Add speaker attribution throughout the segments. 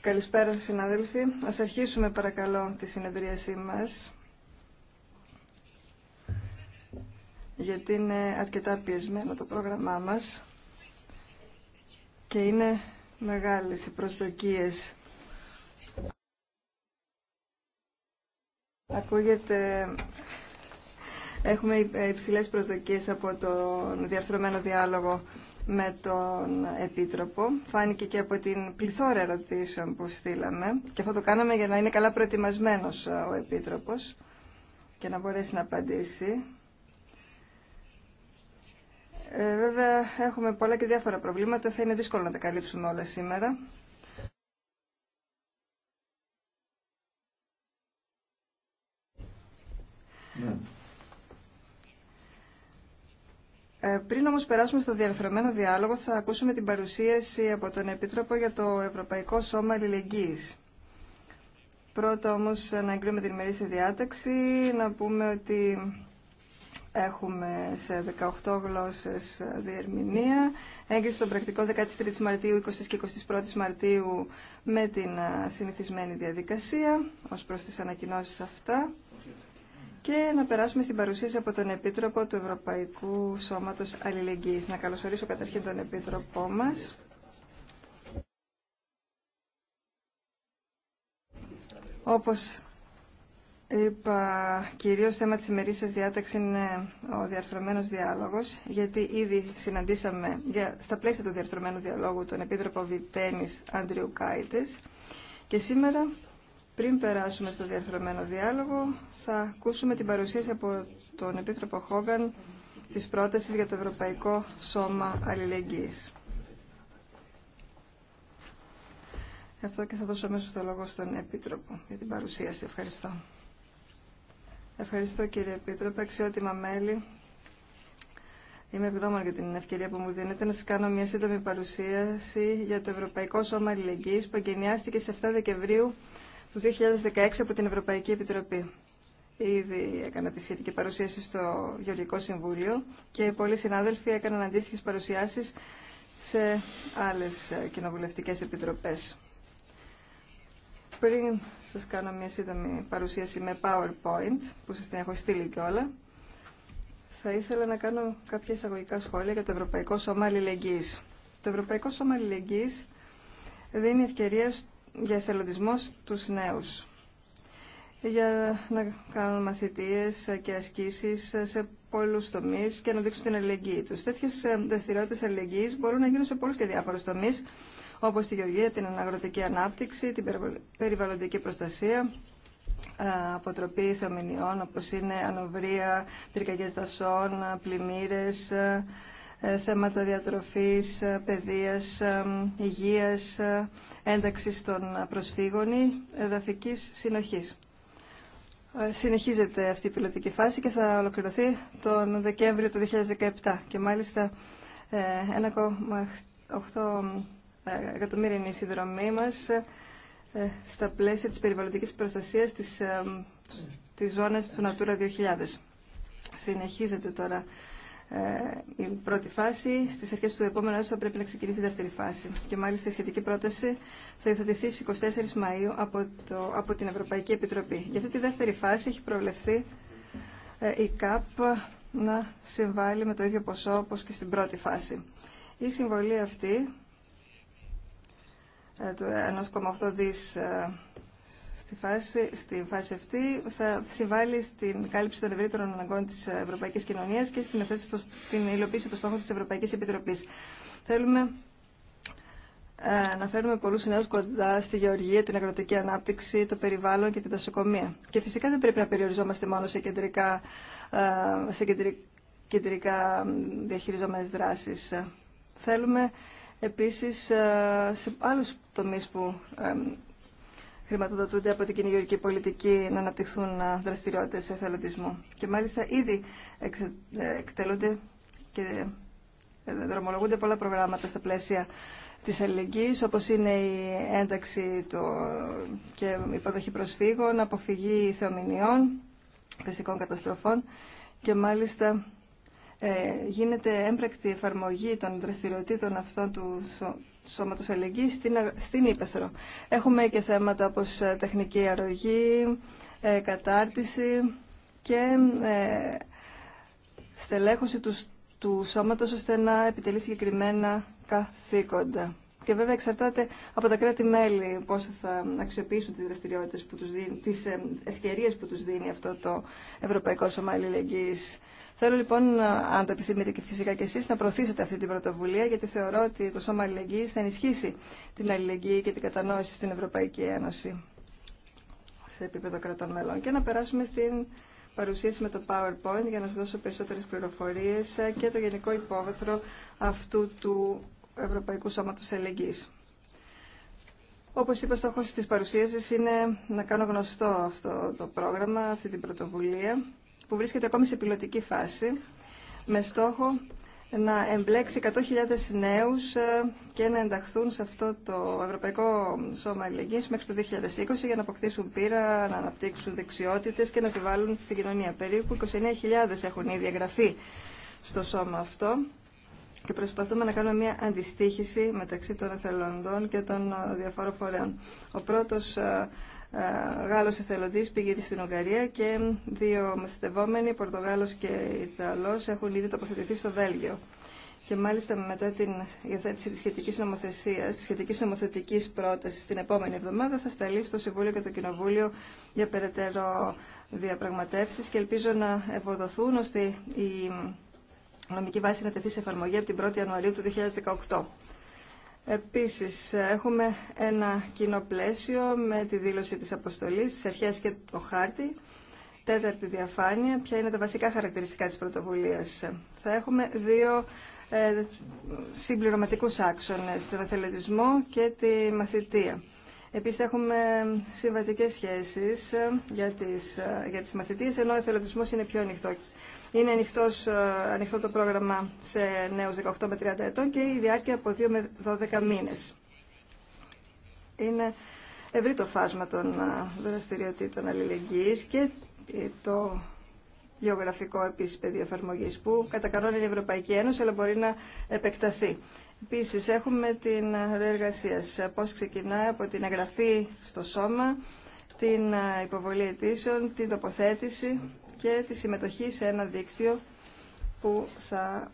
Speaker 1: Καλησπέρα σας συνάδελφοι. Ας αρχίσουμε παρακαλώ τη συνεδρίασή μας γιατί είναι αρκετά πιεσμένο το πρόγραμμά μας και είναι μεγάλες οι προσδοκίες. Ακούγεται Έχουμε υψηλές προσδοκίες από τον διαρθρωμένο διάλογο με τον Επίτροπο. Φάνηκε και από την πληθώρα ερωτήσεων που στείλαμε και αυτό το κάναμε για να είναι καλά προετοιμασμένος ε, ο Επίτροπος και να μπορέσει να απαντήσει. Ε, βέβαια, έχουμε πολλά και διάφορα προβλήματα. Θα είναι δύσκολο να τα καλύψουμε όλα σήμερα. Ναι. Ε, πριν όμως περάσουμε στο διαρθρωμένο διάλογο θα ακούσουμε την παρουσίαση από τον Επίτροπο για το Ευρωπαϊκό Σώμα Αλληλεγγύης. Πρώτα όμως να εγκρίνουμε την ημερήσια διάταξη, να πούμε ότι έχουμε σε 18 γλώσσες διερμηνία, έγκριση των πρακτικό 13 Μαρτίου, 20 και 21 Μαρτίου με την συνηθισμένη διαδικασία ως προς τις ανακοινώσεις αυτά. Και να περάσουμε στην παρουσίαση από τον Επίτροπο του Ευρωπαϊκού Σώματος Αλληλεγγύης. Να καλωσορίσω καταρχήν τον Επίτροπό μας. Όπως είπα, κυρίως θέμα της σας διάταξη είναι ο διαρθρωμένος διάλογος, γιατί ήδη συναντήσαμε για, στα πλαίσια του διαρθρωμένου διαλόγου τον Επίτροπο Βιτένης Αντριουκάητης και σήμερα πριν περάσουμε στο διαρθρωμένο διάλογο, θα ακούσουμε την παρουσίαση από τον Επίτροπο Χόγκαν της πρότασης για το Ευρωπαϊκό Σώμα Αλληλεγγύης. Αυτό και θα δώσω μέσω στο λόγο στον Επίτροπο για την παρουσίαση. Ευχαριστώ. Ευχαριστώ κύριε Επίτροπε, αξιότιμα μέλη. Είμαι ευγνώμων για την ευκαιρία που μου δίνετε να σας κάνω μια σύντομη παρουσίαση για το Ευρωπαϊκό Σώμα Αλληλεγγύης που εγκαινιάστηκε σε 7 Δεκεμβρίου του 2016 από την Ευρωπαϊκή Επιτροπή. Ήδη έκανα τη σχετική παρουσίαση στο Γεωργικό Συμβούλιο και πολλοί συνάδελφοι έκαναν αντίστοιχες παρουσιάσεις σε άλλες ε, κοινοβουλευτικές επιτροπές. Πριν σας κάνω μια σύντομη παρουσίαση με PowerPoint, που σας την έχω στείλει κιόλα, θα ήθελα να κάνω κάποια εισαγωγικά σχόλια για το Ευρωπαϊκό Σώμα Αλληλεγγύης. Το Ευρωπαϊκό Σώμα Αλληλεγγύης δίνει ευκαιρία για εθελοντισμό στους νέους για να κάνουν μαθητείες και ασκήσεις σε πολλούς τομείς και να δείξουν την αλληλεγγύη τους. Τέτοιες ε, δραστηριότητε αλληλεγγύης μπορούν να γίνουν σε πολλούς και διάφορους τομείς, όπως τη γεωργία, την αγροτική ανάπτυξη, την περιβαλλοντική προστασία, ε, αποτροπή θεομηνιών, όπως είναι ανοβρία, πυρκαγιές δασών, πλημμύρες, ε, ε, θέματα διατροφής, ε, παιδείας, ε, υγείας, ένταξης των προσφύγων ή εδαφικής συνοχής. Συνεχίζεται αυτή η πιλωτική φάση και θα ολοκληρωθεί τον Δεκέμβριο του 2017 και μάλιστα 1,8 εκατομμύρια είναι η συνδρομή μας στα πλαίσια της περιβαλλοντικής προστασίας της, της ζώνης του Natura 2000. Συνεχίζεται τώρα ε, η πρώτη φάση. Στι αρχέ του επόμενου έτου θα πρέπει να ξεκινήσει η δεύτερη φάση. Και μάλιστα η σχετική πρόταση θα υιοθετηθεί στι 24 Μαου από, από την Ευρωπαϊκή Επιτροπή. Για αυτή τη δεύτερη φάση έχει προβλεφθεί ε, η ΚΑΠ να συμβάλλει με το ίδιο ποσό όπως και στην πρώτη φάση. Η συμβολή αυτή ε, του 1,8 δις Στη φάση, στη φάση αυτή θα συμβάλλει στην κάλυψη των ευρύτερων αναγκών της Ευρωπαϊκής Κοινωνίας και στην, την υλοποίηση των στόχων της Ευρωπαϊκής Επιτροπής. Θέλουμε ε, να φέρουμε πολλούς νέους κοντά στη γεωργία, την αγροτική ανάπτυξη, το περιβάλλον και την τασοκομεία. Και φυσικά δεν πρέπει να περιοριζόμαστε μόνο σε κεντρικά, ε, σε κεντρικά διαχειριζόμενες δράσεις. Θέλουμε επίσης ε, σε άλλους τομείς που χρηματοδοτούνται από την κυνηγιορική πολιτική να αναπτυχθούν ε, δραστηριότητες εθελοντισμού. Και μάλιστα ήδη ε, εκτελούνται και ε, δρομολογούνται πολλά προγράμματα στα πλαίσια της αλληλεγγύης, όπως είναι η ένταξη και υποδοχή προσφύγων, αποφυγή θεομηνιών, φυσικών καταστροφών και μάλιστα γίνεται έμπρακτη εφαρμογή των δραστηριοτήτων αυτών του, Σώματο αλληλεγγύη στην, στην Ήπεθρο. Έχουμε και θέματα όπω ε, τεχνική αρρωγή, ε, κατάρτιση και ε, στελέχωση του, του σώματος ώστε να επιτελεί συγκεκριμένα καθήκοντα. Και βέβαια εξαρτάται από τα κράτη-μέλη πώς θα αξιοποιήσουν τις δραστηριότητες, που τους τις ευκαιρίες που τους δίνει αυτό το Ευρωπαϊκό Σώμα Αλληλεγγύης. Θέλω λοιπόν, αν το επιθυμείτε και φυσικά και εσείς, να προωθήσετε αυτή την πρωτοβουλία, γιατί θεωρώ ότι το Σώμα Αλληλεγγύης θα ενισχύσει την αλληλεγγύη και την κατανόηση στην Ευρωπαϊκή Ένωση σε επίπεδο κρατών μελών. Και να περάσουμε στην παρουσίαση με το PowerPoint για να σας δώσω περισσότερες πληροφορίες και το γενικό υπόβαθρο αυτού του Ευρωπαϊκού Σώματος Αλληλεγγύης. Όπω είπα, στόχο τη παρουσίαση είναι να κάνω γνωστό αυτό το πρόγραμμα, αυτή την πρωτοβουλία που βρίσκεται ακόμη σε πιλωτική φάση με στόχο να εμπλέξει 100.000 νέους ε, και να ενταχθούν σε αυτό το Ευρωπαϊκό Σώμα Αλληλεγγύης μέχρι το 2020 για να αποκτήσουν πείρα, να αναπτύξουν δεξιότητες και να συμβάλλουν στην κοινωνία. Περίπου 29.000 έχουν ήδη εγγραφεί στο σώμα αυτό και προσπαθούμε να κάνουμε μια αντιστοίχηση μεταξύ των εθελοντών και των διαφόρων φορέων. Ο πρώτος ε, ε, Γάλλος εθελοντής πήγε στην Ουγγαρία και δύο μαθητευόμενοι, Πορτογάλος και Ιταλός, έχουν ήδη τοποθετηθεί στο Βέλγιο. Και μάλιστα μετά την υιοθέτηση της σχετικής νομοθεσίας, της σχετικής νομοθετικής πρότασης την επόμενη εβδομάδα θα σταλεί στο Συμβούλιο και το Κοινοβούλιο για περαιτέρω διαπραγματεύσεις και ελπίζω να ευοδοθούν ώστε η νομική βάση να τεθεί σε εφαρμογή από την 1η Ιανουαρίου του 2018. Επίσης, έχουμε ένα κοινό πλαίσιο με τη δήλωση της αποστολής, τις και το χάρτη. Τέταρτη διαφάνεια, ποια είναι τα βασικά χαρακτηριστικά της πρωτοβουλίας. Θα έχουμε δύο ε, συμπληρωματικούς άξονες, τον αθελετισμό και τη μαθητεία. Επίσης έχουμε συμβατικές σχέσεις ε, για τις, ε, για τις μαθητείες, ενώ ο εθελοντισμός είναι πιο ανοιχτό. Είναι ανοιχτός, ε, ανοιχτό το πρόγραμμα σε νέους 18 με 30 ετών και η διάρκεια από 2 με 12 μήνες. Είναι ευρύ το φάσμα των δραστηριοτήτων αλληλεγγύης και το γεωγραφικό επίσης πεδίο εφαρμογή που κατά κανόνα είναι η Ευρωπαϊκή Ένωση αλλά μπορεί να επεκταθεί. Επίσης, έχουμε την ροή εργασία. ξεκινάει από την εγγραφή στο σώμα, την ε, υποβολή αιτήσεων, την τοποθέτηση και τη συμμετοχή σε ένα δίκτυο που θα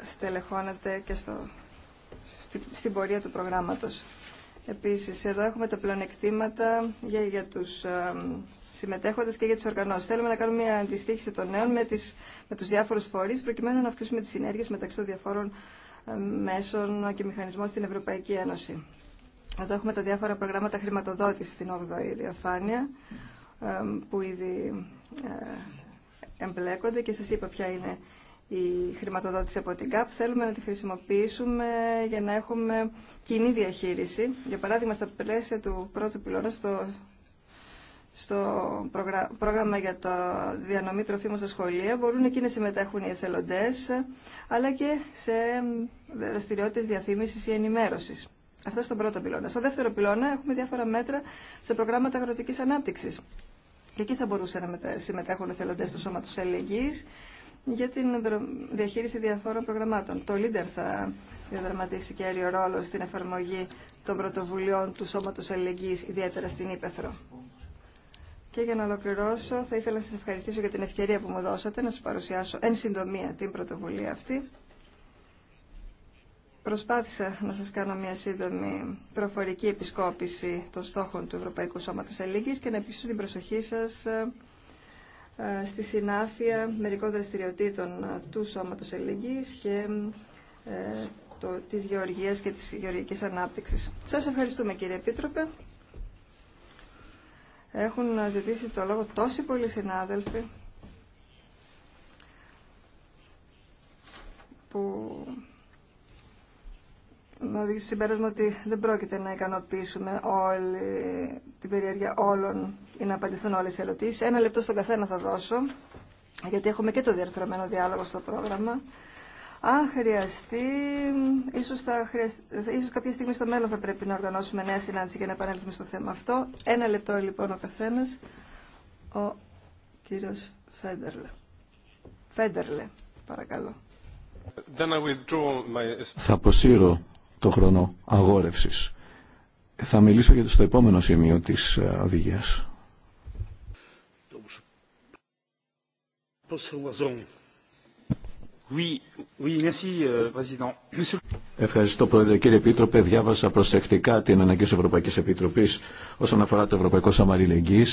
Speaker 1: ε, στελεχώνεται και στο, στην πορεία του προγράμματος. Επίσης, εδώ έχουμε τα πλεονεκτήματα για, για τους ε, συμμετέχοντες και για τις οργανώσεις. Θέλουμε να κάνουμε μια αντιστοίχηση των νέων με, τις, με τους διάφορους φορείς, προκειμένου να αυξήσουμε τις συνέργειες μεταξύ των διαφόρων μέσων και μηχανισμών στην Ευρωπαϊκή Ένωση. Εδώ έχουμε τα διάφορα προγράμματα χρηματοδότησης στην 8η διαφάνεια που ήδη ε, εμπλέκονται και σας είπα ποια είναι η χρηματοδότηση από την ΚΑΠ. Θέλουμε να τη χρησιμοποιήσουμε για να έχουμε κοινή διαχείριση. Για παράδειγμα, στα πλαίσια του πρώτου πυλώνα στο στο πρόγραμμα για το διανομή τροφίμων στα σχολεία μπορούν εκεί να συμμετέχουν οι εθελοντές αλλά και σε δραστηριότητες διαφήμισης ή ενημέρωσης. Αυτό στον πρώτο πυλώνα. Στο δεύτερο πυλώνα έχουμε διάφορα μέτρα σε προγράμματα αγροτικής ανάπτυξης. Και εκεί θα μπορούσαν να συμμετέχουν οι εθελοντές του Σώματος Αλληλεγγύης για την διαχείριση διαφόρων προγραμμάτων. Το Λίντερ θα διαδραματίσει κέριο ρόλο στην εφαρμογή των πρωτοβουλειών του Σώματος Αλληλεγγύης, ιδιαίτερα στην Ήπεθρο. Και για να ολοκληρώσω, θα ήθελα να σας ευχαριστήσω για την ευκαιρία που μου δώσατε να σας παρουσιάσω εν συντομία την πρωτοβουλία αυτή. Προσπάθησα να σας κάνω μια σύντομη προφορική επισκόπηση των στόχων του Ευρωπαϊκού Σώματος Ελίγης και να επιστήσω την προσοχή σας ε, ε, στη συνάφεια μερικών δραστηριοτήτων του Σώματος Ελίγης και ε, το, της γεωργίας και της γεωργικής ανάπτυξης. Σας ευχαριστούμε κύριε Επίτροπε. Έχουν ζητήσει το λόγο τόσοι πολλοί συνάδελφοι που με οδηγεί στο συμπέρασμα ότι δεν πρόκειται να ικανοποιήσουμε όλη την περιέργεια όλων ή να απαντηθούν όλες οι ερωτήσεις. Ένα λεπτό στον καθένα θα δώσω, γιατί έχουμε και το διαρθρωμένο διάλογο στο πρόγραμμα. Αν χρειαστεί, ίσως, θα ίσως κάποια στιγμή στο μέλλον θα πρέπει να οργανώσουμε νέα συνάντηση για να επανέλθουμε στο θέμα αυτό. Ένα λεπτό λοιπόν ο καθένας, ο κύριος Φέντερλε. Φέντερλε, παρακαλώ.
Speaker 2: Θα αποσύρω το χρόνο αγόρευσης. Θα μιλήσω για το επόμενο σημείο της ε, οδηγίας.
Speaker 3: Oui, oui, merci, euh, Président.
Speaker 2: Ευχαριστώ, Πρόεδρε. Κύριε Επίτροπε, διάβασα προσεκτικά την αναγκή τη Ευρωπαϊκή Επιτροπή όσον αφορά το Ευρωπαϊκό Σαμαριλεγγύη.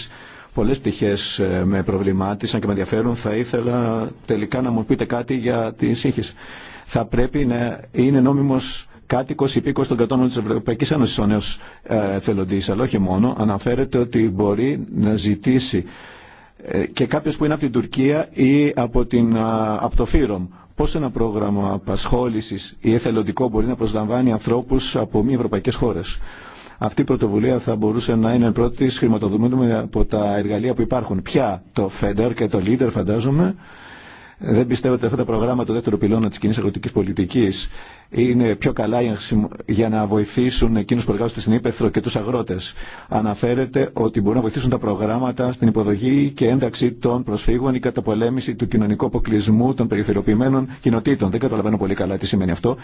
Speaker 2: Πολλέ πτυχέ ε, με προβλημάτισαν και με ενδιαφέρουν. Θα ήθελα τελικά να μου πείτε κάτι για τη σύγχυση. Θα πρέπει να είναι νόμιμο κάτοικο υπήκο των κρατών τη Ευρωπαϊκή Ένωση ο νέο εθελοντή. Αλλά όχι μόνο. Αναφέρεται ότι μπορεί να ζητήσει ε, και κάποιο που είναι από την Τουρκία ή από, την, ε, από το Φύρομ Πώς ένα πρόγραμμα απασχόλησης ή εθελοντικό μπορεί να προσλαμβάνει ανθρώπους από μη ευρωπαϊκές χώρες. Αυτή η πρωτοβουλία θα μπορούσε να είναι πρώτη χρηματοδοτούμενη από τα εργαλεία που υπάρχουν. Πια το FEDER και το LEADER φαντάζομαι δεν πιστεύω ότι αυτά τα προγράμματα του δεύτερου πυλώνα τη κοινή αγροτική πολιτική είναι πιο καλά για να βοηθήσουν εκείνου που εργάζονται στην Ήπεθρο και του αγρότε. Αναφέρεται ότι μπορούν να βοηθήσουν τα προγράμματα στην υποδοχή και ένταξη των προσφύγων ή καταπολέμηση του κοινωνικού αποκλεισμού των περιθωριοποιημένων κοινοτήτων. Δεν καταλαβαίνω πολύ καλά τι σημαίνει αυτό.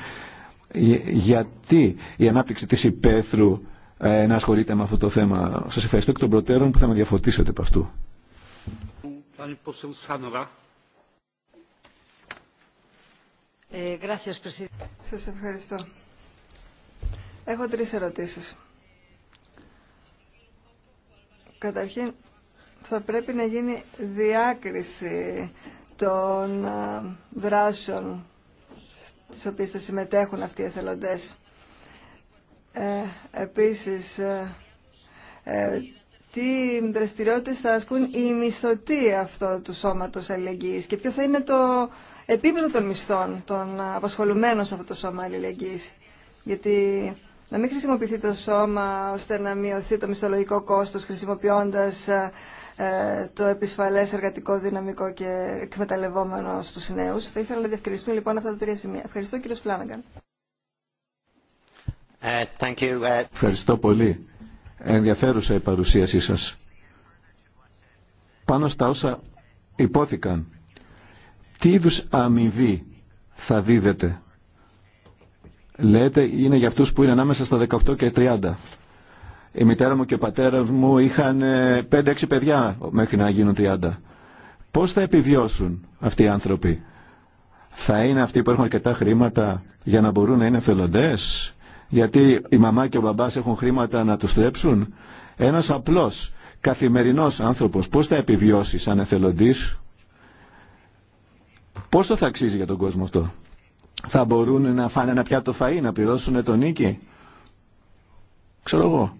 Speaker 2: Γιατί η ανάπτυξη τη Ήπεθρου ε, να ασχολείται με αυτό το θέμα. Σα ευχαριστώ εκ των προτέρων που θα με διαφωτίσετε από αυτού.
Speaker 1: Ε, Σας ευχαριστώ. Έχω τρεις ερωτήσεις. Καταρχήν, θα πρέπει να γίνει διάκριση των ε, δράσεων στις οποίες θα συμμετέχουν αυτοί οι εθελοντές. Ε, επίσης, ε, τι δραστηριότητες θα ασκούν οι μισθωτοί αυτό του σώματος αλληλεγγύης και ποιο θα είναι το επίπεδο των μισθών των απασχολουμένων σε αυτό το σώμα αλληλεγγύης. Γιατί να μην χρησιμοποιηθεί το σώμα ώστε να μειωθεί το μισθολογικό κόστος χρησιμοποιώντας ε, το επισφαλές εργατικό δυναμικό και εκμεταλλευόμενο στους νέους. Θα ήθελα να διευκρινιστούν λοιπόν αυτά τα τρία σημεία. Ευχαριστώ κύριο Φλάναγκαν.
Speaker 2: Ε, ε. Ευχαριστώ πολύ. Ενδιαφέρουσα η παρουσίασή σας. Πάνω στα όσα υπόθηκαν τι είδους αμοιβή θα δίδεται. Λέτε είναι για αυτούς που είναι ανάμεσα στα 18 και 30. Η μητέρα μου και ο πατέρα μου είχαν 5-6 ε, παιδιά μέχρι να γίνουν 30. Πώς θα επιβιώσουν αυτοί οι άνθρωποι. Θα είναι αυτοί που έχουν αρκετά χρήματα για να μπορούν να είναι θελοντές. Γιατί η μαμά και ο μπαμπάς έχουν χρήματα να τους θρέψουν. Ένας απλός καθημερινός άνθρωπος πώς θα επιβιώσει σαν εθελοντής Πόσο θα αξίζει για τον κόσμο αυτό. Θα μπορούν να φάνε ένα πιάτο φαΐ, να πληρώσουν τον νίκη. Ξέρω εγώ.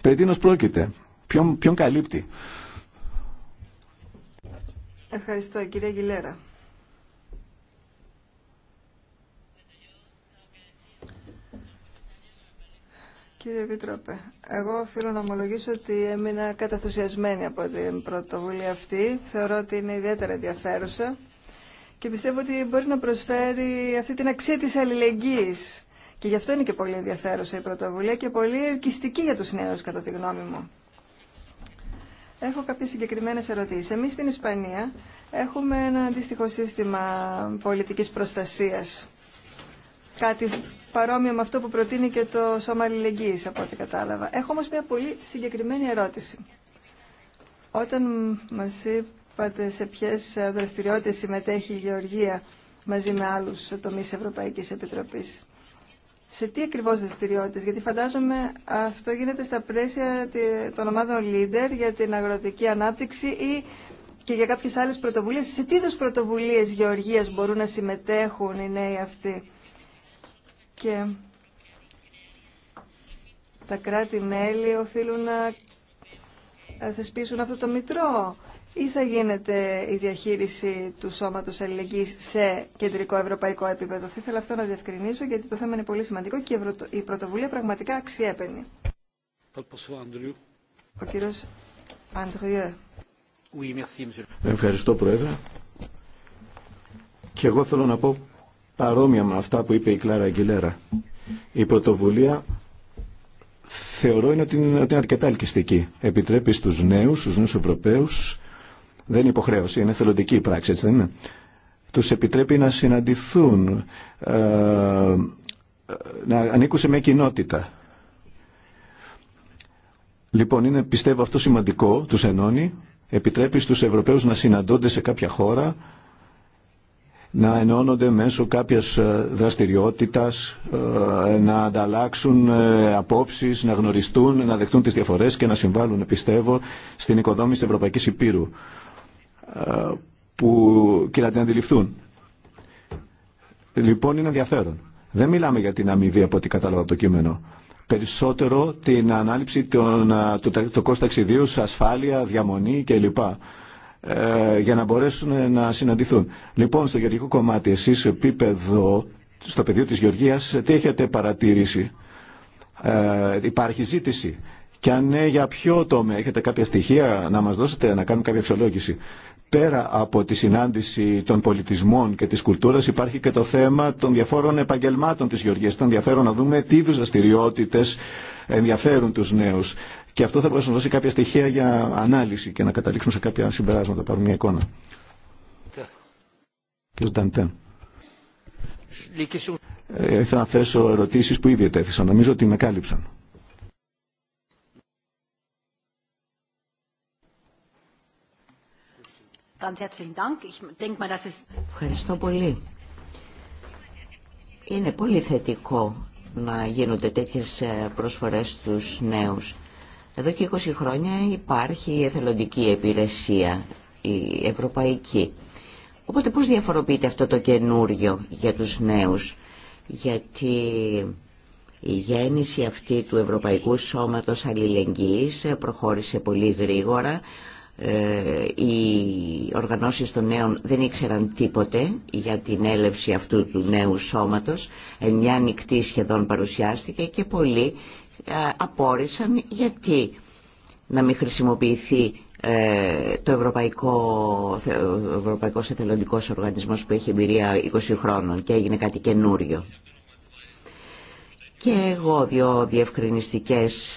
Speaker 2: Περί πρόκειται. Ποιον, καλύπτει.
Speaker 1: Ευχαριστώ Κύριε Γιλέρα. Κύριε Επίτροπε, εγώ οφείλω να ομολογήσω ότι έμεινα καταθουσιασμένη από την πρωτοβουλία αυτή. Θεωρώ ότι είναι ιδιαίτερα ενδιαφέρουσα και πιστεύω ότι μπορεί να προσφέρει αυτή την αξία της αλληλεγγύης. Και γι' αυτό είναι και πολύ ενδιαφέρουσα η πρωτοβουλία και πολύ ελκυστική για τους νέους κατά τη γνώμη μου. Έχω κάποιες συγκεκριμένες ερωτήσεις. Εμείς στην Ισπανία έχουμε ένα αντίστοιχο σύστημα πολιτικής προστασίας. Κάτι παρόμοιο με αυτό που προτείνει και το Σώμα Αλληλεγγύης, από ό,τι κατάλαβα. Έχω όμως μια πολύ συγκεκριμένη ερώτηση. Όταν μας είπε είπατε σε ποιες δραστηριότητες συμμετέχει η Γεωργία μαζί με άλλους τομείς Ευρωπαϊκής Επιτροπής. Σε τι ακριβώς δραστηριότητες, γιατί φαντάζομαι αυτό γίνεται στα πλαίσια των ομάδων Leader για την αγροτική ανάπτυξη ή και για κάποιες άλλες πρωτοβουλίες. Σε τι είδους πρωτοβουλίες γεωργίας μπορούν να συμμετέχουν οι νέοι αυτοί. Και τα κράτη-μέλη οφείλουν να ε, θεσπίσουν αυτό το μητρό ή θα γίνεται η διαχείριση του σώματος αλληλεγγύης σε κεντρικό ευρωπαϊκό επίπεδο. Θα ήθελα αυτό να διευκρινίσω γιατί το θέμα είναι πολύ σημαντικό και η πρωτοβουλία πραγματικά αξιέπαινει.
Speaker 2: Ο Ευχαριστώ Πρόεδρε. Και εγώ θέλω να πω παρόμοια με αυτά που είπε η Κλάρα Αγγιλέρα. Η πρωτοβουλία θεωρώ είναι ότι είναι, αρκετά ελκυστική. Επιτρέπει στους νέους, στους νέους Ευρωπαίους δεν είναι υποχρέωση, είναι θελοντική πράξη, έτσι δεν είναι. Τους επιτρέπει να συναντηθούν, ε, να ανήκουν σε μια κοινότητα. Λοιπόν, είναι πιστεύω αυτό σημαντικό, τους ενώνει, επιτρέπει στους Ευρωπαίους να συναντώνται σε κάποια χώρα, να ενώνονται μέσω κάποιας ε, δραστηριότητας, ε, να ανταλλάξουν απόψεις, να γνωριστούν, να δεχτούν τις διαφορές και να συμβάλλουν, πιστεύω, στην οικοδόμηση της Ευρωπαϊκής Υπήρου που, και να την αντιληφθούν. Λοιπόν, είναι ενδιαφέρον. Δεν μιλάμε για την αμοιβή από ό,τι κατάλαβα από το κείμενο. Περισσότερο την ανάληψη των, του, το κόστος ταξιδίου, ασφάλεια, διαμονή κλπ. Ε, για να μπορέσουν να συναντηθούν. Λοιπόν, στο γεωργικό κομμάτι, εσείς επίπεδο, στο πεδίο της γεωργίας, τι έχετε παρατηρήσει. Ε, υπάρχει ζήτηση. Και αν ναι, για ποιο τομέα έχετε κάποια στοιχεία να μας δώσετε, να κάνουμε κάποια αξιολόγηση πέρα από τη συνάντηση των πολιτισμών και της κουλτούρας υπάρχει και το θέμα των διαφόρων επαγγελμάτων της Γεωργίας. Ήταν ενδιαφέρον να δούμε τι είδους δραστηριότητε ενδιαφέρουν τους νέους. Και αυτό θα μπορούσε να δώσει κάποια στοιχεία για ανάλυση και να καταλήξουμε σε κάποια συμπεράσματα, πάρουμε μια εικόνα. Κύριος ε, ήθελα να θέσω ερωτήσεις που ήδη ετέθησαν. Νομίζω ότι με κάλυψαν.
Speaker 3: Ευχαριστώ πολύ. Είναι πολύ θετικό να γίνονται τέτοιες ε, προσφορές στους νέους. Εδώ και 20 χρόνια υπάρχει η εθελοντική υπηρεσία, η ευρωπαϊκή. Οπότε πώς διαφοροποιείται αυτό το καινούριο για τους νέους, γιατί η γέννηση αυτή του Ευρωπαϊκού Σώματος Αλληλεγγύης ε, προχώρησε πολύ γρήγορα, ε, οι οργανώσεις των νέων δεν ήξεραν τίποτε για την έλευση αυτού του νέου σώματος. Μια νυχτή σχεδόν παρουσιάστηκε και πολλοί ε, απόρρισαν γιατί να μην χρησιμοποιηθεί ε, το Ευρωπαϊκό, ευρωπαϊκό Ευρωπαϊκός Οργανισμός που έχει εμπειρία 20 χρόνων και έγινε κάτι καινούριο. Και εγώ δύο διευκρινιστικές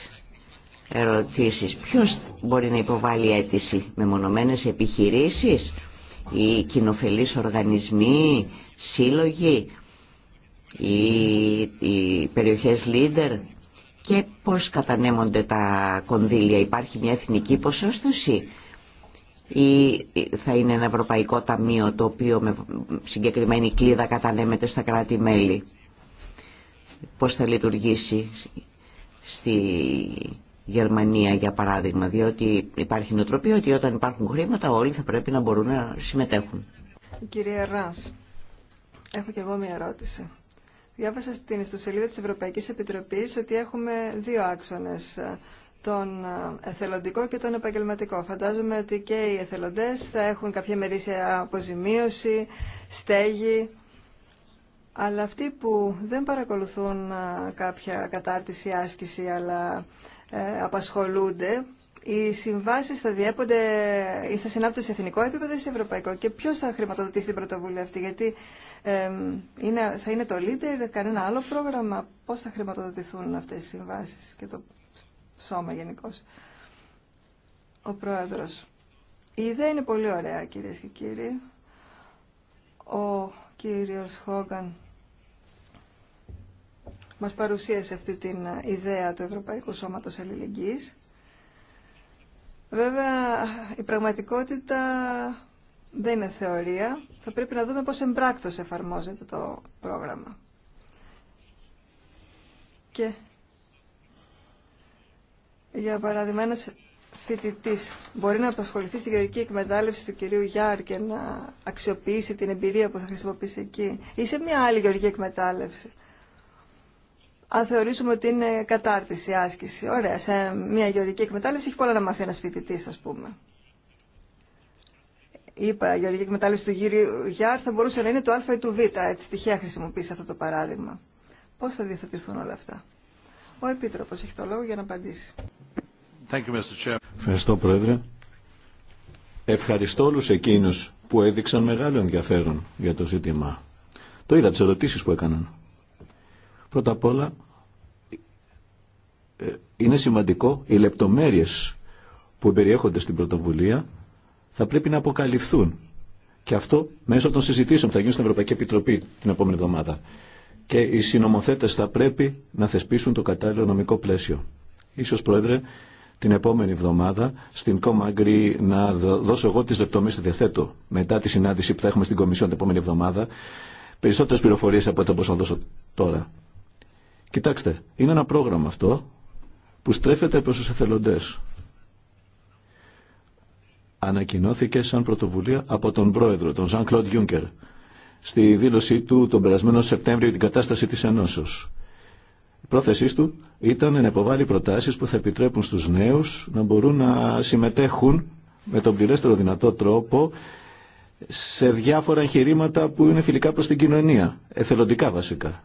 Speaker 3: ερωτήσεις. Ποιος μπορεί να υποβάλει αίτηση, μεμονωμένες επιχειρήσεις ή κοινοφελείς οργανισμοί, σύλλογοι ή περιοχές leader και πώς κατανέμονται τα κονδύλια. Υπάρχει μια εθνική ποσόστοση ή θα είναι ένα ευρωπαϊκό ταμείο το οποίο με συγκεκριμένη κλίδα κατανέμεται στα κράτη-μέλη. Πώς θα λειτουργήσει στη Γερμανία για παράδειγμα, διότι υπάρχει νοοτροπία ότι όταν υπάρχουν χρήματα όλοι θα πρέπει να μπορούν να συμμετέχουν.
Speaker 1: Κυρία Ράς, έχω κι εγώ μια ερώτηση. Διάβασα στην ιστοσελίδα της Ευρωπαϊκής Επιτροπής ότι έχουμε δύο άξονες, ε, τον ε, εθελοντικό και τον επαγγελματικό. Φαντάζομαι ότι και οι εθελοντές θα έχουν κάποια μερίσια αποζημίωση, στέγη, αλλά αυτοί που δεν παρακολουθούν ε, κάποια κατάρτιση, άσκηση, αλλά ε, απασχολούνται, οι συμβάσει θα διέπονται ή θα συνάπτουν σε εθνικό επίπεδο ή σε ευρωπαϊκό. Και ποιο θα χρηματοδοτήσει την πρωτοβουλία αυτή, Γιατί είναι, θα είναι το leader, κανένα άλλο πρόγραμμα. Πώ θα χρηματοδοτηθούν αυτέ οι συμβάσει και το σώμα γενικώ. Ο πρόεδρο. Η ιδέα είναι πολύ ωραία, κυρίε και κύριοι. Ο κύριο Χόγκαν μας παρουσίασε αυτή την ε, ιδέα του Ευρωπαϊκού Σώματος Αλληλεγγύης. Βέβαια, η πραγματικότητα δεν είναι θεωρία. Θα πρέπει να δούμε πώς εμπράκτος εφαρμόζεται το πρόγραμμα. Και, για παράδειγμα, ένας φοιτητής μπορεί να απασχοληθεί στη γεωργική εκμετάλλευση του κυρίου Γιάρ και να αξιοποιήσει την εμπειρία που θα χρησιμοποιήσει εκεί ή σε μια άλλη γεωργική εκμετάλλευση αν θεωρήσουμε ότι είναι κατάρτιση, άσκηση. Ωραία, σε μια γεωργική εκμετάλλευση έχει πολλά να μάθει ένα φοιτητή, α πούμε. Είπα, η γεωργική εκμετάλλευση του γύρου Γιάρ θα μπορούσε να είναι το Α ή του Β. Έτσι, τυχαία χρησιμοποιήσει αυτό το παράδειγμα. Πώ θα διαθετηθούν όλα αυτά. Ο Επίτροπο έχει το λόγο για να απαντήσει.
Speaker 3: you,
Speaker 2: Ευχαριστώ, Πρόεδρε. Ευχαριστώ όλου εκείνου που έδειξαν μεγάλο ενδιαφέρον για το ζήτημα. Το είδα τι ερωτήσει που έκαναν. Πρώτα απ' όλα, ε, είναι σημαντικό οι λεπτομέρειες που περιέχονται στην πρωτοβουλία θα πρέπει να αποκαλυφθούν. Και αυτό μέσω των συζητήσεων που θα γίνουν στην Ευρωπαϊκή Επιτροπή την επόμενη εβδομάδα. Και οι συνομοθέτες θα πρέπει να θεσπίσουν το κατάλληλο νομικό πλαίσιο. Ίσως, Πρόεδρε, την επόμενη εβδομάδα στην Αγκρή να δώσω εγώ τις λεπτομέρειες που διαθέτω μετά τη συνάντηση που θα έχουμε στην Κομισιόν την επόμενη εβδομάδα. Περισσότερες πληροφορίες από ό,τι μπορούσα να δώσω τώρα. Κοιτάξτε, είναι ένα πρόγραμμα αυτό που στρέφεται προς τους εθελοντές. Ανακοινώθηκε σαν πρωτοβουλία από τον πρόεδρο, τον Ζαν Κλοντ Γιούγκερ, στη δήλωσή του τον περασμένο Σεπτέμβριο την κατάσταση της Ενώσεως. Η πρόθεσή του ήταν να υποβάλει προτάσεις που θα επιτρέπουν στους νέους να μπορούν να συμμετέχουν με τον πληρέστερο δυνατό τρόπο σε διάφορα εγχειρήματα που είναι φιλικά προς την κοινωνία, εθελοντικά βασικά.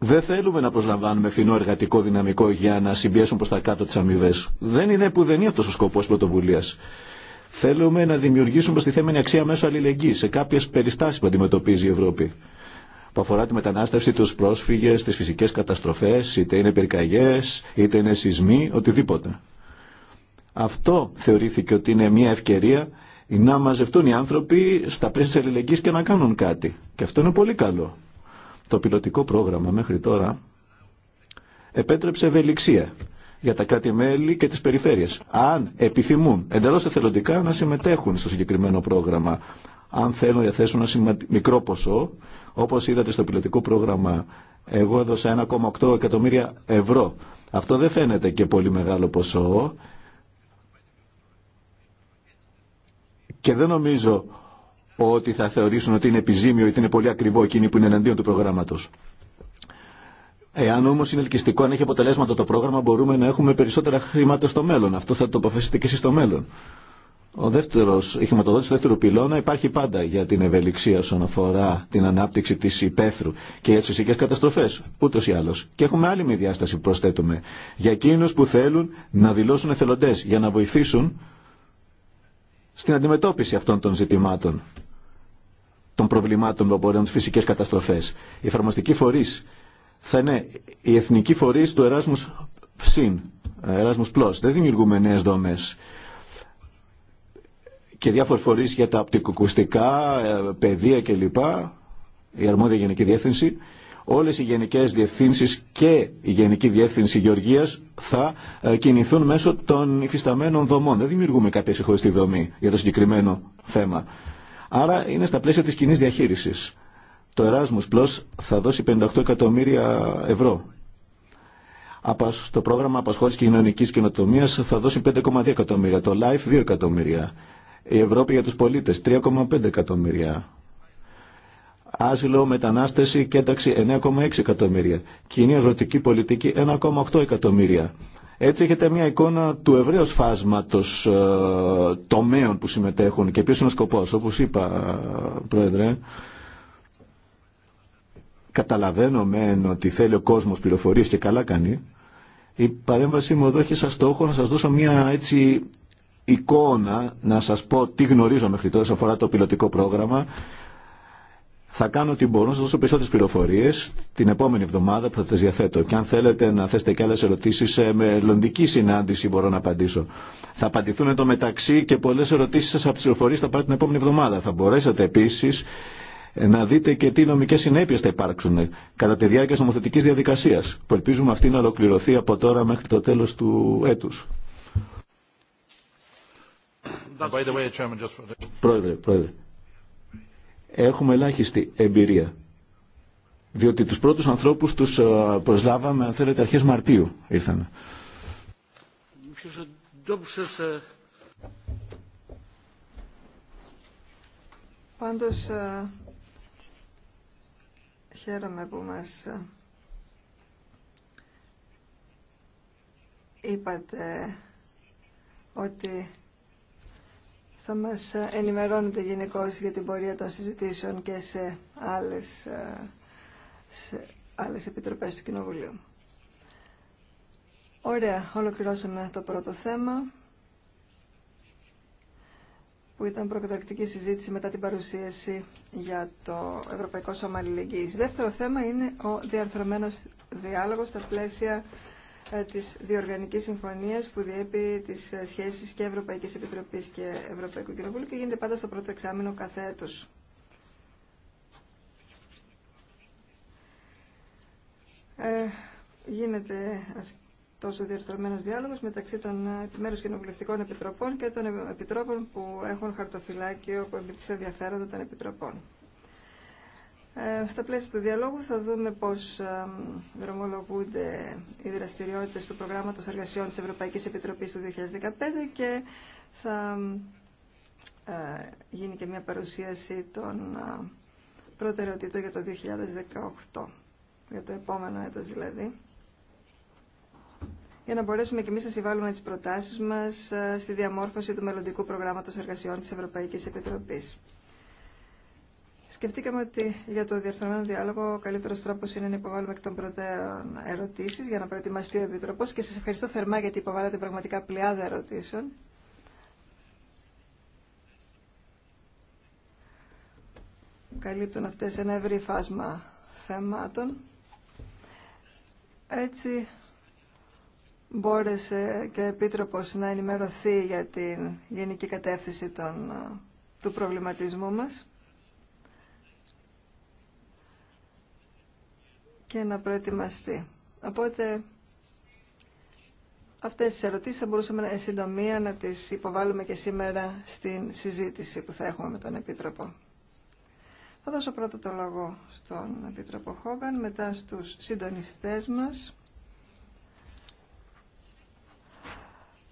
Speaker 2: Δεν θέλουμε να προσλαμβάνουμε φθηνό εργατικό δυναμικό για να συμπιέσουν προ τα κάτω τι αμοιβέ. Δεν είναι που δεν είναι αυτό ο σκοπό πρωτοβουλία. Θέλουμε να δημιουργήσουμε προστιθέμενη αξία μέσω αλληλεγγύη σε κάποιε περιστάσει που αντιμετωπίζει η Ευρώπη. Που αφορά τη μετανάστευση, του πρόσφυγε, τι φυσικέ καταστροφέ, είτε είναι πυρκαγιέ, είτε είναι σεισμοί, οτιδήποτε. Αυτό θεωρήθηκε ότι είναι μια ευκαιρία να μαζευτούν οι άνθρωποι στα πλαίσια τη αλληλεγγύη και να κάνουν κάτι. Και αυτό είναι πολύ καλό. Το πιλωτικό πρόγραμμα μέχρι τώρα επέτρεψε ευελιξία για τα κράτη-μέλη και τις περιφέρειες. Αν επιθυμούν εντελώς εθελοντικά να συμμετέχουν στο συγκεκριμένο πρόγραμμα, αν θέλουν να διαθέσουν ένα μικρό ποσό, όπως είδατε στο πιλωτικό πρόγραμμα, εγώ έδωσα 1,8 εκατομμύρια ευρώ. Αυτό δεν φαίνεται και πολύ μεγάλο ποσό και δεν νομίζω ότι θα θεωρήσουν ότι είναι επιζήμιο ή ότι είναι πολύ ακριβό εκείνοι που είναι εναντίον του προγράμματο. Εάν όμω είναι ελκυστικό, αν έχει αποτελέσματα το πρόγραμμα, μπορούμε να έχουμε περισσότερα χρήματα στο μέλλον. Αυτό θα το αποφασίσετε και εσεί στο μέλλον. Ο δεύτερος, η χρηματοδότηση του δεύτερου πυλώνα υπάρχει πάντα για την ευελιξία όσον αφορά την ανάπτυξη τη υπαίθρου και για τι φυσικέ καταστροφέ. Ούτω ή άλλω. Και έχουμε άλλη μια διάσταση που προσθέτουμε. Για εκείνου που θέλουν να δηλώσουν εθελοντέ για να βοηθήσουν στην αντιμετώπιση αυτών των ζητημάτων των προβλημάτων που να είναι φυσικέ καταστροφέ. Οι εφαρμοστικοί φορεί θα είναι οι εθνικοί φορεί του Erasmus Συν, ε, Erasmus Plus. Δεν δημιουργούμε νέε δομέ. Και διάφορε φορεί για τα οπτικοκουστικά, ε, παιδεία κλπ. Η αρμόδια γενική διεύθυνση. Όλε οι γενικέ διευθύνσει και η Γενική Διεύθυνση Γεωργία θα ε, κινηθούν μέσω των υφισταμένων δομών. Δεν δημιουργούμε κάποια ξεχωριστή δομή για το συγκεκριμένο θέμα. Άρα είναι στα πλαίσια της κοινή διαχείρισης. Το Erasmus Plus θα δώσει 58 εκατομμύρια ευρώ. Το πρόγραμμα απασχόλησης κοινωνικής καινοτομίας θα δώσει 5,2 εκατομμύρια. Το LIFE 2 εκατομμύρια. Η Ευρώπη για τους πολίτες 3,5 εκατομμύρια. Άσυλο, μετανάστευση και ένταξη 9,6 εκατομμύρια. Κοινή αγροτική πολιτική 1,8 εκατομμύρια. Έτσι έχετε μια εικόνα του ευρέω φάσματο ε, τομέων που συμμετέχουν και ποιο είναι ο σκοπό. Όπω είπα, Πρόεδρε, καταλαβαίνω μεν ότι θέλει ο κόσμο πληροφορίε και καλά κάνει. Η παρέμβασή μου εδώ έχει σαν στόχο να σα δώσω μια έτσι εικόνα, να σα πω τι γνωρίζω μέχρι τώρα αφορά το πιλωτικό πρόγραμμα θα κάνω ό,τι μπορώ να σα δώσω περισσότερε πληροφορίε την επόμενη εβδομάδα που θα τι διαθέτω. Και αν θέλετε να θέσετε και άλλε ερωτήσει σε μελλοντική συνάντηση, μπορώ να απαντήσω. Θα απαντηθούν το μεταξύ και πολλέ ερωτήσει σα από τι πληροφορίε θα πάρετε την επόμενη εβδομάδα. Θα μπορέσετε επίση ε, να δείτε και τι νομικέ συνέπειε θα υπάρξουν ε, κατά τη διάρκεια τη νομοθετική διαδικασία, που ελπίζουμε αυτή να ολοκληρωθεί από τώρα μέχρι το τέλο του έτου. Πρόεδρε, πρόεδρε έχουμε ελάχιστη εμπειρία. Διότι τους πρώτους ανθρώπους τους ε, προσλάβαμε, αν θέλετε, αρχές Μαρτίου ήρθαν.
Speaker 1: Πάντως, ε, χαίρομαι που μας ε, είπατε ότι θα μας ενημερώνετε γενικώ για την πορεία των συζητήσεων και σε άλλες, σε άλλες επιτροπές του Κοινοβουλίου. Ωραία, ολοκληρώσαμε το πρώτο θέμα που ήταν προκαταρκτική συζήτηση μετά την παρουσίαση για το Ευρωπαϊκό Σώμα Αλληλεγγύης. Δεύτερο θέμα είναι ο διαρθρωμένος διάλογος στα πλαίσια ε, της διοργανικής συμφωνίας που διέπει τις ε, σχέσεις και Ευρωπαϊκής Επιτροπής και Ευρωπαϊκού Κοινοβούλου και γίνεται πάντα στο πρώτο εξάμεινο κάθε Ε, γίνεται τόσο ο διάλογο διάλογος μεταξύ των ε, επιμέρους κοινοβουλευτικών επιτροπών και των επιτρόπων που έχουν χαρτοφυλάκιο που εμπιτήσει ενδιαφέροντα των επιτροπών. Ε, στα πλαίσια του διαλόγου θα δούμε πώς δρομολογούνται οι δραστηριότητες του προγράμματος εργασιών της Ευρωπαϊκής Επιτροπής του 2015 και θα ε, γίνει και μια παρουσίαση των ε, προτεραιοτήτων για το 2018, για το επόμενο έτος δηλαδή, για να μπορέσουμε και εμείς να συμβάλλουμε τις προτάσεις μας στη διαμόρφωση του μελλοντικού προγράμματος εργασιών της Ευρωπαϊκής Επιτροπής. Σκεφτήκαμε ότι για το διερθωμένο διάλογο ο καλύτερο τρόπο είναι να υποβάλουμε εκ των προτέρων ερωτήσει για να προετοιμαστεί ο Επιτροπό και σα ευχαριστώ θερμά γιατί υποβάλλατε πραγματικά πλειάδα ερωτήσεων. Καλύπτουν αυτές ένα ευρύ φάσμα θεμάτων. Έτσι μπόρεσε και ο Επίτροπος να ενημερωθεί για την γενική κατεύθυνση του προβληματισμού μας. και να προετοιμαστεί. Οπότε αυτές τις ερωτήσεις θα μπορούσαμε εν συντομία να τις υποβάλουμε και σήμερα στην συζήτηση που θα έχουμε με τον Επίτροπο. Θα δώσω πρώτα το λόγο στον Επίτροπο Χόγκαν, μετά στους συντονιστές μας.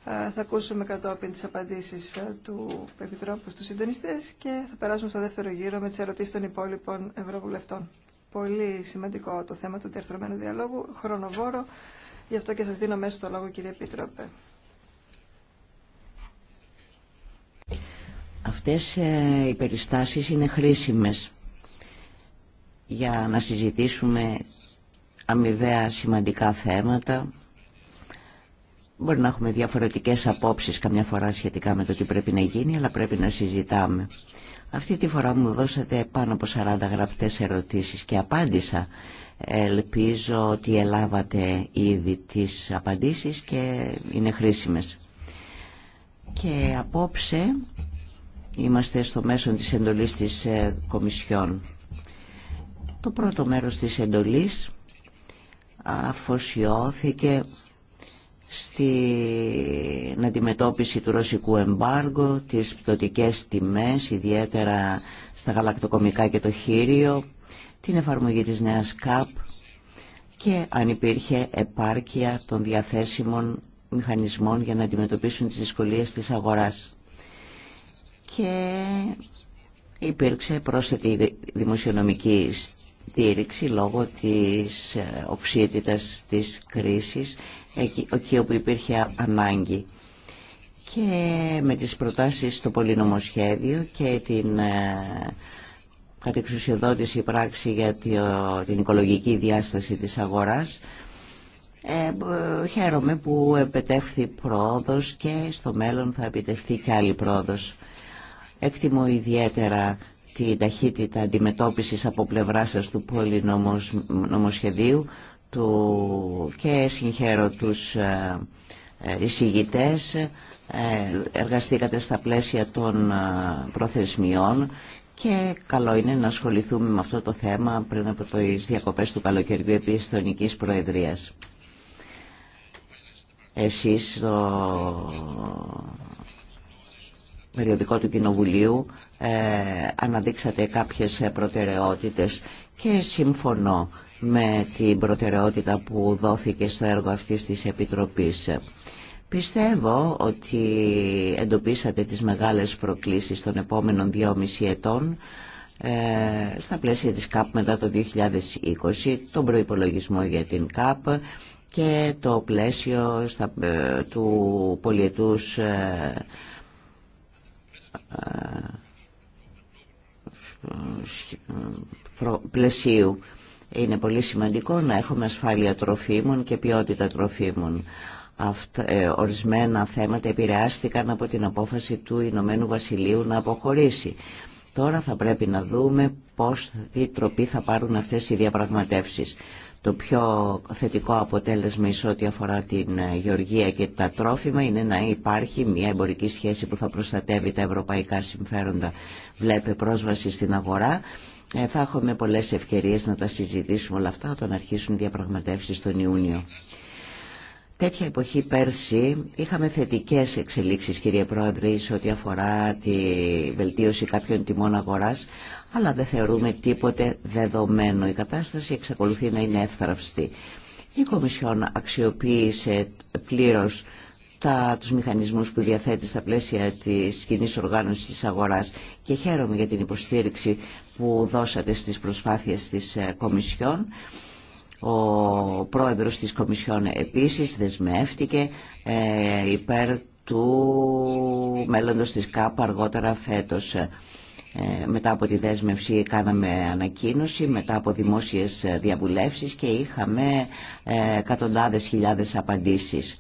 Speaker 1: Ε, θα ακούσουμε κατόπιν τις απαντήσεις ε, του Επιτρόπου στους συντονιστές και θα περάσουμε στο δεύτερο γύρο με τις ερωτήσεις των υπόλοιπων Ευρωβουλευτών πολύ σημαντικό το θέμα του διαρθρωμένου διαλόγου, χρονοβόρο. Γι' αυτό και σας δίνω μέσω το λόγο κύριε Επίτροπε.
Speaker 3: Αυτές ε, οι περιστάσεις είναι χρήσιμες για να συζητήσουμε αμοιβαία σημαντικά θέματα. Μπορεί να έχουμε διαφορετικές απόψεις καμιά φορά σχετικά με το τι πρέπει να γίνει, αλλά πρέπει να συζητάμε. Αυτή τη φορά μου δώσατε πάνω από 40 γραπτές ερωτήσεις και απάντησα. Ελπίζω ότι ελάβατε ήδη τις απαντήσεις και είναι χρήσιμες. Και απόψε είμαστε στο μέσο της εντολής της ε, Κομισιόν. Το πρώτο μέρος της εντολής αφοσιώθηκε στην αντιμετώπιση του ρωσικού εμπάργου, τις πτωτικές τιμές, ιδιαίτερα στα γαλακτοκομικά και το χείριο, την εφαρμογή της νέας ΚΑΠ και αν υπήρχε επάρκεια των διαθέσιμων μηχανισμών για να αντιμετωπίσουν τις δυσκολίες της αγοράς. Και υπήρξε πρόσθετη δημοσιονομική στήριξη λόγω της ε, οξύτητας της κρίσης εκεί όπου υπήρχε ανάγκη. Και με τις προτάσεις στο πολυνομοσχέδιο και την ε, κατεξουσιοδότηση πράξη για την οικολογική διάσταση της αγοράς, ε, χαίρομαι που επετεύχθη πρόοδος και στο μέλλον θα επιτευχθεί και άλλη πρόοδος. Εκτιμώ ιδιαίτερα την ταχύτητα αντιμετώπισης από πλευρά σας του πολυνομοσχεδίου, του και συγχαίρω τους ε, ε, εισηγητές. Ε, εργαστήκατε στα πλαίσια των προθεσμιών και καλό είναι να ασχοληθούμε με αυτό το θέμα πριν από το διακοπές του καλοκαιριού επιστονικής προεδρίας. Εσείς το περιοδικό του Κοινοβουλίου ε, αναδείξατε κάποιες προτεραιότητες και συμφωνώ με την προτεραιότητα που δόθηκε στο έργο αυτής της Επιτροπής. Πιστεύω ότι εντοπίσατε τις μεγάλες προκλήσεις των επόμενων δυόμιση ετών ε, στα πλαίσια της ΚΑΠ μετά το 2020, τον προϋπολογισμό για την ΚΑΠ και το πλαίσιο ε, του πολιετούς ε, πλαισίου. Είναι πολύ σημαντικό να έχουμε ασφάλεια τροφίμων και ποιότητα τροφίμων. Αυτά, ε, ορισμένα θέματα επηρεάστηκαν από την απόφαση του Ηνωμένου Βασιλείου να αποχωρήσει. Τώρα θα πρέπει να δούμε πώς, τι τροπή θα πάρουν αυτές οι διαπραγματεύσεις. Το πιο θετικό αποτέλεσμα εις ό,τι αφορά την ε, γεωργία και τα τρόφιμα είναι να υπάρχει μια εμπορική σχέση που θα προστατεύει τα ευρωπαϊκά συμφέροντα. Βλέπε πρόσβαση στην αγορά ε, θα έχουμε πολλές ευκαιρίες να τα συζητήσουμε όλα αυτά όταν αρχίσουν οι διαπραγματεύσεις τον Ιούνιο. Τέτοια εποχή πέρσι είχαμε θετικές εξελίξεις κύριε Πρόεδρε σε ό,τι αφορά τη βελτίωση κάποιων τιμών αγοράς αλλά δεν θεωρούμε τίποτε δεδομένο. Η κατάσταση εξακολουθεί να είναι εύθραυστη. Η Κομισιόν αξιοποίησε πλήρως τα, τους μηχανισμούς που διαθέτει στα πλαίσια της κοινή οργάνωσης της αγοράς και χαίρομαι για την υποστήριξη που δώσατε στις προσπάθειες της ε, Κομισιόν. Ο πρόεδρος της Κομισιόν επίσης δεσμεύτηκε ε, υπέρ του μέλλοντος της ΚΑΠ αργότερα φέτος. Ε, μετά από τη δέσμευση κάναμε ανακοίνωση, μετά από δημόσιες διαβουλεύσεις και είχαμε εκατοντάδες χιλιάδες απαντήσεις.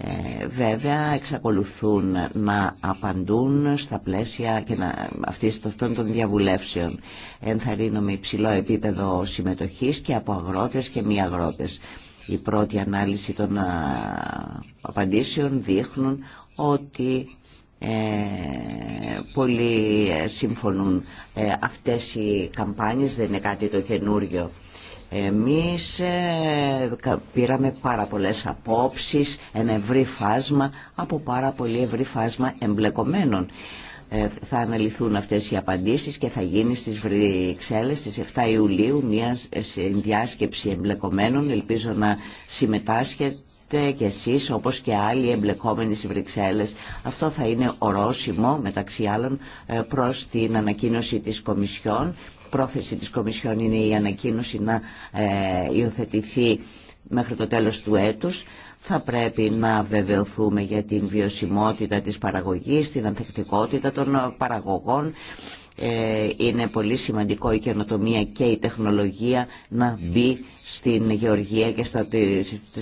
Speaker 3: Ε, βέβαια εξακολουθούν να απαντούν στα πλαίσια και να, αυτής, αυτών των διαβουλεύσεων. Ενθαρρύνουμε υψηλό επίπεδο συμμετοχής και από αγρότες και μη αγρότες. Η πρώτη ανάλυση των απαντήσεων δείχνουν ότι ε, πολλοί ε, συμφωνούν. Ε, αυτές οι καμπάνιες δεν είναι κάτι το καινούριο. Εμείς ε, πήραμε πάρα πολλές απόψεις, ένα ευρύ φάσμα από πάρα πολύ ευρύ φάσμα εμπλεκομένων. Ε, θα αναλυθούν αυτές οι απαντήσεις και θα γίνει στις Βρυξέλλες στις 7 Ιουλίου μια ε, διάσκεψη εμπλεκομένων. Ελπίζω να συμμετάσχετε και κι εσείς όπως και άλλοι εμπλεκόμενοι στις Βρυξέλλες. Αυτό θα είναι ορόσημο μεταξύ άλλων ε, προς την ανακοίνωση της Κομισιόν. Πρόθεση της Κομισιόν είναι η ανακοίνωση να ε, υιοθετηθεί μέχρι το τέλος του έτους θα πρέπει να βεβαιωθούμε για την βιωσιμότητα της παραγωγής, την ανθεκτικότητα των παραγωγών ε, είναι πολύ σημαντικό η καινοτομία και η τεχνολογία να μπει στην γεωργία και στα,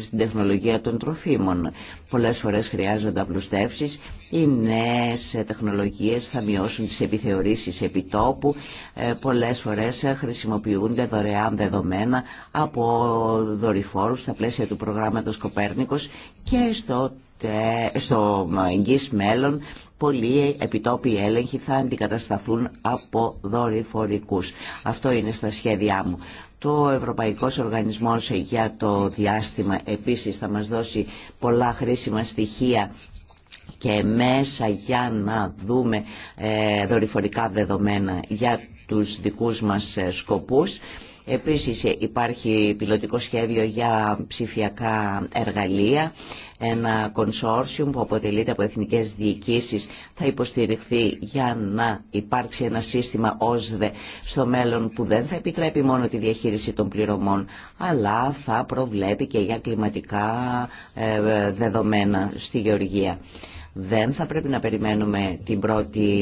Speaker 3: στην τεχνολογία των τροφίμων. Πολλές φορές χρειάζονται απλουστεύσεις. Οι νέες τεχνολογίες θα μειώσουν τις επιθεωρήσεις επιτόπου. Ε, πολλές φορές χρησιμοποιούνται δωρεάν δεδομένα από δορυφόρους στα πλαίσια του προγράμματος Κοπέρνικος και στο στο εγγύς μέλλον πολλοί επιτόπιοι έλεγχοι θα αντικατασταθούν από δορυφορικούς. Αυτό είναι στα σχέδιά μου. Το Ευρωπαϊκός Οργανισμός για το Διάστημα επίσης θα μας δώσει πολλά χρήσιμα στοιχεία και μέσα για να δούμε ε, δορυφορικά δεδομένα για τους δικούς μας ε, σκοπούς. Επίσης υπάρχει πιλωτικό σχέδιο για ψηφιακά εργαλεία, ένα κονσόρσιουμ που αποτελείται από εθνικές διοικήσεις θα υποστηριχθεί για να υπάρξει ένα σύστημα ΩΣΔΕ στο μέλλον που δεν θα επιτρέπει μόνο τη διαχείριση των πληρωμών αλλά θα προβλέπει και για κλιματικά ε, δεδομένα στη Γεωργία. Δεν θα πρέπει να περιμένουμε την, πρώτη,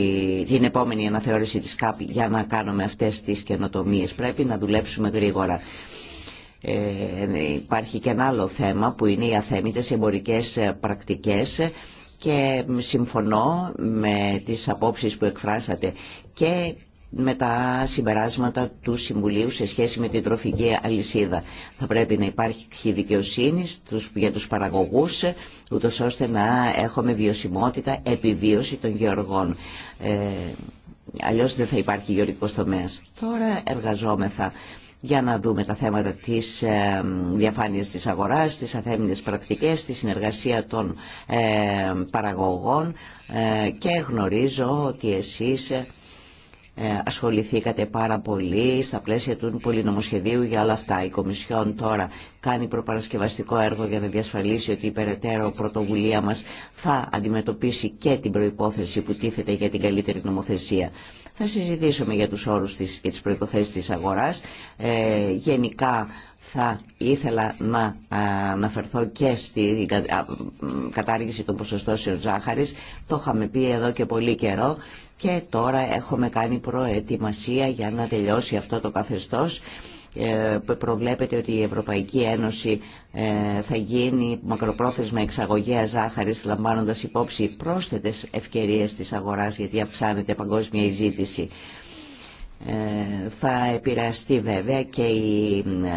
Speaker 3: την επόμενη αναθεώρηση της ΚΑΠ για να κάνουμε αυτές τις καινοτομίες. Πρέπει να δουλέψουμε γρήγορα. Ε, υπάρχει και ένα άλλο θέμα που είναι οι αθέμητες εμπορικές πρακτικές και συμφωνώ με τις απόψεις που εκφράσατε και με τα συμπεράσματα του Συμβουλίου σε σχέση με την τροφική αλυσίδα. Θα πρέπει να υπάρχει δικαιοσύνη για τους παραγωγούς, ούτως ώστε να έχουμε βιωσιμότητα, επιβίωση των γεωργών. Ε, αλλιώς δεν θα υπάρχει γεωργικός τομέας. Τώρα εργαζόμεθα για να δούμε τα θέματα της ε, διαφάνειας της αγοράς, τις αθέμινες πρακτικές, τη συνεργασία των ε, παραγωγών ε, και γνωρίζω ότι εσείς ε, ε, ασχοληθήκατε πάρα πολύ στα πλαίσια του πολυνομοσχεδίου για όλα αυτά. Η Κομισιόν τώρα κάνει προπαρασκευαστικό έργο για να διασφαλίσει ότι η περαιτέρω πρωτοβουλία μας θα αντιμετωπίσει και την προϋπόθεση που τίθεται για την καλύτερη νομοθεσία. Θα συζητήσουμε για τους όρους της, και τις προϋποθέσεις της αγοράς, ε, γενικά θα ήθελα να αναφερθώ και στη κατάργηση των ποσοστώσεων ζάχαρης. Το είχαμε πει εδώ και πολύ καιρό και τώρα έχουμε κάνει προετοιμασία για να τελειώσει αυτό το καθεστώς. Ε, προβλέπεται ότι η Ευρωπαϊκή Ένωση ε, θα γίνει μακροπρόθεσμα εξαγωγέα ζάχαρης λαμβάνοντας υπόψη πρόσθετες ευκαιρίες της αγοράς γιατί αυξάνεται παγκόσμια η θα επηρεαστεί βέβαια και η ε,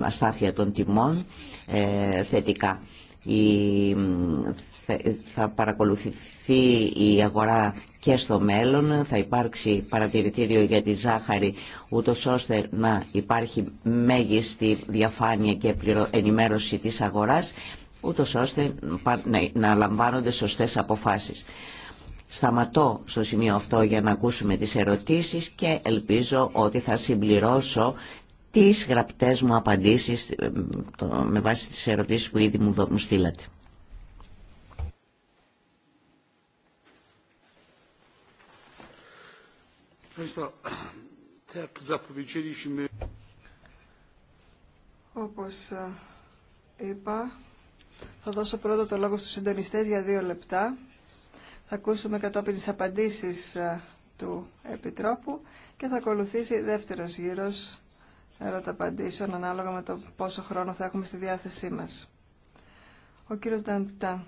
Speaker 3: αστάθεια των τιμών ε, θετικά. η Θα παρακολουθηθεί η αγορά και στο μέλλον, θα υπάρξει παρατηρητήριο για τη ζάχαρη ούτως ώστε να υπάρχει μέγιστη διαφάνεια και ενημέρωση της αγοράς ούτως ώστε να λαμβάνονται σωστές αποφάσεις. Σταματώ στο σημείο αυτό για να ακούσουμε τις ερωτήσεις και ελπίζω ότι θα συμπληρώσω τις γραπτές μου απαντήσεις ε, με βάση τις ερωτήσεις που ήδη μου στείλατε.
Speaker 1: Όπως ε, είπα, θα δώσω πρώτα το λόγο στους συντονιστές για δύο λεπτά θα ακούσουμε κατόπιν τις απαντήσεις ε, του Επιτρόπου και θα ακολουθήσει δεύτερος γύρος ερώτα-απαντήσεων ανάλογα με το πόσο χρόνο θα έχουμε στη διάθεσή μας. Ο κύριος Νταντά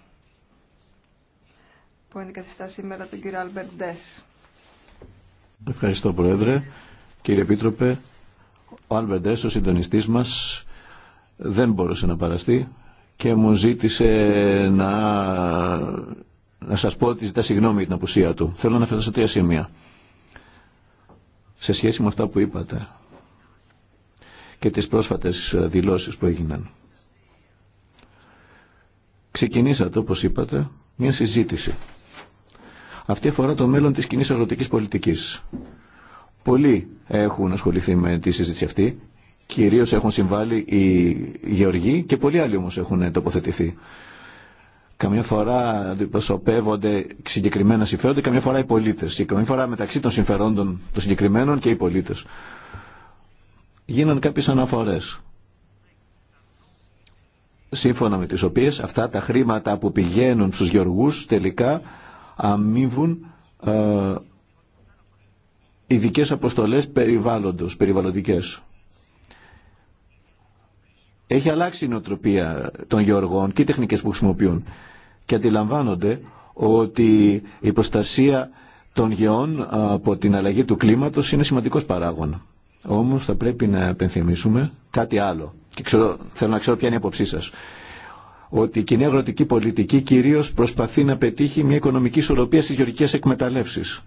Speaker 1: που καθιστά σήμερα τον κύριο Αλμπερντές.
Speaker 2: Ευχαριστώ Πρόεδρε. Κύριε Επίτροπε, ο Αλμπερντές, ο συντονιστής μας, δεν μπόρεσε να παραστεί και μου ζήτησε να να σας πω ότι ζητά συγγνώμη για την απουσία του. Θέλω να φέρω σε τρία σημεία. Σε σχέση με αυτά που είπατε και τις πρόσφατες ε, δηλώσεις που έγιναν. Ξεκινήσατε, όπως είπατε, μια συζήτηση. Αυτή αφορά το μέλλον της κοινή αγροτικής πολιτικής. Πολλοί έχουν ασχοληθεί με τη συζήτηση αυτή, κυρίως έχουν συμβάλει οι γεωργοί και πολλοί άλλοι όμως έχουν τοποθετηθεί. Καμιά φορά αντιπροσωπεύονται συγκεκριμένα συμφέροντα, καμιά φορά οι πολίτε. Και καμιά φορά μεταξύ των συμφερόντων των συγκεκριμένων και οι πολίτε. Γίναν κάποιε αναφορέ. Σύμφωνα με τι οποίε αυτά τα χρήματα που πηγαίνουν στου γεωργού τελικά αμείβουν ε, ειδικέ αποστολέ περιβάλλοντο, περιβαλλοντικέ. Έχει αλλάξει η νοοτροπία των γεωργών και οι τεχνικέ που χρησιμοποιούν και αντιλαμβάνονται ότι η προστασία των γεών από την αλλαγή του κλίματος είναι σημαντικός παράγων. Όμως θα πρέπει να επενθυμίσουμε κάτι άλλο. Και ξέρω, θέλω να ξέρω ποια είναι η απόψή σας. Ότι η κοινή αγροτική πολιτική κυρίως προσπαθεί να πετύχει μια οικονομική ισορροπία στις γεωργικές εκμεταλλεύσεις.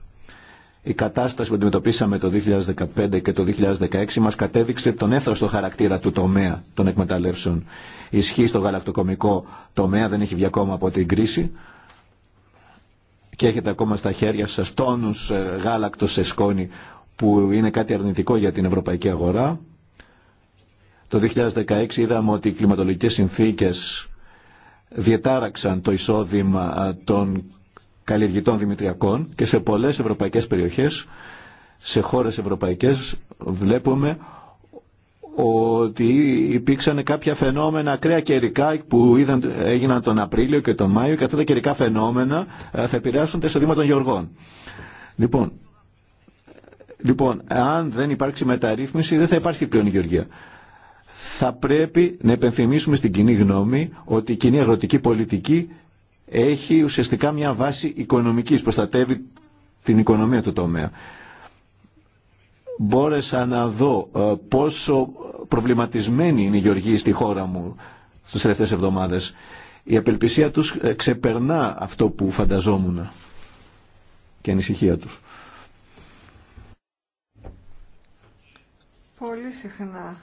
Speaker 2: Η κατάσταση που αντιμετωπίσαμε το 2015 και το 2016 μας κατέδειξε τον έφραστο χαρακτήρα του τομέα των εκμεταλλεύσεων. Η ισχύ στο γαλακτοκομικό τομέα δεν έχει βγει ακόμα από την κρίση και έχετε ακόμα στα χέρια σας τόνους ε, γάλακτος σε σκόνη που είναι κάτι αρνητικό για την ευρωπαϊκή αγορά. Το 2016 είδαμε ότι οι κλιματολογικές συνθήκες διετάραξαν το εισόδημα ε, των καλλιεργητών δημητριακών και σε πολλές ευρωπαϊκές περιοχές, σε χώρες ευρωπαϊκές βλέπουμε ότι υπήρξαν κάποια φαινόμενα ακραία καιρικά που είδαν, έγιναν τον Απρίλιο και τον Μάιο και αυτά τα καιρικά φαινόμενα ε, θα επηρεάσουν τα εισοδήματα των γεωργών. Λοιπόν, λοιπόν, αν δεν υπάρξει μεταρρύθμιση δεν θα υπάρχει πλέον γεωργία. Θα πρέπει να επενθυμίσουμε στην κοινή γνώμη ότι η κοινή αγροτική πολιτική έχει ουσιαστικά μια βάση οικονομικής, προστατεύει την οικονομία του τομέα. Μπόρεσα να δω ε, πόσο προβληματισμένη είναι η Γεωργοί στη χώρα μου στις τελευταίες εβδομάδες. Η απελπισία τους ε, ξεπερνά αυτό που φανταζόμουν και η ανησυχία τους.
Speaker 1: Πολύ συχνά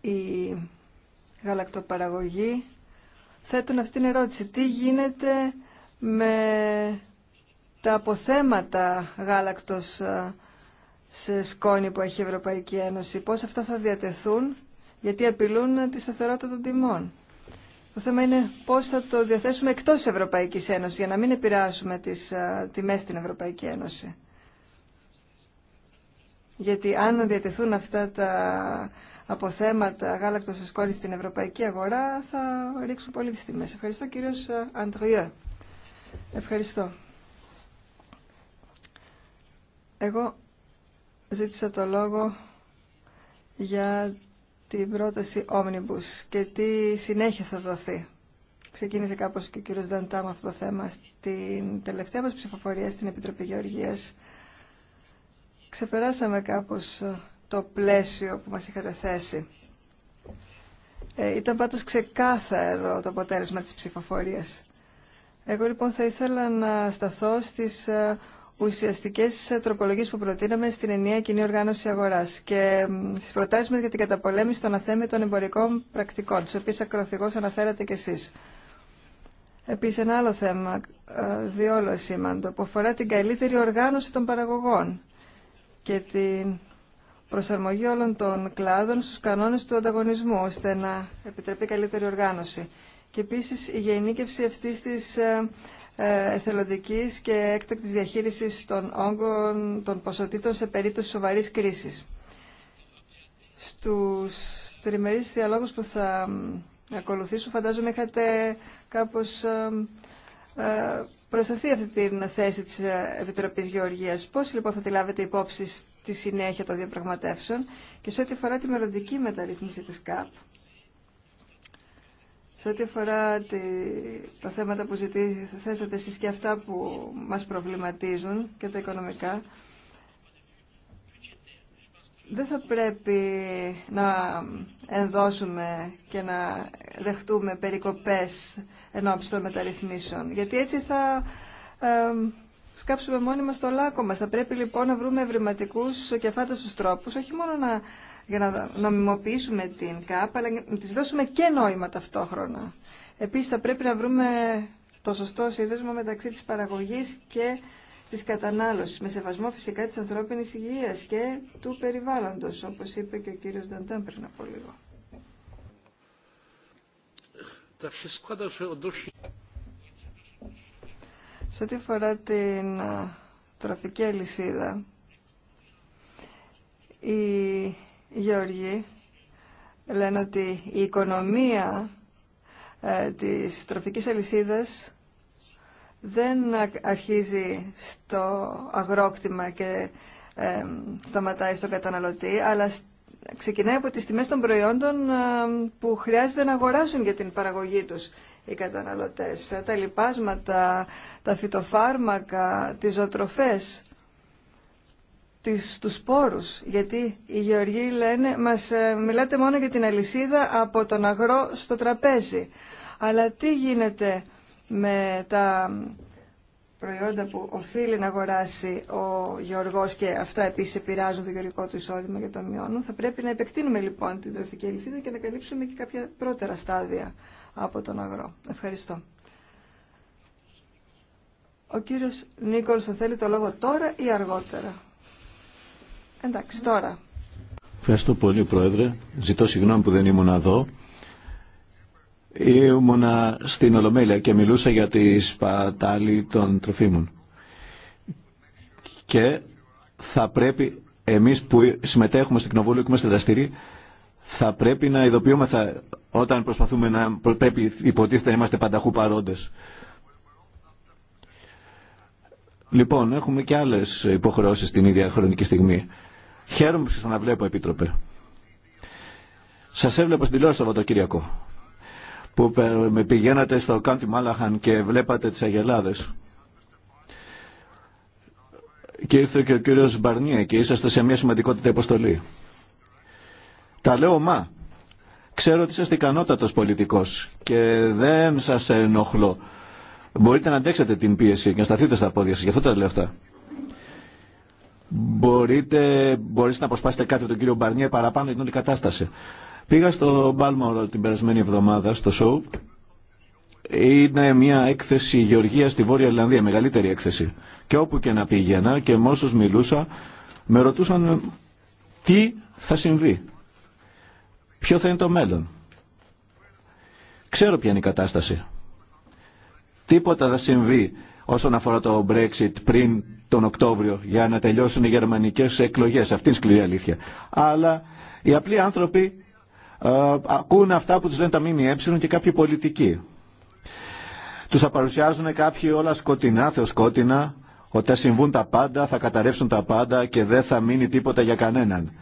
Speaker 1: η γάλακτοπαραγωγή, θέτουν αυτή την ερώτηση. Τι γίνεται με τα αποθέματα γάλακτος ε, σε σκόνη που έχει η Ευρωπαϊκή Ένωση, πώς αυτά θα διατεθούν, γιατί απειλούν τη σταθερότητα των τιμών. Το θέμα είναι πώς θα το διαθέσουμε εκτός Ευρωπαϊκής Ένωσης, για να μην επηρεάσουμε τις ε, τιμές στην Ευρωπαϊκή Ένωση. Γιατί αν διατεθούν αυτά τα θέματα γάλακτος σε σκόνη στην ευρωπαϊκή αγορά θα ρίξουν πολύ τις τιμές. Ευχαριστώ κύριος ε, Αντριέ. Ευχαριστώ. Εγώ ζήτησα το λόγο για την πρόταση Omnibus και τι συνέχεια θα δοθεί. Ξεκίνησε κάπως και ο κύριος Δαντά με αυτό το θέμα στην τελευταία μας ψηφοφορία στην Επιτροπή Γεωργίας. Ξεπεράσαμε κάπως ε, το πλαίσιο που μας είχατε θέσει. Ε, ήταν πάντως ξεκάθαρο το αποτέλεσμα της ψηφοφορίας. Εγώ λοιπόν θα ήθελα να σταθώ στις ε, ουσιαστικές ε, τροπολογίες που προτείναμε στην ενιαία κοινή οργάνωση αγοράς και στις προτάσεις μας για την καταπολέμηση των αθέμητων εμπορικών πρακτικών, τις οποίες ακροθυγώς αναφέρατε κι εσείς. Επίσης ένα άλλο θέμα, ε, διόλου σήμαντο, που αφορά την καλύτερη οργάνωση των παραγωγών και την προσαρμογή όλων των κλάδων στους κανόνες του ανταγωνισμού, ώστε να επιτρέπει καλύτερη οργάνωση. Και επίσης η γενίκευση αυτής της ε, ε, εθελοντικής και έκτακτης διαχείρισης των όγκων των ποσοτήτων σε περίπτωση σοβαρής κρίσης. Στους τριμερείς διαλόγους που θα ακολουθήσουν φαντάζομαι είχατε κάπως ε, προσταθεί αυτή τη θέση της Επιτροπής Γεωργίας. Πώς λοιπόν θα τη λάβετε υπόψη τη συνέχεια των διαπραγματεύσεων και σε ό,τι αφορά τη μελλοντική μεταρρύθμιση της ΚΑΠ, σε ό,τι αφορά τη, τα θέματα που ζητή, θέσατε εσείς και αυτά που μας προβληματίζουν και τα οικονομικά, δεν θα πρέπει να ενδώσουμε και να δεχτούμε περικοπές ενώπιστων μεταρρυθμίσεων, γιατί έτσι θα σκάψουμε μόνοι μας το λάκκο μας. Θα πρέπει λοιπόν να βρούμε ευρηματικούς και αφάνταστους τρόπους, όχι μόνο να, για να νομιμοποιήσουμε την ΚΑΠ, αλλά να της δώσουμε και νόημα ταυτόχρονα. Επίσης θα πρέπει να βρούμε το σωστό σύνδεσμο μεταξύ της παραγωγής και της κατανάλωσης, με σεβασμό φυσικά της ανθρώπινης υγείας και του περιβάλλοντος, όπως είπε και ο κύριος Νταντάν πριν από λίγο. Σε ό,τι αφορά την τροφική αλυσίδα, οι γεωργοί λένε ότι η οικονομία ε, της τροφικής αλυσίδας δεν αρχίζει στο αγρόκτημα και σταματάει στον καταναλωτή, αλλά ξεκινάει από τις τιμές των προϊόντων που χρειάζεται να αγοράσουν για την παραγωγή τους οι καταναλωτές, τα λιπάσματα, τα φυτοφάρμακα, τις ζωοτροφές, τις, τους σπόρους. Γιατί οι γεωργοί λένε, μας ε, μιλάτε μόνο για την αλυσίδα από τον αγρό στο τραπέζι. Αλλά τι γίνεται με τα προϊόντα που οφείλει να αγοράσει ο Γεωργός και αυτά επίσης επηρεάζουν το γεωργικό του εισόδημα και το μειώνουν. Θα πρέπει να επεκτείνουμε λοιπόν την τροφική αλυσίδα και να καλύψουμε και κάποια πρώτερα στάδια από τον αγρό. Ευχαριστώ. Ο κύριος Νίκολσον θέλει το λόγο τώρα ή αργότερα. Εντάξει, τώρα.
Speaker 2: Ευχαριστώ πολύ, Πρόεδρε. Ζητώ συγγνώμη που δεν ήμουν εδώ. Ήμουνα στην Ολομέλεια και μιλούσα για τη σπατάλη των τροφίμων. Και θα πρέπει εμείς που συμμετέχουμε στο Κοινοβούλιο και είμαστε δραστηροί θα πρέπει να ειδοποιούμε όταν προσπαθούμε να πρέπει υποτίθεται να είμαστε πανταχού παρόντες. Λοιπόν, έχουμε και άλλες υποχρεώσεις την ίδια χρονική στιγμή. Χαίρομαι που σας αναβλέπω, Επίτροπε. Σας έβλεπα στην τηλεόραση το Σαββατοκύριακο που με πηγαίνατε στο Κάντι Μάλαχαν και βλέπατε τις αγελάδες. Και ήρθε και ο κύριος Μπαρνία και είσαστε σε μια σημαντικότητα υποστολή. Τα λέω μα. Ξέρω ότι είστε ικανότατος πολιτικός και δεν σας ενοχλώ. Μπορείτε να αντέξετε την πίεση και να σταθείτε στα πόδια σας. Γι' αυτό τα λέω αυτά. Μπορείτε, μπορείτε να αποσπάσετε κάτι από τον κύριο Μπαρνιέ παραπάνω για την όλη κατάσταση. Πήγα στο Μπάλμαρο την περασμένη εβδομάδα στο σοου. Είναι μια έκθεση γεωργία στη Βόρεια Ιρλανδία, μεγαλύτερη έκθεση. Και όπου και να πήγαινα και με όσου μιλούσα, με ρωτούσαν τι θα συμβεί. Ποιο θα είναι το μέλλον. Ξέρω ποια είναι η κατάσταση. Τίποτα θα συμβεί όσον αφορά το Brexit πριν τον Οκτώβριο για να τελειώσουν οι γερμανικές εκλογές. Αυτή είναι σκληρή αλήθεια. Αλλά οι απλοί άνθρωποι ε, ακούν αυτά που τους λένε τα ΜΜΕ και κάποιοι πολιτικοί. Τους θα παρουσιάζουν κάποιοι όλα σκοτεινά, θεοσκότεινα, ότι θα συμβούν τα πάντα, θα καταρρεύσουν τα πάντα και δεν θα μείνει τίποτα για κανέναν.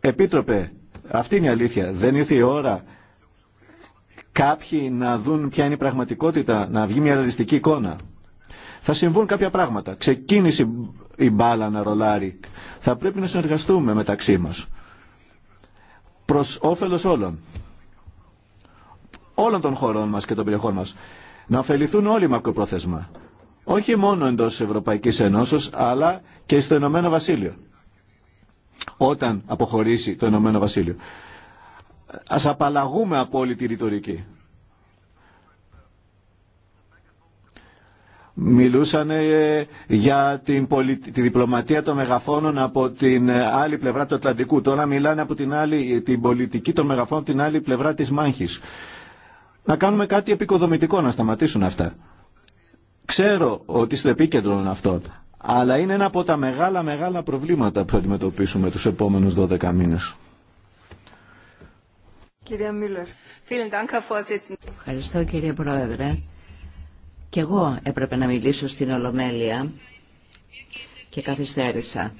Speaker 2: Επίτροπε, αυτή είναι η αλήθεια. Δεν ήρθε η ώρα κάποιοι να δουν ποια είναι η πραγματικότητα, να βγει μια ρεαλιστική εικόνα. Θα συμβούν κάποια πράγματα. Ξεκίνησε η μπάλα να ρολάρει. Θα πρέπει να συνεργαστούμε μεταξύ μας. Προς όφελος όλων. Όλων των χωρών μας και των περιοχών μας. Να ωφεληθούν όλοι μακροπρόθεσμα. Όχι μόνο εντός Ευρωπαϊκής Ενώσεως, αλλά και στο Ηνωμένο Βασίλειο όταν αποχωρήσει το Ηνωμένο Βασίλειο. Ας απαλλαγούμε από όλη τη ρητορική. Μιλούσαν ε, για την τη διπλωματία των μεγαφώνων από την ε, άλλη πλευρά του Ατλαντικού. Τώρα μιλάνε από την, άλλη... Ε, την πολιτική των μεγαφώνων την άλλη πλευρά της μάχης. Να κάνουμε κάτι επικοδομητικό, να σταματήσουν αυτά. Ξέρω ότι στο επίκεντρο αυτό αλλά είναι ένα από τα μεγάλα μεγάλα προβλήματα που θα αντιμετωπίσουμε τους επόμενους 12 μήνες.
Speaker 1: Κυρία Μίλλερ.
Speaker 3: Ευχαριστώ κύριε Πρόεδρε. Κι εγώ έπρεπε να μιλήσω στην Ολομέλεια και καθυστέρησα.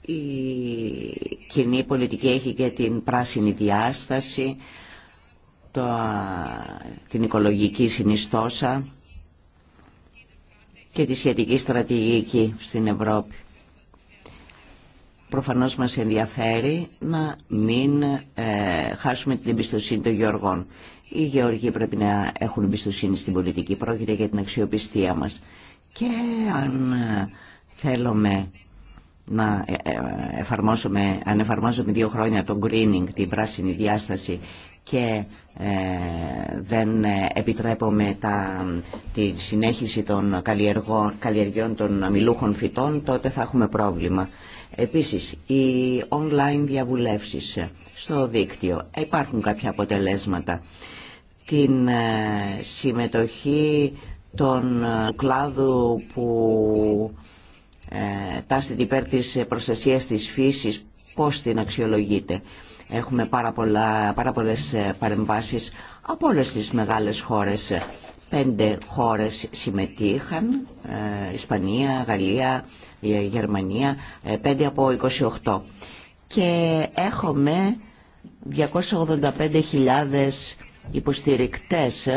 Speaker 3: Η κοινή πολιτική έχει και την πράσινη διάσταση, το, την οικολογική συνιστόσα, και τη σχετική στρατηγική στην Ευρώπη. Προφανώς μας ενδιαφέρει να μην ε, χάσουμε την εμπιστοσύνη των γεωργών. Οι γεωργοί πρέπει να έχουν εμπιστοσύνη στην πολιτική. Πρόκειται για την αξιοπιστία μας. Και αν ε, θέλουμε να ε, εφαρμόσουμε, αν εφαρμόσουμε δύο χρόνια το greening, την πράσινη διάσταση και ε, δεν επιτρέπουμε τα, τη συνέχιση των καλλιεργιών των αμιλούχων φυτών, τότε θα έχουμε πρόβλημα. Επίσης, οι online διαβουλεύσεις στο δίκτυο υπάρχουν κάποια αποτελέσματα. Την ε, συμμετοχή των ε, κλάδου που ε, υπέρ της προστασίας της φύσης, πώς την αξιολογείται. Έχουμε πάρα, πολλά, πάρα πολλές ε, παρεμβάσεις από όλες τις μεγάλες χώρες. Πέντε χώρες συμμετείχαν, ε, Ισπανία, Γαλλία, ε, Γερμανία, πέντε από 28. Και έχουμε 285.000 υποστηρικτές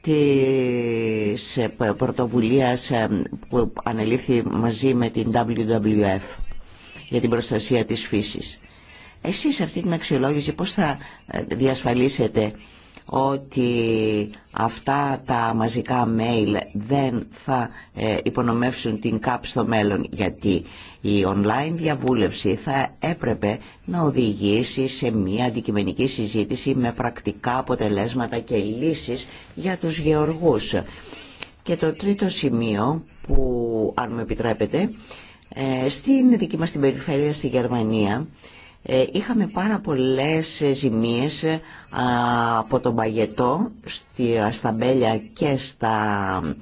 Speaker 3: της πρωτοβουλίας που ανελήφθη μαζί με την WWF για την προστασία της φύσης. Εσείς αυτή την αξιολόγηση πώς θα ε, διασφαλίσετε ότι αυτά τα μαζικά mail δεν θα ε, υπονομεύσουν την ΚΑΠ στο μέλλον γιατί η online διαβούλευση θα έπρεπε να οδηγήσει σε μια αντικειμενική συζήτηση με πρακτικά αποτελέσματα και λύσεις για τους γεωργούς. Και το τρίτο σημείο που αν με επιτρέπετε ε, στην δική μας την περιφέρεια στη Γερμανία ε, είχαμε πάρα πολλές ε, ζημίες ε, από τον παγετό στα μπέλια και στα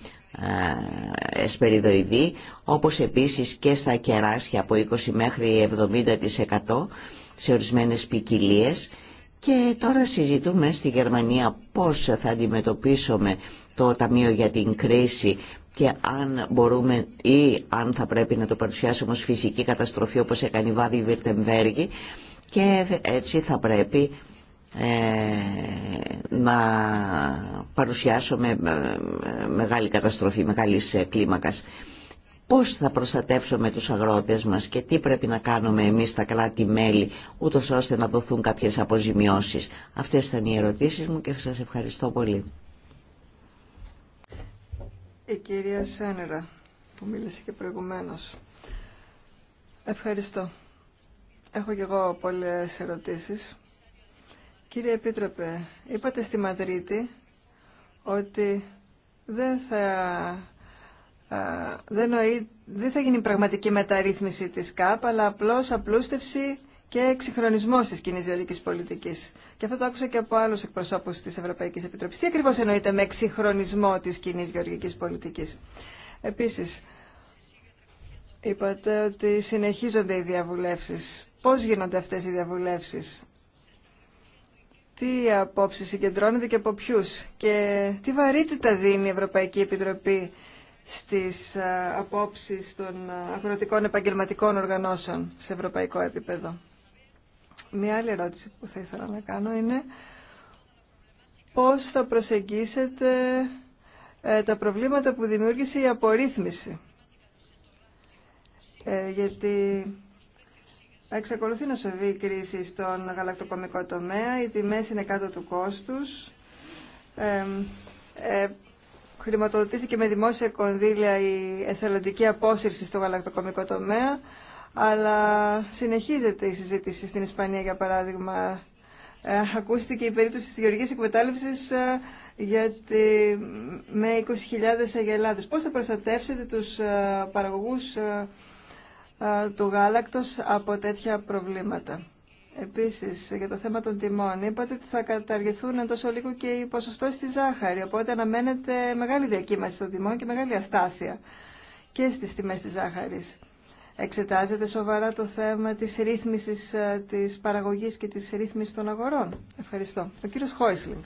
Speaker 3: εσπεριδοειδή, όπως επίσης και στα κεράσια από 20 μέχρι 70% σε ορισμένες ποικιλίε. Και τώρα συζητούμε στη Γερμανία πώς θα αντιμετωπίσουμε το Ταμείο για την Κρίση και αν μπορούμε ή αν θα πρέπει να το παρουσιάσουμε ως φυσική καταστροφή όπως έκανε η Βάδη Βιρτεμβέργη και έτσι θα πρέπει ε, να παρουσιάσουμε ε, μεγάλη καταστροφή, μεγάλης ε, κλίμακας. Πώς θα προστατεύσουμε τους αγρότες μας και τι πρέπει να κάνουμε εμείς τα κράτη-μέλη ούτως ώστε να δοθούν κάποιες αποζημιώσεις. Αυτές ήταν οι ερωτήσεις μου και σας ευχαριστώ πολύ
Speaker 1: η κυρία Σένερα που μίλησε και προηγουμένως. Ευχαριστώ. Έχω και εγώ πολλές ερωτήσεις. Κύριε Επίτροπε, είπατε στη Μαδρίτη ότι δεν θα, δεν, δεν θα γίνει πραγματική μεταρρύθμιση της ΚΑΠ, αλλά απλώς απλούστευση και εξυγχρονισμό τη κοινή γεωρική πολιτική. Και αυτό το άκουσα και από άλλου εκπροσώπου τη Ευρωπαϊκή Επιτροπή. Τι ακριβώ εννοείται με εξυγχρονισμό τη κοινή γεωργική πολιτική. Επίση, είπατε ότι συνεχίζονται οι διαβουλεύσει. Πώ γίνονται αυτέ οι διαβουλεύσει, τι απόψει συγκεντρώνεται και από ποιου και τι βαρύτητα δίνει η Ευρωπαϊκή Επιτροπή στις ε, απόψεις των ε, αγροτικών επαγγελματικών οργανώσεων σε ευρωπαϊκό επίπεδο. Μία άλλη ερώτηση που θα ήθελα να κάνω είναι πώς θα προσεγγίσετε ε, τα προβλήματα που δημιούργησε η απορρίθμιση. Ε, γιατί εξακολουθεί να σοβεί η κρίση στον γαλακτοκομικό τομέα, οι τιμές είναι κάτω του κόστους, ε, ε, χρηματοδοτήθηκε με δημόσια κονδύλια η εθελοντική απόσυρση στο γαλακτοκομικό τομέα, αλλά συνεχίζεται η συζήτηση στην Ισπανία, για παράδειγμα. Ε, ακούστηκε η περίπτωση της γεωργικής εκμετάλλευσης ε, γιατί με 20.000 αγελάδες. Πώς θα προστατεύσετε τους ε, παραγωγούς του γάλακτος από τέτοια προβλήματα. Επίσης, για το θέμα των τιμών, είπατε ότι θα καταργηθούν τόσο λίγο και οι ποσοστό στη ζάχαρη, οπότε αναμένεται μεγάλη διακύμαση των τιμών και μεγάλη αστάθεια και στις τιμές της ζάχαρης. Εξετάζεται σοβαρά το θέμα της ρύθμισης ε, της παραγωγής και της ρύθμισης των αγορών. Ευχαριστώ. Ο κύριος Χόισλινγκ.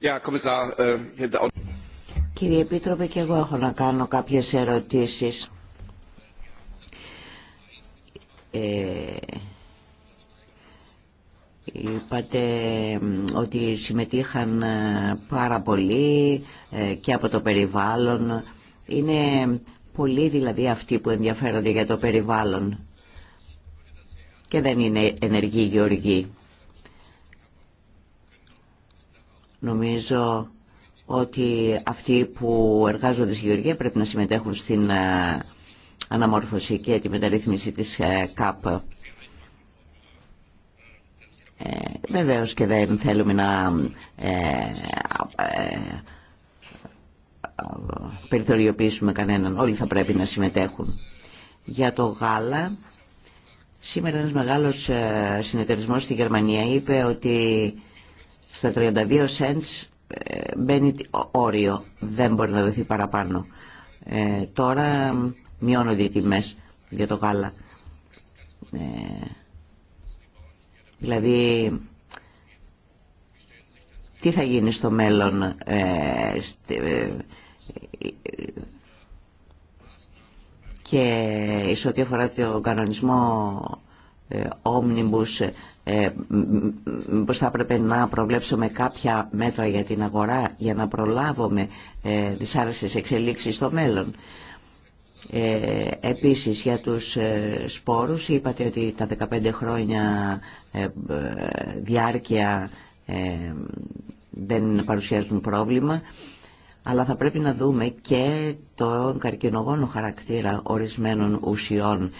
Speaker 2: Äh,
Speaker 3: Κύριε Επίτροπε, και εγώ έχω να κάνω κάποιες ερωτήσεις. Ε, είπατε ότι συμμετείχαν ε, πάρα πολλοί ε, και από το περιβάλλον είναι πολλοί δηλαδή αυτοί που ενδιαφέρονται για το περιβάλλον και δεν είναι ενεργοί γεωργοί. Νομίζω ότι αυτοί που εργάζονται στη γεωργία πρέπει να συμμετέχουν στην ε, αναμόρφωση και τη μεταρρύθμιση της ε, ΚΑΠ. Ε, βεβαίως και δεν θέλουμε να ε, περιθωριοποιήσουμε κανέναν. Όλοι θα πρέπει να συμμετέχουν. Για το γάλα, σήμερα ένας μεγάλος ε, συνεταιρισμός στη Γερμανία είπε ότι στα 32 cents ε, μπαίνει όριο, δεν μπορεί να δοθεί παραπάνω. Ε, τώρα μειώνονται οι τιμές για το γάλα. δηλαδή, τι θα γίνει στο μέλλον, και σε ό,τι αφορά τον κανονισμό ε, Omnibus ε, πως θα έπρεπε να προβλέψουμε κάποια μέτρα για την αγορά για να προλάβουμε ε, δυσάρεστες εξελίξεις στο μέλλον. επίσης για τους σπόρους είπατε ότι τα 15 χρόνια διάρκεια δεν παρουσιάζουν πρόβλημα αλλά θα πρέπει να δούμε και τον καρκινογόνο χαρακτήρα ορισμένων ουσιών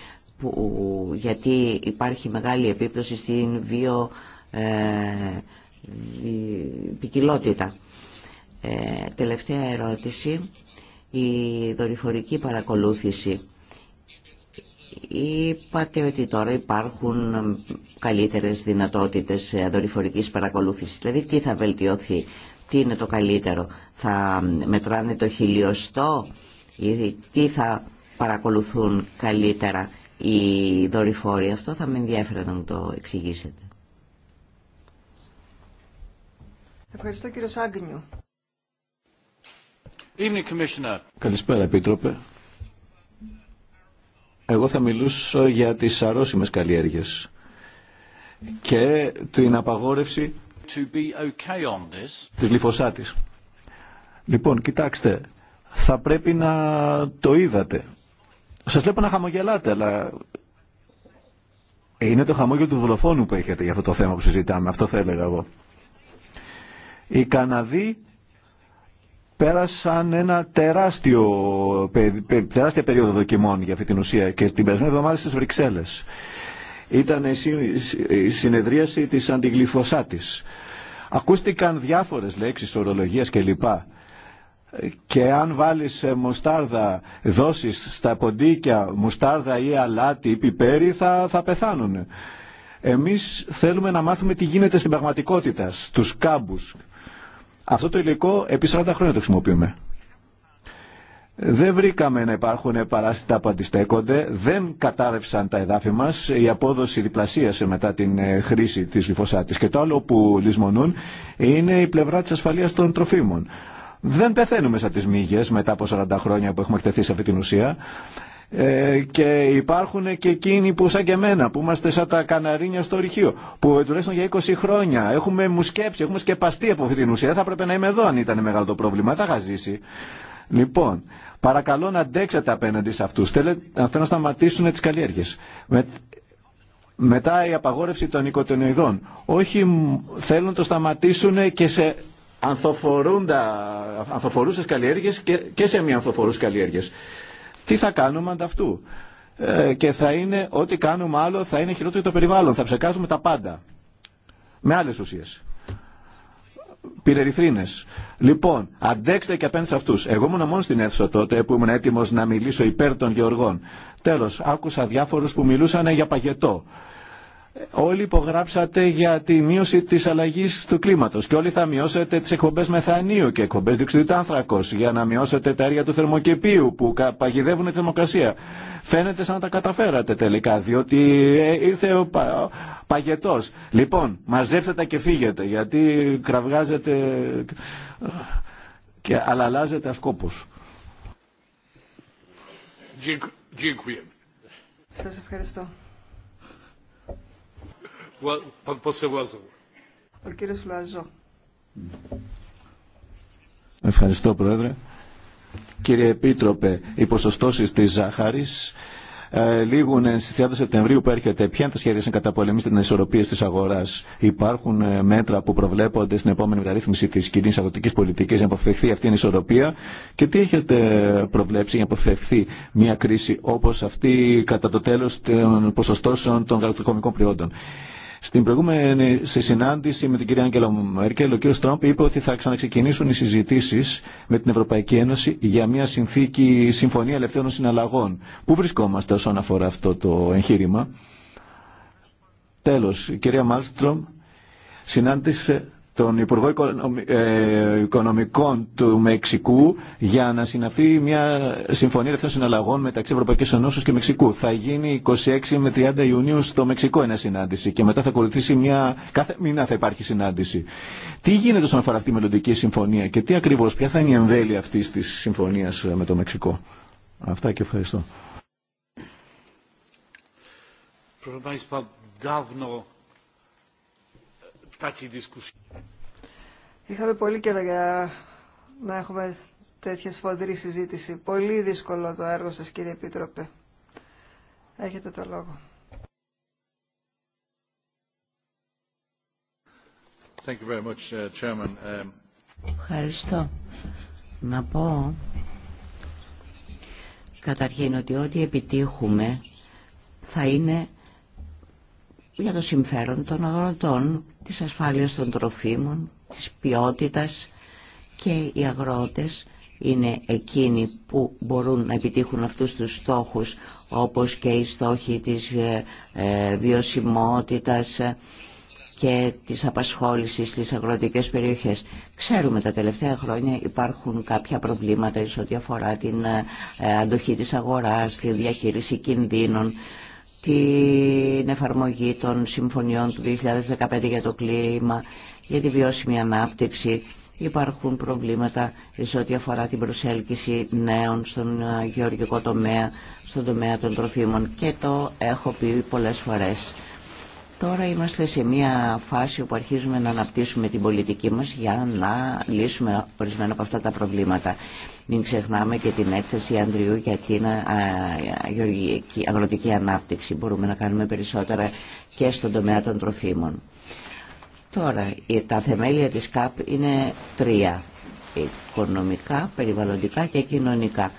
Speaker 3: γιατί υπάρχει μεγάλη επίπτωση στην βιο ε, ε, τελευταία ερώτηση, η δορυφορική παρακολούθηση. Είπατε ότι τώρα υπάρχουν καλύτερες δυνατότητες ε, δορυφορικής παρακολούθησης. Δηλαδή τι θα βελτιωθεί, τι είναι το καλύτερο θα μετράνε το χιλιοστό ή τι θα παρακολουθούν καλύτερα οι δορυφόροι. Αυτό θα με ενδιαφέρει να μου το εξηγήσετε.
Speaker 1: Ευχαριστώ κύριο Σάγκνιου.
Speaker 2: Καλησπέρα Επίτροπε. Εγώ θα μιλούσω για τις αρρώσιμες καλλιέργειες και την απαγόρευση της λιφωσάτης. Λοιπόν, κοιτάξτε, θα πρέπει να το είδατε. Σας βλέπω να χαμογελάτε, αλλά είναι το χαμόγελο του δολοφόνου που έχετε για αυτό το θέμα που συζητάμε. Αυτό θα έλεγα εγώ. Οι Καναδοί πέρασαν ένα τεράστιο, τεράστια περίοδο δοκιμών για αυτή την ουσία και την περασμένη εβδομάδα στις Βρυξέλλες. Ήταν η συνεδρίαση της αντιγλυφωσάτης. Ακούστηκαν διάφορες λέξεις ορολογίας κλπ και αν βάλεις ε, μουστάρδα, δώσεις στα ποντίκια μουστάρδα ή αλάτι ή πιπέρι θα, θα πεθάνουν. Εμείς θέλουμε να μάθουμε τι γίνεται στην πραγματικότητα, στους κάμπους. Αυτό το υλικό επί 40 χρόνια το χρησιμοποιούμε. Δεν βρήκαμε να υπάρχουν παράστητα που αντιστέκονται, δεν κατάρρευσαν τα εδάφη μας, η απόδοση διπλασίασε μετά την ε, χρήση της λιφωσάτης. Και το άλλο που λησμονούν είναι η πλευρά της ασφαλείας των τροφίμων δεν πεθαίνουμε σαν τις μύγες μετά από 40 χρόνια που έχουμε εκτεθεί σε αυτή την ουσία ε, και υπάρχουν και εκείνοι που σαν και εμένα που είμαστε σαν τα καναρίνια στο ρηχείο που τουλάχιστον για 20 χρόνια έχουμε μου σκέψει, έχουμε σκεπαστεί από αυτή την ουσία θα έπρεπε να είμαι εδώ αν ήταν μεγάλο το πρόβλημα, θα είχα ζήσει Λοιπόν, παρακαλώ να αντέξετε απέναντι σε αυτούς. Θέλετε να σταματήσουν τις καλλιέργειες. Με, μετά η απαγόρευση των οικοτενοειδών. Όχι, θέλουν να το σταματήσουν και σε ανθοφορούσε καλλιέργειε και, και σε μη ανθοφορούσε καλλιέργειε. Τι θα κάνουμε ανταυτού. Ε, και θα είναι ό,τι κάνουμε άλλο θα είναι χειρότερο το περιβάλλον. Θα ψεκάζουμε τα πάντα. Με άλλες ουσίες. Πυρερυθρίνε. Λοιπόν, αντέξτε και απέναντι σε αυτού. Εγώ ήμουν μόνο στην αίθουσα τότε που ήμουν έτοιμο να μιλήσω υπέρ των γεωργών. Τέλο, άκουσα διάφορου που μιλούσαν για παγετό. Όλοι υπογράψατε για τη μείωση τη αλλαγή του κλίματο και όλοι θα μειώσετε τι εκπομπέ μεθανίου και εκπομπέ διοξιδίου του άνθρακο για να μειώσετε τα έργα του θερμοκηπίου που παγιδεύουν τη θερμοκρασία. Φαίνεται σαν να τα καταφέρατε τελικά, διότι ε, ήρθε ο πα... παγετό. Λοιπόν, μαζέψτε τα και φύγετε, γιατί κραυγάζετε και αλλάζετε ασκόπου.
Speaker 1: Σα ευχαριστώ. Ο κύριος Λαζό.
Speaker 2: Ευχαριστώ Πρόεδρε. Κύριε Επίτροπε, οι ποσοστώσεις της ζάχαρης ε, λήγουν λίγουν στις 30 Σεπτεμβρίου που έρχεται. Ποια είναι τα σχέδια να καταπολεμήσετε την ισορροπία της αγοράς. Υπάρχουν ε, μέτρα που προβλέπονται στην επόμενη μεταρρύθμιση της κοινή αγροτικής πολιτικής για να αποφευθεί αυτή η ισορροπία. Και τι έχετε ε, προβλέψει για να αποφευθεί μια κρίση όπως αυτή κατά το τέλος των ποσοστώσεων των γαλακτοκομικών προϊόντων. Στην προηγούμενη συνάντηση με την κυρία Άγγελα Μέρκελ, ο κύριος Τρόμπ είπε ότι θα ξαναξεκινήσουν οι συζητήσεις με την Ευρωπαϊκή Ένωση για μια συνθήκη συμφωνία ελευθέρων συναλλαγών. Πού βρισκόμαστε όσον αφορά αυτό το εγχείρημα. Τέλος, η κυρία Μάλστρομ συνάντησε τον Υπουργό ε, Οικονομικών του Μεξικού για να συναυθεί μια συμφωνία ελευθερών συναλλαγών μεταξύ Ευρωπαϊκής Ενώσεως και Μεξικού. Θα γίνει 26 με 30 Ιουνίου στο Μεξικό ένα συνάντηση και μετά θα ακολουθήσει μια. κάθε μήνα θα υπάρχει συνάντηση. Τι γίνεται στον αφορά αυτή η μελλοντική συμφωνία και τι ακριβώ, ποια θα είναι η εμβέλεια αυτή τη συμφωνία με το Μεξικό. Αυτά και ευχαριστώ.
Speaker 1: Είχαμε πολύ καιρό για να έχουμε τέτοια σφοδρή συζήτηση. Πολύ δύσκολο το έργο σας κύριε Επίτροπε. Έχετε το λόγο. Thank you very much,
Speaker 2: uh, Chairman. Um,
Speaker 3: Ευχαριστώ. Να πω καταρχήν ότι ό,τι επιτύχουμε θα είναι για το συμφέρον των αγροτών, της ασφάλειας των τροφίμων, της ποιότητας και οι αγρότες είναι εκείνοι που μπορούν να επιτύχουν αυτούς τους στόχους όπως και οι στόχοι της ε, ε, βιωσιμότητας και της απασχόλησης στις αγροτικές περιοχές. Ξέρουμε τα τελευταία χρόνια υπάρχουν κάποια προβλήματα εις ό,τι αφορά την ε, αντοχή της αγοράς, τη διαχείριση κινδύνων την εφαρμογή των συμφωνιών του 2015 για το κλίμα, για τη βιώσιμη ανάπτυξη. Υπάρχουν προβλήματα σε ό,τι αφορά την προσέλκυση νέων στον ε, γεωργικό τομέα, στον τομέα των τροφίμων και το έχω πει πολλές φορές. Τώρα είμαστε σε μια φάση όπου αρχίζουμε να αναπτύσσουμε την πολιτική μας για να λύσουμε ορισμένα από αυτά τα προβλήματα. Μην ξεχνάμε και την έκθεση Ανδριού για την αγροτική ανάπτυξη. Μπορούμε να κάνουμε περισσότερα και στον τομέα των τροφίμων. Τώρα, τα θεμέλια της ΚΑΠ είναι τρία. Οικονομικά, περιβαλλοντικά και κοινωνικά.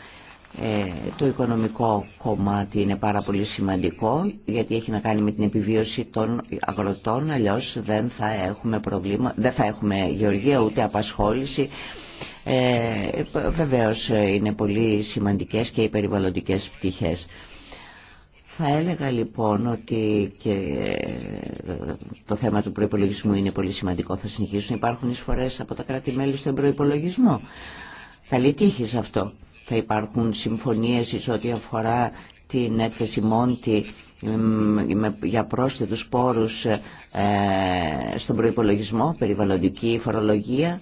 Speaker 3: Ε, το οικονομικό κομμάτι είναι πάρα πολύ σημαντικό γιατί έχει να κάνει με την επιβίωση των αγροτών αλλιώς δεν θα έχουμε, προβλήμα, δεν θα έχουμε γεωργία ούτε απασχόληση ε, βεβαίως ε, είναι πολύ σημαντικές και οι περιβαλλοντικές πτυχές θα έλεγα λοιπόν ότι και ε, το θέμα του προϋπολογισμού είναι πολύ σημαντικό θα συνεχίσουν υπάρχουν εισφορές από τα κράτη-μέλη στον προϋπολογισμό καλή τύχη σε αυτό θα υπάρχουν συμφωνίες εις ό,τι αφορά την έκθεση Μόντι για πρόσθετους πόρους ε, στον προϋπολογισμό, περιβαλλοντική φορολογία.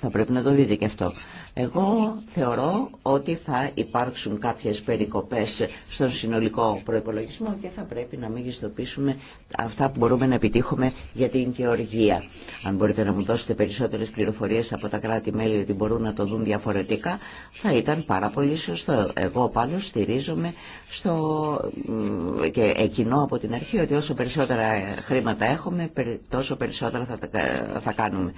Speaker 3: Θα πρέπει να το δείτε και αυτό. Εγώ θεωρώ ότι θα υπάρξουν κάποιες περικοπές στον συνολικό προϋπολογισμό και θα πρέπει να μεγιστοποιήσουμε αυτά που μπορούμε να επιτύχουμε για την Γεωργία. Αν μπορείτε να μου δώσετε περισσότερες πληροφορίες από τα κράτη-μέλη ότι μπορούν να το δουν διαφορετικά, θα ήταν πάρα πολύ σωστό. Εγώ πάντως στηρίζομαι στο... και εκείνο από την αρχή ότι όσο περισσότερα χρήματα έχουμε, τόσο περισσότερα θα, θα κάνουμε.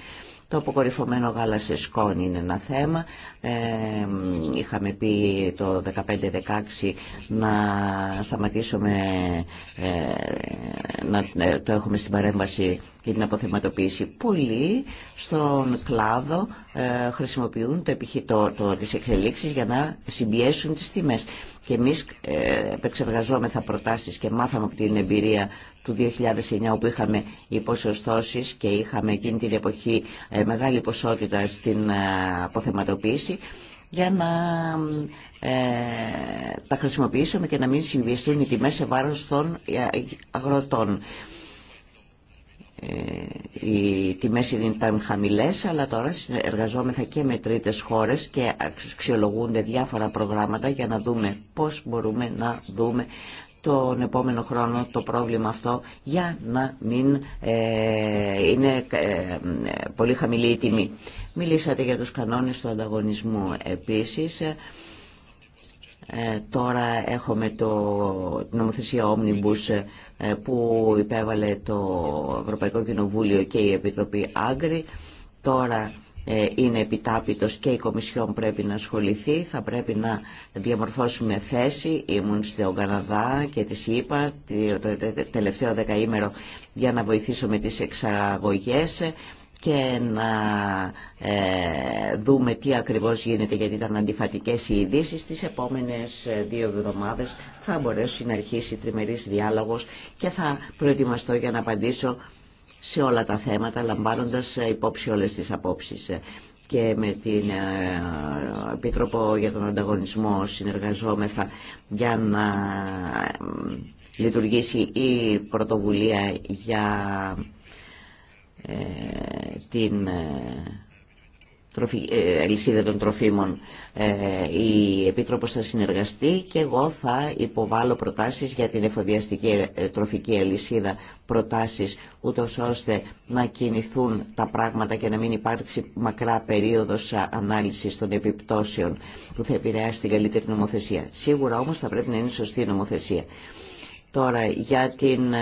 Speaker 3: Το αποκορυφωμένο γάλα σε σκόνη είναι ένα θέμα. Ε, είχαμε πει το 15-16 να σταματήσουμε ε, να ε, το έχουμε στην παρέμβαση για την αποθεματοποίηση. Πολλοί στον κλάδο ε, χρησιμοποιούν το, το, το, τις εξελίξεις για να συμπιέσουν τις τιμές. Και εμείς ε, επεξεργαζόμεθα προτάσεις και μάθαμε από την εμπειρία του 2009 όπου είχαμε υποσοστώσεις και είχαμε εκείνη την εποχή ε, μεγάλη ποσότητα στην αποθεματοποίηση για να ε, τα χρησιμοποιήσουμε και να μην συμβιεστούν οι τιμές σε βάρος των αγροτών. Ε, οι τιμές ήταν χαμηλές αλλά τώρα εργαζόμεθα και με τρίτες χώρες και αξιολογούνται διάφορα προγράμματα για να δούμε πώς μπορούμε να δούμε τον επόμενο χρόνο το πρόβλημα αυτό για να μην ε, είναι ε, πολύ χαμηλή η τιμή. Μιλήσατε για τους κανόνες του ανταγωνισμού επίσης. τώρα έχουμε το, νομοθεσία Omnibus ε, που υπέβαλε το Ευρωπαϊκό Κοινοβούλιο και η Επιτροπή Άγκρη. Τώρα ε, είναι επιτάπητος και η Κομισιόν πρέπει να ασχοληθεί, θα πρέπει να διαμορφώσουμε θέση. Ήμουν στον Καναδά και της είπα το τελευταίο δεκαήμερο για να βοηθήσω με τις εξαγωγές και να ε, δούμε τι ακριβώς γίνεται γιατί ήταν αντιφατικές οι ειδήσει. Τις επόμενες ε, δύο εβδομάδες θα μπορέσει να αρχίσει τριμερής διάλογος και θα προετοιμαστώ για να απαντήσω σε όλα τα θέματα λαμβάνοντας ε, υπόψη όλες τις απόψεις και με την Επίτροπο για τον Ανταγωνισμό συνεργαζόμεθα για να λειτουργήσει η πρωτοβουλία για ε, την ε, ε, αλυσίδα των τροφίμων η Επίτροπος θα συνεργαστεί και εγώ θα υποβάλω προτάσεις για την εφοδιαστική τροφική αλυσίδα προτάσεις ούτως ώστε να κινηθούν τα πράγματα και να μην υπάρξει μακρά περίοδος ανάλυσης των επιπτώσεων που θα επηρεάσει την καλύτερη νομοθεσία. Σίγουρα όμως θα πρέπει να είναι σωστή νομοθεσία. Τώρα για την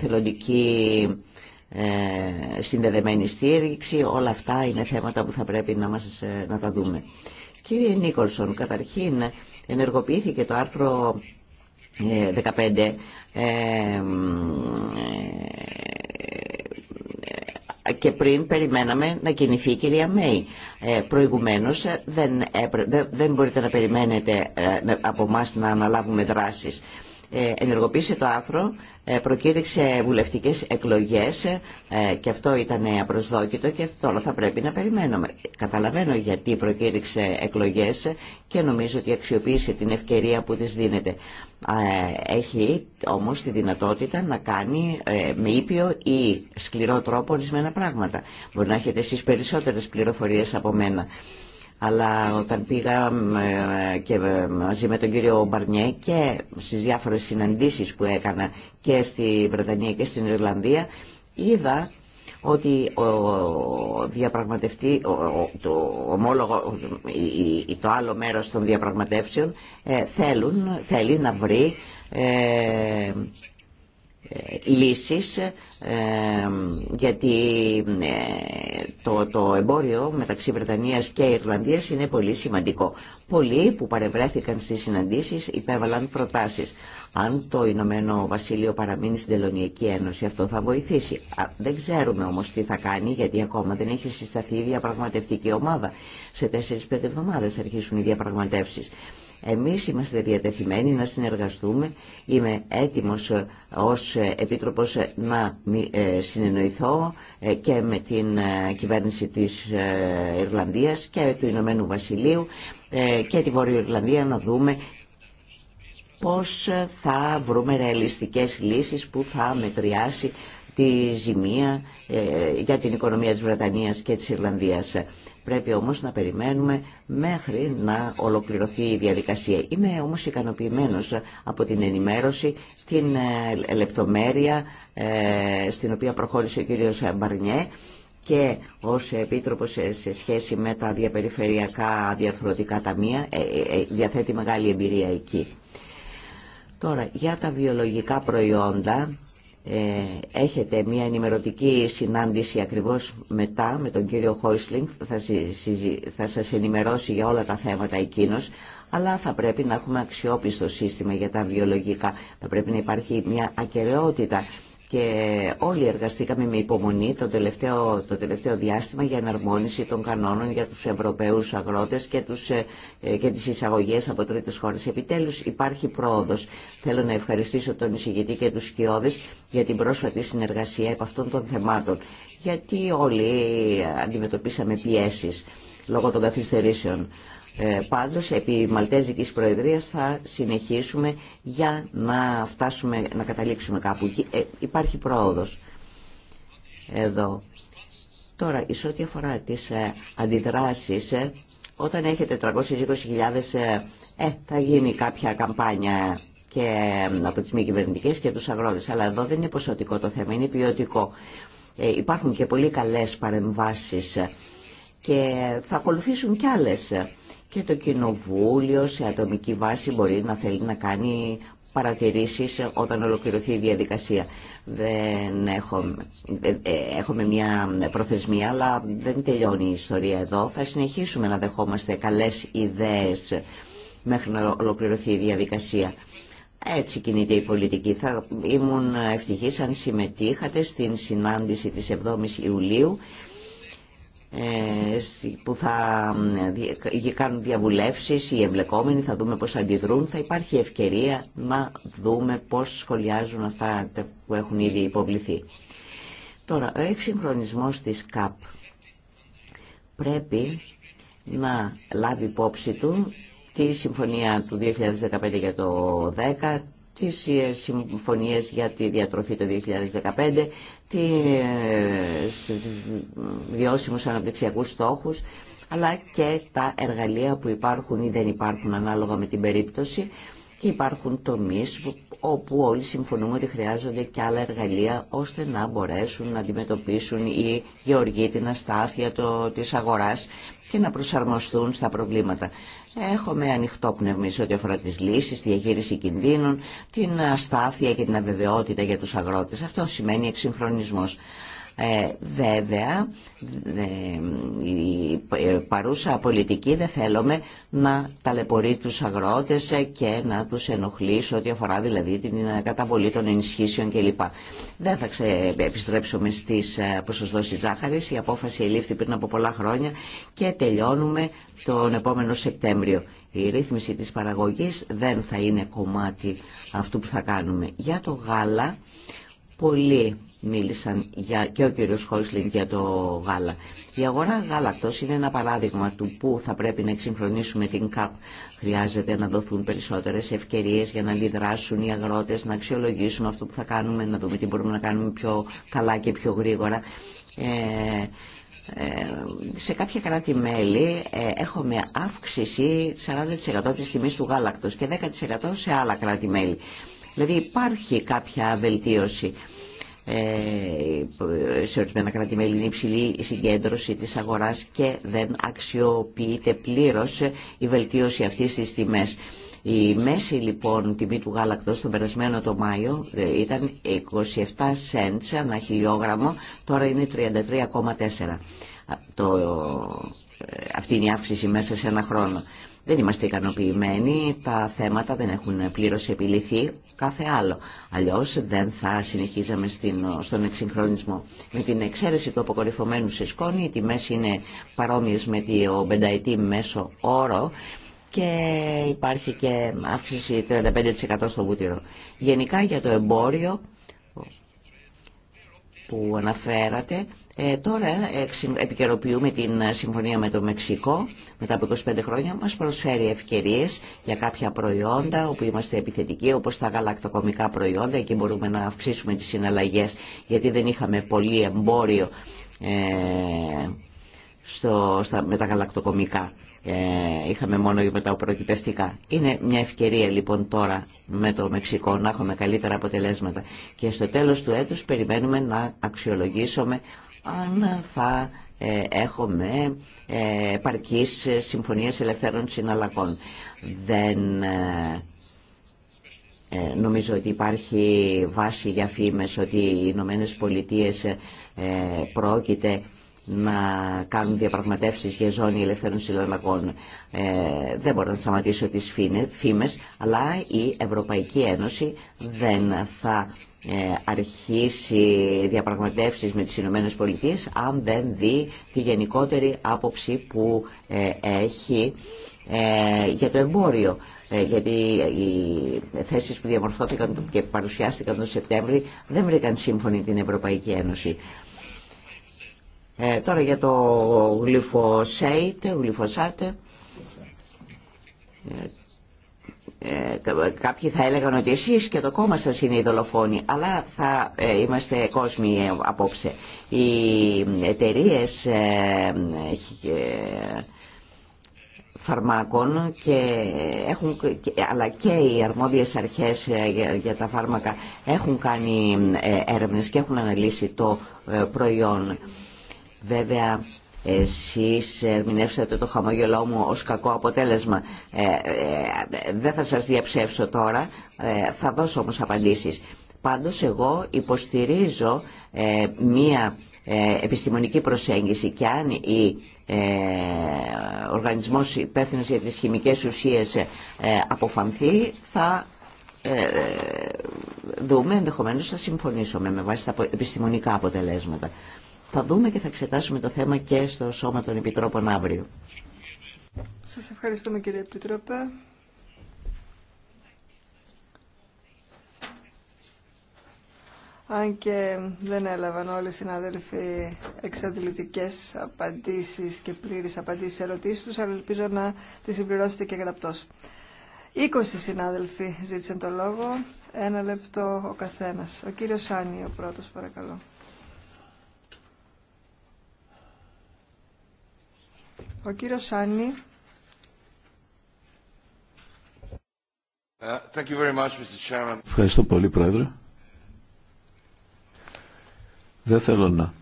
Speaker 3: θελοντική ε, συνδεδεμένη στήριξη, όλα αυτά είναι θέματα που θα πρέπει να, μας, ε, να τα δούμε. Κύριε Νίκολσον, καταρχήν ενεργοποιήθηκε το άρθρο 15 ε, και πριν περιμέναμε να κινηθεί η κυρία Μέη. Ε, προηγουμένως δεν, δεν μπορείτε να περιμένετε από εμά να αναλάβουμε δράσεις. Ε, ενεργοποίησε το άθρο, ε, προκήρυξε βουλευτικές εκλογές ε, και αυτό ήταν απροσδόκητο και τώρα θα πρέπει να περιμένουμε. Καταλαβαίνω γιατί προκήρυξε εκλογές και νομίζω ότι αξιοποίησε την ευκαιρία που της δίνεται. Έχει όμως τη δυνατότητα να κάνει με ήπιο ή σκληρό τρόπο ορισμένα πράγματα. Μπορεί να έχετε εσείς περισσότερες πληροφορίες από μένα αλλά όταν πήγα ε, και ε, μαζί με τον κύριο Μπαρνιέ και στις διάφορες συναντήσεις που έκανα και στη Βρετανία και στην Ιρλανδία είδα ότι ο διαπραγματευτή, το ομόλογο, το άλλο μέρος των διαπραγματεύσεων ε, θέλουν, θέλει να βρει λύσεις ε, γιατί ε, το, το εμπόριο μεταξύ Βρετανίας και Ιρλανδίας είναι πολύ σημαντικό. Πολλοί που παρευρέθηκαν στις συναντήσεις υπέβαλαν προτάσεις. Αν το Ηνωμένο Βασίλειο παραμείνει στην Τελωνιακή Ένωση αυτό θα βοηθήσει. Δεν ξέρουμε όμως τι θα κάνει γιατί ακόμα δεν έχει συσταθεί η διαπραγματευτική ομάδα. Σε 4-5 εβδομάδες αρχίσουν οι διαπραγματεύσεις. Εμείς είμαστε διατεθειμένοι να συνεργαστούμε. Είμαι έτοιμος ως Επίτροπος να ε, συνεννοηθώ ε, και με την ε, κυβέρνηση της Ιρλανδίας και του Ηνωμένου Βασιλείου και τη Βόρεια Ιρλανδία να δούμε πώς θα βρούμε ρεαλιστικές λύσεις που θα μετριάσει τη ζημία για την οικονομία της Βρετανίας και της Ιρλανδίας. Πρέπει όμως να περιμένουμε μέχρι να ολοκληρωθεί η διαδικασία. Είμαι όμως ικανοποιημένος από την ενημέρωση, στην ε, λεπτομέρεια ε, στην οποία προχώρησε ο κύριος Μπαρνιέ και ως Επίτροπος σε σχέση με τα διαπεριφερειακά διαφορετικά ταμεία ε, διαθέτει μεγάλη εμπειρία εκεί. Τώρα, για τα βιολογικά προϊόντα ε, έχετε μια ενημερωτική συνάντηση ακριβώς μετά με τον κύριο Χόισλινγκ θα, θα σας ενημερώσει για όλα τα θέματα εκείνος αλλά θα πρέπει να έχουμε αξιόπιστο σύστημα για τα βιολογικά θα πρέπει να υπάρχει μια ακαιρεότητα και όλοι εργαστήκαμε με υπομονή το τελευταίο, το τελευταίο διάστημα για εναρμόνιση των κανόνων για τους Ευρωπαίους αγρότες και, τους, ε, και τις εισαγωγές από τρίτες χώρες. Επιτέλους υπάρχει πρόοδος. Θέλω να ευχαριστήσω τον εισηγητή και τους σκιώδες για την πρόσφατη συνεργασία επ' αυτών των θεμάτων. Γιατί όλοι αντιμετωπίσαμε πιέσεις λόγω των καθυστερήσεων. Ε, πάντως, επί Μαλτέζικης Προεδρίας θα συνεχίσουμε για να φτάσουμε, να καταλήξουμε κάπου. Ε, υπάρχει πρόοδος εδώ. Τώρα, εις ό,τι αφορά τις ε, αντιδράσεις, ε, όταν έχετε 320.000, ε, θα γίνει κάποια καμπάνια και από τις μη κυβερνητικέ και τους αγρότες. Αλλά εδώ δεν είναι ποσοτικό το θέμα, είναι ποιοτικό. υπάρχουν και πολύ καλές παρεμβάσεις και θα ακολουθήσουν κι άλλες και το κοινοβούλιο σε ατομική βάση μπορεί να θέλει να κάνει παρατηρήσεις όταν ολοκληρωθεί η διαδικασία. Δεν έχουμε, ε, έχουμε μια προθεσμία, αλλά δεν τελειώνει η ιστορία εδώ. Θα συνεχίσουμε να δεχόμαστε καλές ιδέες μέχρι να ολοκληρωθεί η διαδικασία. Έτσι κινείται η πολιτική. Θα ήμουν ευτυχής αν συμμετείχατε στην συνάντηση της 7ης Ιουλίου ε, που θα ε, κάνουν διαβουλεύσεις οι εμπλεκόμενοι, θα δούμε πώς αντιδρούν, θα υπάρχει ευκαιρία να δούμε πώς σχολιάζουν αυτά που έχουν ήδη υποβληθεί. Τώρα, ο εξυγχρονισμός της ΚΑΠ πρέπει να λάβει υπόψη του τη συμφωνία του 2015 για το 10, τις ε, συμφωνίες για τη διατροφή το 2015, τις ε, βιώσιμους αναπτυξιακούς στόχους, αλλά και τα εργαλεία που υπάρχουν ή δεν υπάρχουν ανάλογα με την περίπτωση. Υπάρχουν τομείς όπου όλοι συμφωνούμε ότι χρειάζονται και άλλα εργαλεία ώστε να μπορέσουν να αντιμετωπίσουν οι γεωργοί την αστάθεια το, της αγοράς και να προσαρμοστούν στα προβλήματα. Έχουμε ανοιχτό πνεύμα σε ό,τι αφορά τις λύσεις, τη διαχείριση κινδύνων, την αστάθεια και την αβεβαιότητα για τους αγρότες. Αυτό σημαίνει εξυγχρονισμός. Ε, βέβαια, η παρούσα πολιτική δεν θέλουμε να ταλαιπωρεί τους αγρότες και να τους σε ό,τι αφορά δηλαδή την καταβολή των ενισχύσεων κλπ. Δεν θα επιστρέψουμε στις ε, ποσοστώσεις ζάχαρης. Η απόφαση ελήφθη πριν από πολλά χρόνια και τελειώνουμε τον επόμενο Σεπτέμβριο. Η ρύθμιση της παραγωγής δεν θα είναι κομμάτι αυτού που θα κάνουμε. Για το γάλα, πολύ μίλησαν για, και ο κύριος Χόισλιν για το γάλα. Η αγορά γάλακτος είναι ένα παράδειγμα του που θα πρέπει να εξυγχρονίσουμε την ΚΑΠ. Χρειάζεται να δοθούν περισσότερες ευκαιρίες για να αντιδράσουν οι αγρότες, να αξιολογήσουμε αυτό που θα κάνουμε, να δούμε τι μπορούμε να κάνουμε πιο καλά και πιο γρήγορα. Ε, ε σε κάποια κράτη-μέλη ε, έχουμε αύξηση 40% της τιμής του γάλακτος και 10% σε άλλα κράτη-μέλη. Δηλαδή υπάρχει κάποια βελτίωση. Ε, σε ορισμένα κράτη-μέλη είναι υψηλή η συγκέντρωση της αγοράς και δεν αξιοποιείται πλήρως η βελτίωση αυτής τη τιμές. Η μέση λοιπόν τιμή του γάλακτος τον περασμένο το Μάιο ε, ήταν 27 cents ανά χιλιόγραμμο, τώρα είναι 33,4. Το... Ε, αυτή είναι η αύξηση μέσα σε ένα χρόνο. Δεν είμαστε ικανοποιημένοι, τα θέματα δεν έχουν πλήρως επιληθεί, κάθε άλλο. Αλλιώς δεν θα συνεχίζαμε στην, στον εξυγχρονισμό. Με την εξαίρεση του αποκορυφωμένου σε σκόνη, οι τιμές είναι παρόμοιες με το πενταετή μέσο όρο και υπάρχει και αύξηση 35% στο βούτυρο. Γενικά για το εμπόριο που αναφέρατε, ε, τώρα ε, επικαιροποιούμε την ε, συμφωνία με το Μεξικό μετά από 25 χρόνια. Μας προσφέρει ευκαιρίες για κάποια προϊόντα όπου είμαστε επιθετικοί όπως τα γαλακτοκομικά προϊόντα και μπορούμε να αυξήσουμε τις συναλλαγές γιατί δεν είχαμε πολύ εμπόριο στο, στα, με τα γαλακτοκομικά. είχαμε μόνο με τα προκυπευτικά. Είναι μια ευκαιρία λοιπόν τώρα με το Μεξικό να έχουμε καλύτερα αποτελέσματα. Και στο τέλος του έτους περιμένουμε να αξιολογήσουμε αν θα ε, έχουμε ε, παρκείς συμφωνίες ελευθέρων συναλλακών. Δεν ε, νομίζω ότι υπάρχει βάση για φήμες ότι οι Ηνωμένε Πολιτείε πρόκειται να κάνουν διαπραγματεύσεις για ζώνη ελευθέρων συναλλακών. δεν μπορώ να σταματήσω τις φήμες, αλλά η Ευρωπαϊκή Ένωση δεν θα ε, αρχίσει διαπραγματεύσεις με τις Ηνωμένες Πολιτείε, αν δεν δει τη γενικότερη άποψη που ε, έχει ε, για το εμπόριο. γιατί οι θέσεις που διαμορφώθηκαν και παρουσιάστηκαν τον Σεπτέμβρη δεν βρήκαν σύμφωνη την Ευρωπαϊκή Ένωση. τώρα για το γλυφοσέιτ, γλυφοσάτε, ε, κάποιοι θα έλεγαν ότι εσείς και το κόμμα σας είναι οι δολοφόνοι, αλλά θα ε, είμαστε κόσμοι ε, απόψε. Οι εταιρείε φαρμάκων και έχουν, αλλά και οι αρμόδιες αρχές για, τα φάρμακα έχουν κάνει έρευνες και έχουν αναλύσει το προϊόν. Βέβαια, εσείς ερμηνεύσατε το χαμογελό μου ως κακό αποτέλεσμα. Ε, ε, δεν θα σας διαψεύσω τώρα, ε, θα δώσω όμως απαντήσεις. Πάντως εγώ υποστηρίζω μία επιστημονική προσέγγιση και αν η ο οργανισμός υπεύθυνος για τις χημικές ουσίες αποφανθεί θα δούμε ενδεχομένως θα συμφωνήσουμε με βάση τα επιστημονικά αποτελέσματα. Θα δούμε και θα εξετάσουμε το θέμα και στο Σώμα των Επιτρόπων αύριο.
Speaker 1: Σας ευχαριστούμε κύριε Επιτρόπε. Αν και δεν έλαβαν όλοι οι συναδέλφοι εξαντλητικές απαντήσεις και πλήρες απαντήσεις σε ερωτήσεις τους, αλλά ελπίζω να τις συμπληρώσετε και γραπτός. 20 συνάδελφοι ζήτησαν το λόγο, ένα λεπτό ο καθένας. Ο κύριος Σάνι ο πρώτος παρακαλώ. Ο Σάνι. Uh,
Speaker 2: Ευχαριστώ πολύ, Πρόεδρε. Δεν θέλω να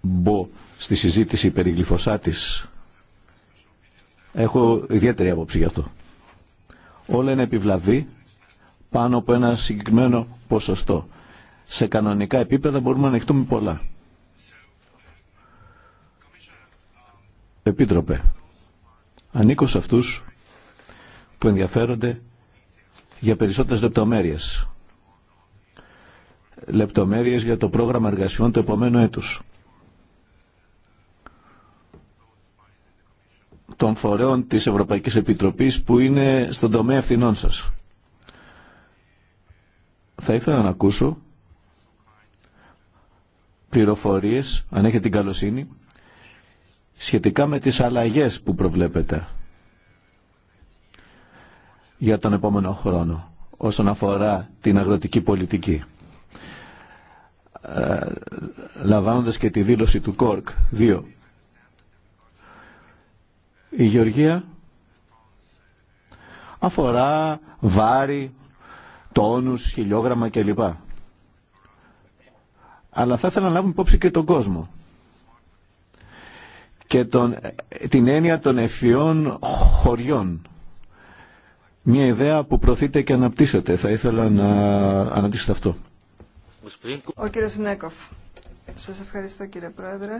Speaker 2: μπω στη συζήτηση περί γλυφοσάτης. Έχω ιδιαίτερη άποψη γι' αυτό. Όλα είναι επιβλαβή πάνω από ένα συγκεκριμένο ποσοστό. Σε κανονικά επίπεδα μπορούμε να ανοιχτούμε πολλά. Επίτροπε, ανήκω σε αυτούς που ενδιαφέρονται για περισσότερες λεπτομέρειες. Λεπτομέρειες για το πρόγραμμα εργασιών του επόμενου έτους. των φορέων της Ευρωπαϊκής Επιτροπής που είναι στον τομέα ευθυνών σας. Θα ήθελα να ακούσω πληροφορίες, αν έχετε την καλοσύνη, σχετικά με τις αλλαγές που προβλέπετε για τον επόμενο χρόνο όσον αφορά την αγροτική πολιτική. Ε, λαμβάνοντας και τη δήλωση του ΚΟΡΚ 2. Η Γεωργία αφορά βάρη, τόνους, χιλιόγραμμα κλπ. Αλλά θα ήθελα να λάβουμε υπόψη και τον κόσμο και τον, την έννοια των ευφυών χωριών. Μια ιδέα που προωθείται και αναπτύσσεται. Θα ήθελα να αναπτύσσετε αυτό.
Speaker 1: Ο κύριος Νέκοφ. Σας ευχαριστώ κύριε Πρόεδρε.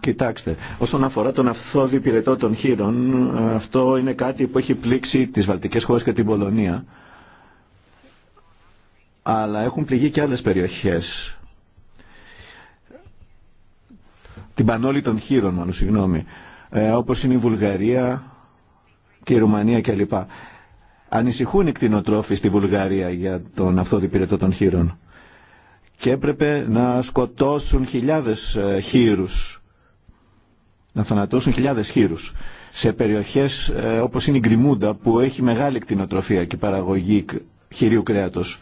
Speaker 2: Κοιτάξτε, όσον αφορά τον αυθόδη πυρετό των χείρων, ε, αυτό είναι κάτι που έχει πλήξει τις βαλτικές χώρες και την Πολωνία αλλά έχουν πληγεί και άλλες περιοχές. Την πανόλη των χείρων, μάλλον, συγγνώμη. Ε, όπως είναι η Βουλγαρία και η Ρουμανία κλπ. Ανησυχούν οι κτηνοτρόφοι στη Βουλγαρία για τον αυτό πυρετό των χείρων. Και έπρεπε να σκοτώσουν χιλιάδες ε, χείρους. Να θανατώσουν χιλιάδες χείρους. Σε περιοχές ε, όπως είναι η Γκριμούντα που έχει μεγάλη κτηνοτροφία και παραγωγή χειρίου κρέατος.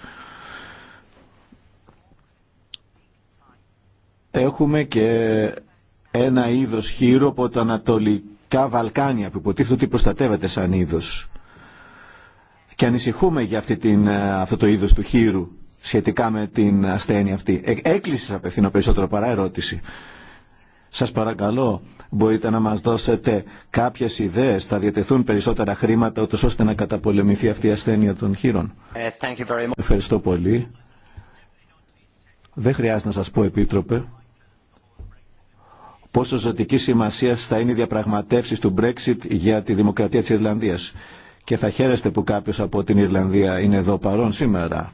Speaker 2: Έχουμε και ένα είδος χείρου από τα Ανατολικά Βαλκάνια που υποτίθεται ότι προστατεύεται σαν είδος. Και ανησυχούμε για αυτή την, ε, αυτό το είδος του χείρου σχετικά με την ασθένεια αυτή. Ε, Έκλεισε απευθύνω περισσότερο παρά ερώτηση. Σας παρακαλώ, μπορείτε να μας δώσετε κάποιες ιδέες, θα διατεθούν περισσότερα χρήματα, ούτως ώστε να καταπολεμηθεί αυτή η ασθένεια των χείρων. Ε, Ευχαριστώ πολύ. Δεν χρειάζεται να σας πω, Επίτροπε, πόσο ζωτική σημασία θα είναι οι διαπραγματεύσει του Brexit για τη δημοκρατία της Ιρλανδίας. Και θα χαίρεστε που κάποιο από την Ιρλανδία είναι εδώ παρόν σήμερα.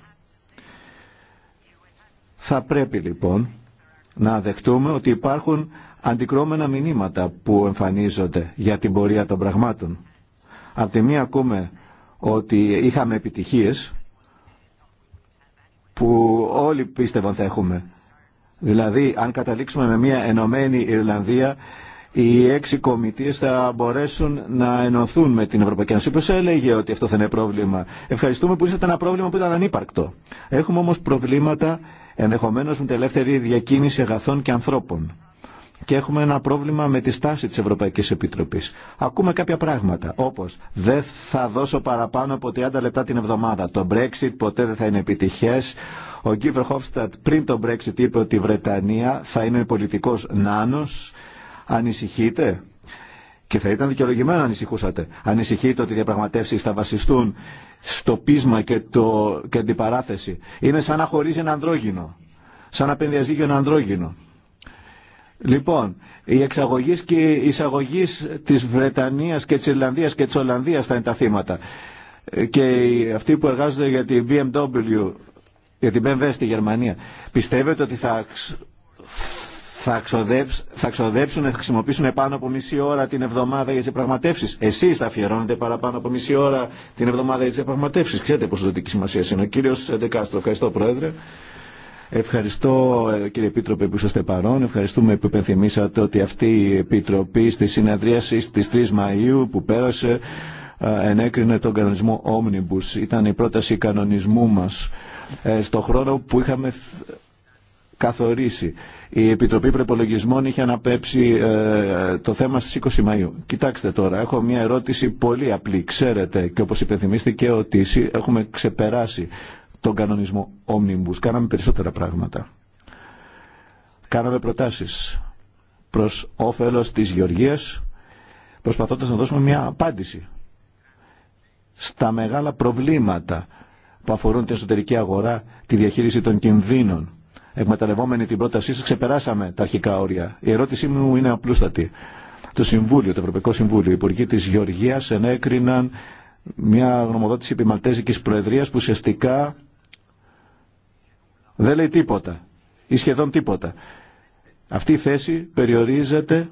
Speaker 2: Θα πρέπει λοιπόν να δεχτούμε ότι υπάρχουν αντικρώμενα μηνύματα που εμφανίζονται για την πορεία των πραγμάτων. Απ' τη μία ακούμε ότι είχαμε επιτυχίες που όλοι πίστευαν θα έχουμε. Δηλαδή, αν καταλήξουμε με μια ενωμένη Ιρλανδία, οι έξι κομιτείε θα μπορέσουν να ενωθούν με την Ευρωπαϊκή Ένωση. Πώ έλεγε ότι αυτό θα είναι πρόβλημα. Ευχαριστούμε που ήσασταν ένα πρόβλημα που ήταν ανύπαρκτο. Έχουμε όμω προβλήματα ενδεχομένω με την ελεύθερη διακίνηση αγαθών και ανθρώπων. Και έχουμε ένα πρόβλημα με τη στάση τη Ευρωπαϊκή Επίτροπή. Ακούμε κάποια πράγματα, Όπω, δεν θα δώσω παραπάνω από 30 λεπτά την εβδομάδα. Το Brexit ποτέ δεν θα είναι επιτυχέ. Ο Γκίβερ Χόφστατ πριν τον Brexit είπε ότι η Βρετανία θα είναι πολιτικός νάνος. Ανησυχείτε. Και θα ήταν δικαιολογημένο να ανησυχούσατε. Ανησυχείτε ότι οι διαπραγματεύσει θα βασιστούν στο πείσμα και, το, και Είναι σαν να χωρίζει ένα ανδρόγυνο. Σαν να πενδιαζύγει ένα ανδρόγυνο. Λοιπόν, η εξαγωγή και η εισαγωγή τη Βρετανία και τη Ιρλανδία και τη Ολλανδία θα είναι τα θύματα. Και αυτοί που εργάζονται για την BMW για την BMW στη Γερμανία. Πιστεύετε ότι θα, θα, θα ξοδέψουν, θα χρησιμοποιήσουν πάνω από μισή ώρα την εβδομάδα για τι διαπραγματεύσει. Εσεί θα αφιερώνετε παραπάνω από μισή ώρα την εβδομάδα για τι διαπραγματεύσει. Ξέρετε πόσο ζωτική σημασία είναι. Ο κύριο Δεκάστρο, ευχαριστώ Πρόεδρε. Ευχαριστώ ε, κύριε Επίτροπε που είσαστε παρόν. Ευχαριστούμε που υπενθυμίσατε ότι αυτή η Επιτροπή στη συνεδρίαση στις 3 Μαΐου που πέρασε ε, ενέκρινε τον κανονισμό Omnibus. Ήταν η πρόταση κανονισμού μας ε, στο χρόνο που είχαμε καθορίσει. Η Επιτροπή Προπολογισμών είχε αναπέψει ε, το θέμα στις 20 Μαΐου. Κοιτάξτε τώρα, έχω μια ερώτηση πολύ απλή. Ξέρετε και όπως υπενθυμίστηκε ότι έχουμε ξεπεράσει τον κανονισμό Omnibus. Κάναμε περισσότερα πράγματα. Κάναμε προτάσεις προς όφελος της Γεωργίας προσπαθώντας να δώσουμε μια απάντηση στα μεγάλα προβλήματα που αφορούν την εσωτερική αγορά, τη διαχείριση των κινδύνων. Εκμεταλλευόμενοι την πρότασή σα, ξεπεράσαμε τα αρχικά όρια. Η ερώτησή μου είναι απλούστατη. Το Συμβούλιο, το Ευρωπαϊκό Συμβούλιο, οι Υπουργοί τη Γεωργία ενέκριναν μια γνωμοδότηση επί Μαλτέζικη Προεδρία που ουσιαστικά δεν λέει τίποτα ή σχεδόν τίποτα. Αυτή η θέση περιορίζεται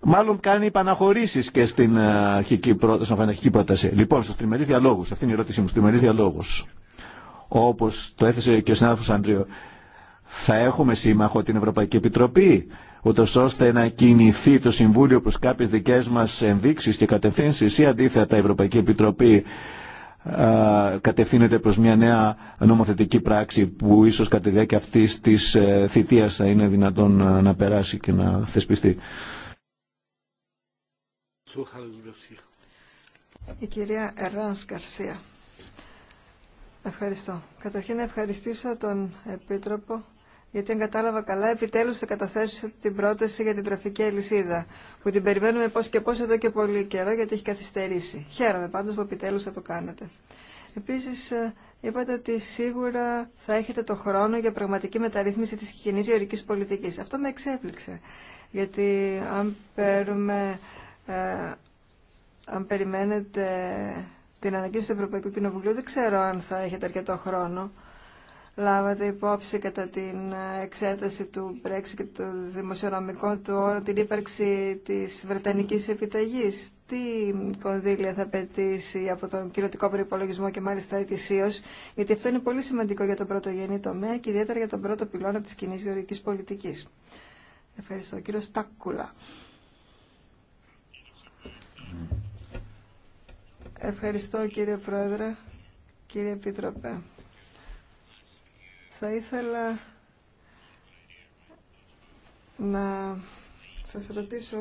Speaker 2: μάλλον κάνει επαναχωρήσει και στην ε, αρχική πρόταση, πρόταση. Λοιπόν, στου τριμερεί διαλόγου, αυτή είναι η ερώτησή μου, στου τριμερεί διαλόγου. Όπω το έθεσε και ο συνάδελφο Άντριο. θα έχουμε σύμμαχο την Ευρωπαϊκή Επιτροπή, ούτω ώστε να κινηθεί το Συμβούλιο προ κάποιε δικέ μα ενδείξει και κατευθύνσει ή αντίθετα η Ευρωπαϊκή Επιτροπή ε, κατευθύνεται προ μια νέα νομοθετική πράξη που ίσω κατά τη διάρκεια αυτή τη ε, θητεία θα είναι δυνατόν να περάσει και να θεσπιστεί.
Speaker 1: Η κυρία Εράνς Καρσία. Ευχαριστώ. Καταρχήν να ευχαριστήσω τον Επίτροπο γιατί αν κατάλαβα καλά, επιτέλου θα καταθέσω την πρόταση για την τροφική αλυσίδα, που την περιμένουμε πω και πώ εδώ και πολύ καιρό, γιατί έχει καθυστερήσει. Χαίρομαι πάντως που επιτέλου θα το κάνετε. Επίση, ε, είπατε ότι σίγουρα θα έχετε το χρόνο για πραγματική μεταρρύθμιση τη κοινή γεωρικής πολιτική. Αυτό με εξέπληξε, γιατί αν παίρνουμε ε, αν περιμένετε την ανακοίνωση του Ευρωπαϊκού Κοινοβουλίου, δεν ξέρω αν θα έχετε αρκετό χρόνο. Λάβατε υπόψη κατά την εξέταση του Brexit και του δημοσιονομικού του όρου την ύπαρξη της Βρετανικής επιταγής. Τι κονδύλια θα απαιτήσει από τον κυρωτικό προπολογισμό και μάλιστα ετησίω, γιατί αυτό είναι πολύ σημαντικό για τον πρωτογενή τομέα και ιδιαίτερα για τον πρώτο πυλώνα της κοινή γεωργικής πολιτικής. Ευχαριστώ. Κύριο Στάκουλα. Ευχαριστώ κύριε Πρόεδρε, κύριε Επίτροπε. Θα ήθελα να σας ρωτήσω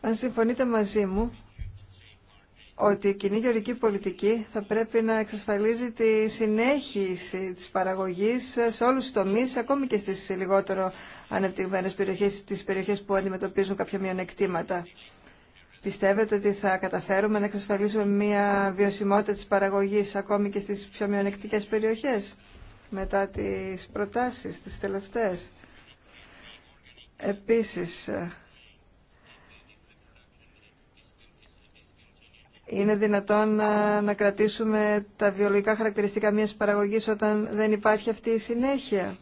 Speaker 1: αν συμφωνείτε μαζί μου ότι η κοινή γεωρική πολιτική θα πρέπει να εξασφαλίζει τη συνέχιση της παραγωγής σε όλους τους τομείς, ακόμη και στις λιγότερο ανεπτυγμένες περιοχές, τις περιοχές που αντιμετωπίζουν κάποια μειονεκτήματα. Πιστεύετε ότι θα καταφέρουμε να εξασφαλίσουμε μια βιωσιμότητα της παραγωγής ακόμη και στις πιο μειονεκτικές περιοχές μετά τις προτάσεις, τις τελευταίες. Επίσης, είναι δυνατόν ε, να, κρατήσουμε τα βιολογικά χαρακτηριστικά μιας παραγωγής όταν δεν υπάρχει αυτή η συνέχεια.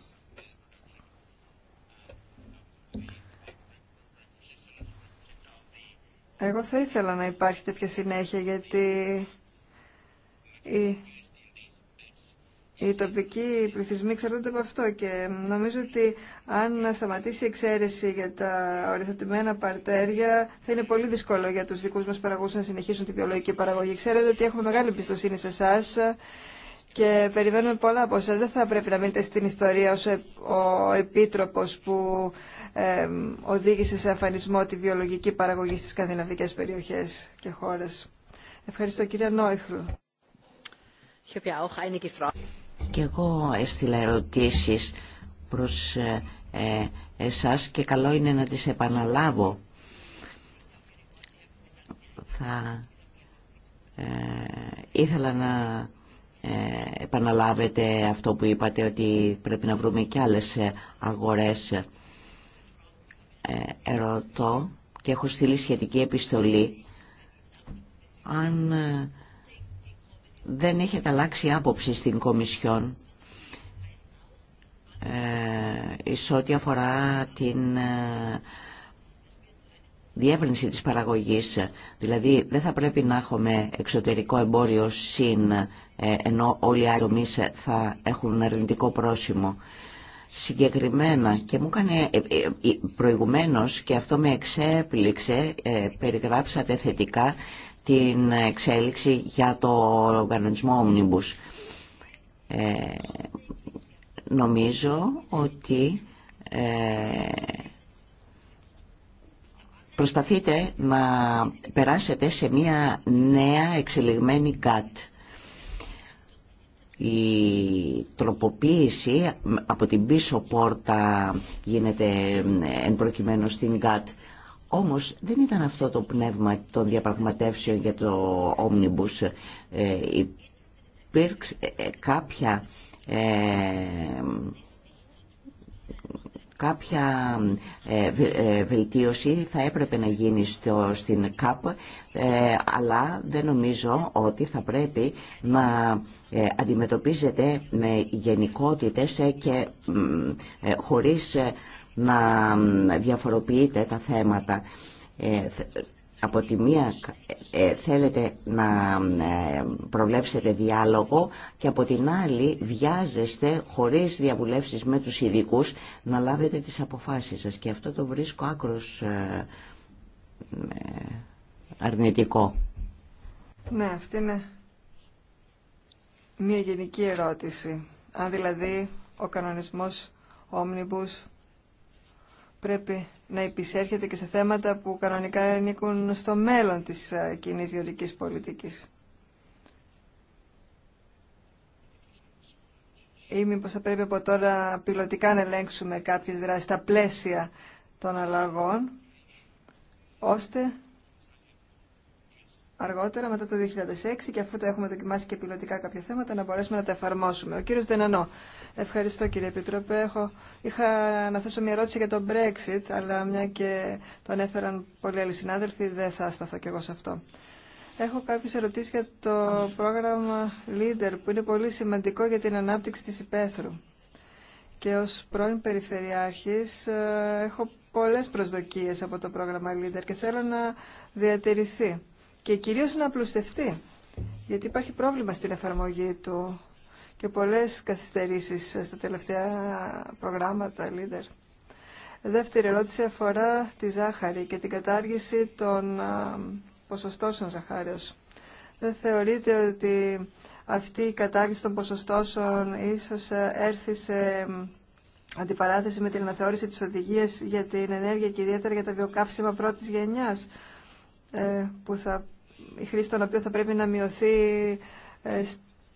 Speaker 1: Εγώ θα ήθελα να υπάρχει τέτοια συνέχεια γιατί οι τοπικοί πληθυσμοί εξαρτώνται από αυτό και νομίζω ότι αν σταματήσει η εξαίρεση για τα οριθετημένα παρτέρια θα είναι πολύ δύσκολο για τους δικούς μας παραγωγούς να συνεχίσουν τη βιολογική παραγωγή. Ξέρετε ότι έχουμε μεγάλη εμπιστοσύνη σε εσά και περιμένουμε πολλά από εσά. Δεν θα πρέπει να μείνετε στην ιστορία ως ο επίτροπος που οδήγησε σε αφανισμό τη βιολογική παραγωγή στις σκανδιναβικές περιοχές και χώρες. Ευχαριστώ κύριε
Speaker 3: Νόιχλ. Και εγώ έστειλα ερωτήσεις προς ε, ε, εσάς και καλό είναι να τις επαναλάβω. Θα ε, ήθελα να επαναλάβετε αυτό που είπατε ότι πρέπει να βρούμε και άλλες αγορές. ερωτώ και έχω στείλει σχετική επιστολή αν δεν έχετε αλλάξει άποψη στην Κομισιόν ε, ό,τι αφορά την ε, διεύρυνση της παραγωγής. Δηλαδή δεν θα πρέπει να έχουμε εξωτερικό εμπόριο συν ε, ενώ όλοι οι άλλοι θα έχουν αρνητικό πρόσημο. Συγκεκριμένα και μου έκανε ε, ε, προηγουμένως και αυτό με εξέπληξε, περιγράψατε θετικά την εξέλιξη για το οργανισμό Omnibus. Ε, νομίζω ότι ε, προσπαθείτε να περάσετε σε μια νέα εξελιγμένη ΚΑΤ. Η τροποποίηση από την πίσω πόρτα γίνεται ε, εν προκειμένου στην ΚΑΤ όμως δεν ήταν αυτό το πνεύμα των διαπραγματεύσεων για το Όμνιμπους. Ε, υπήρξε ε, ε, κάποια, ε, κάποια βελτίωση θα έπρεπε να γίνει στο, στην ΚΑΠ, αλλά δεν νομίζω ότι θα πρέπει να αντιμετωπίζεται με γενικότητες και χωρίς να διαφοροποιείτε τα θέματα. Ε, από τη μία ε, θέλετε να ε, προβλέψετε διάλογο και από την άλλη βιάζεστε χωρίς διαβουλεύσεις με τους ειδικού να λάβετε τις αποφάσεις σας. Και αυτό το βρίσκω άκρος αρνητικό.
Speaker 1: Ναι, αυτή είναι μια γενική ερώτηση. Αν δηλαδή ο κανονισμός Omnibus πρέπει να επισέρχεται και σε θέματα που κανονικά ανήκουν στο μέλλον της ε, κοινή γεωρικής πολιτικής. Ή μήπως θα πρέπει από τώρα πιλωτικά να ελέγξουμε κάποιες δράσεις στα πλαίσια των αλλαγών, ώστε αργότερα μετά το 2006 και αφού το έχουμε δοκιμάσει και πιλωτικά κάποια θέματα να μπορέσουμε να τα εφαρμόσουμε. Ο κύριος Δενανό. Ευχαριστώ κύριε Επιτροπέ. Έχω, είχα να θέσω μια ερώτηση για τον Brexit, αλλά μια και τον ανέφεραν πολλοί άλλοι συνάδελφοι, δεν θα σταθώ κι εγώ σε αυτό. Έχω κάποιες ερωτήσεις για το πρόγραμμα Leader, που είναι πολύ σημαντικό για την ανάπτυξη της υπαίθρου. Και ως πρώην Περιφερειάρχης ε, έχω πολλές προσδοκίες από το πρόγραμμα Leader και θέλω να διατηρηθεί και κυρίως να απλουστευτεί, γιατί υπάρχει πρόβλημα στην εφαρμογή του και πολλές καθυστερήσεις στα τελευταία προγράμματα, leader. Δεύτερη ερώτηση αφορά τη ζάχαρη και την κατάργηση των ποσοστώσεων ζαχάριος. Δεν θεωρείτε ότι αυτή η κατάργηση των ποσοστώσεων ίσως ε, έρθει σε αντιπαράθεση με την αναθεώρηση της οδηγίας για την ενέργεια και ιδιαίτερα για τα βιοκαύσιμα πρώτης γενιάς ε, που θα η χρήση των οποίων θα πρέπει να μειωθεί ε,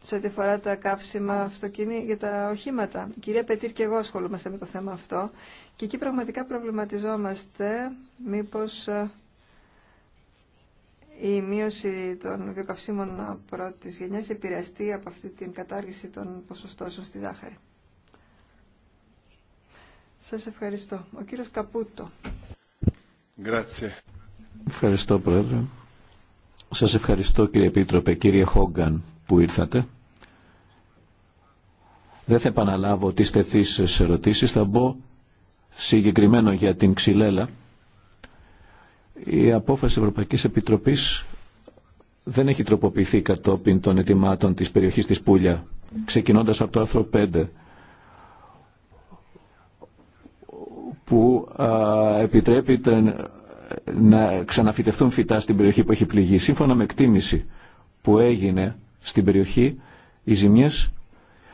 Speaker 1: σε ό,τι αφορά τα καύσιμα αυτοκίνη για τα οχήματα. κυρία Πετήρ και εγώ ασχολούμαστε με το θέμα αυτό και εκεί πραγματικά προβληματιζόμαστε μήπως ε, η μείωση των βιοκαυσίμων πρώτης γενιάς επηρεαστεί από αυτή την κατάργηση των ποσοστώσεων στη ζάχαρη. Σας ευχαριστώ. Ο κύριος Καπούτο.
Speaker 2: Ευχαριστώ, Πρόεδρε. Σας ευχαριστώ κύριε Επίτροπε, κύριε Χόγκαν που ήρθατε. Δεν θα επαναλάβω τις τεθείς ερωτήσεις, θα μπω συγκεκριμένο για την ξυλέλα. Η απόφαση Ευρωπαϊκής Επιτροπής δεν έχει τροποποιηθεί κατόπιν των ετοιμάτων της περιοχής της Πούλια, ξεκινώντας από το άρθρο 5 που επιτρέπει να ξαναφυτευτούν φυτά στην περιοχή που έχει πληγεί. Σύμφωνα με εκτίμηση που έγινε στην περιοχή, οι ζημιές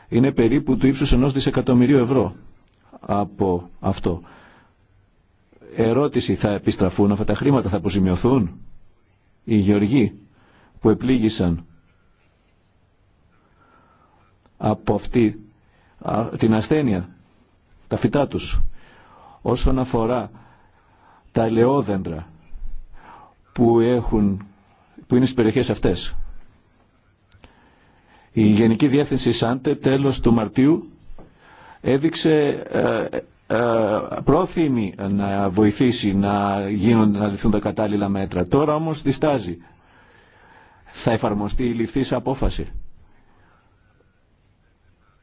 Speaker 2: είναι περίπου του ύψου ενός δισεκατομμυρίου ευρώ από αυτό. Ερώτηση, θα επιστραφούν αυτά τα χρήματα, θα αποζημιωθούν οι γεωργοί που επλήγησαν από αυτή την ασθένεια, τα φυτά τους. Όσον αφορά τα ελαιόδεντρα που, έχουν, που είναι στις περιοχές αυτές. Η Γενική Διεύθυνση ΣΑΝΤΕ τέλος του Μαρτίου έδειξε ε, ε, πρόθυμη να βοηθήσει να, γίνουν, να ληφθούν τα κατάλληλα μέτρα. Τώρα όμως διστάζει. Θα εφαρμοστεί η ληφθής απόφαση.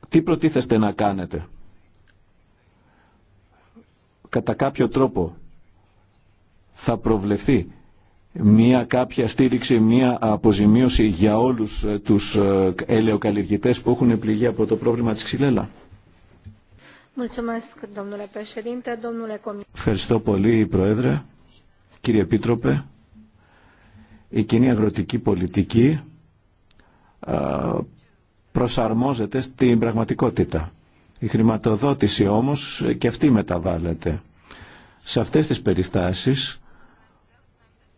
Speaker 2: Τι προτίθεστε να κάνετε. Κατά κάποιο τρόπο θα προβλεφθεί μια κάποια στήριξη, μια αποζημίωση για όλους ε, τους ε, ελαιοκαλλιεργητές που έχουν πληγεί από το πρόβλημα της ξυλέλα. Ευχαριστώ πολύ, Πρόεδρε, κύριε Επίτροπε. Η κοινή αγροτική πολιτική ε, προσαρμόζεται στην πραγματικότητα. Η χρηματοδότηση όμως και αυτή μεταβάλλεται. Σε αυτές τις περιστάσεις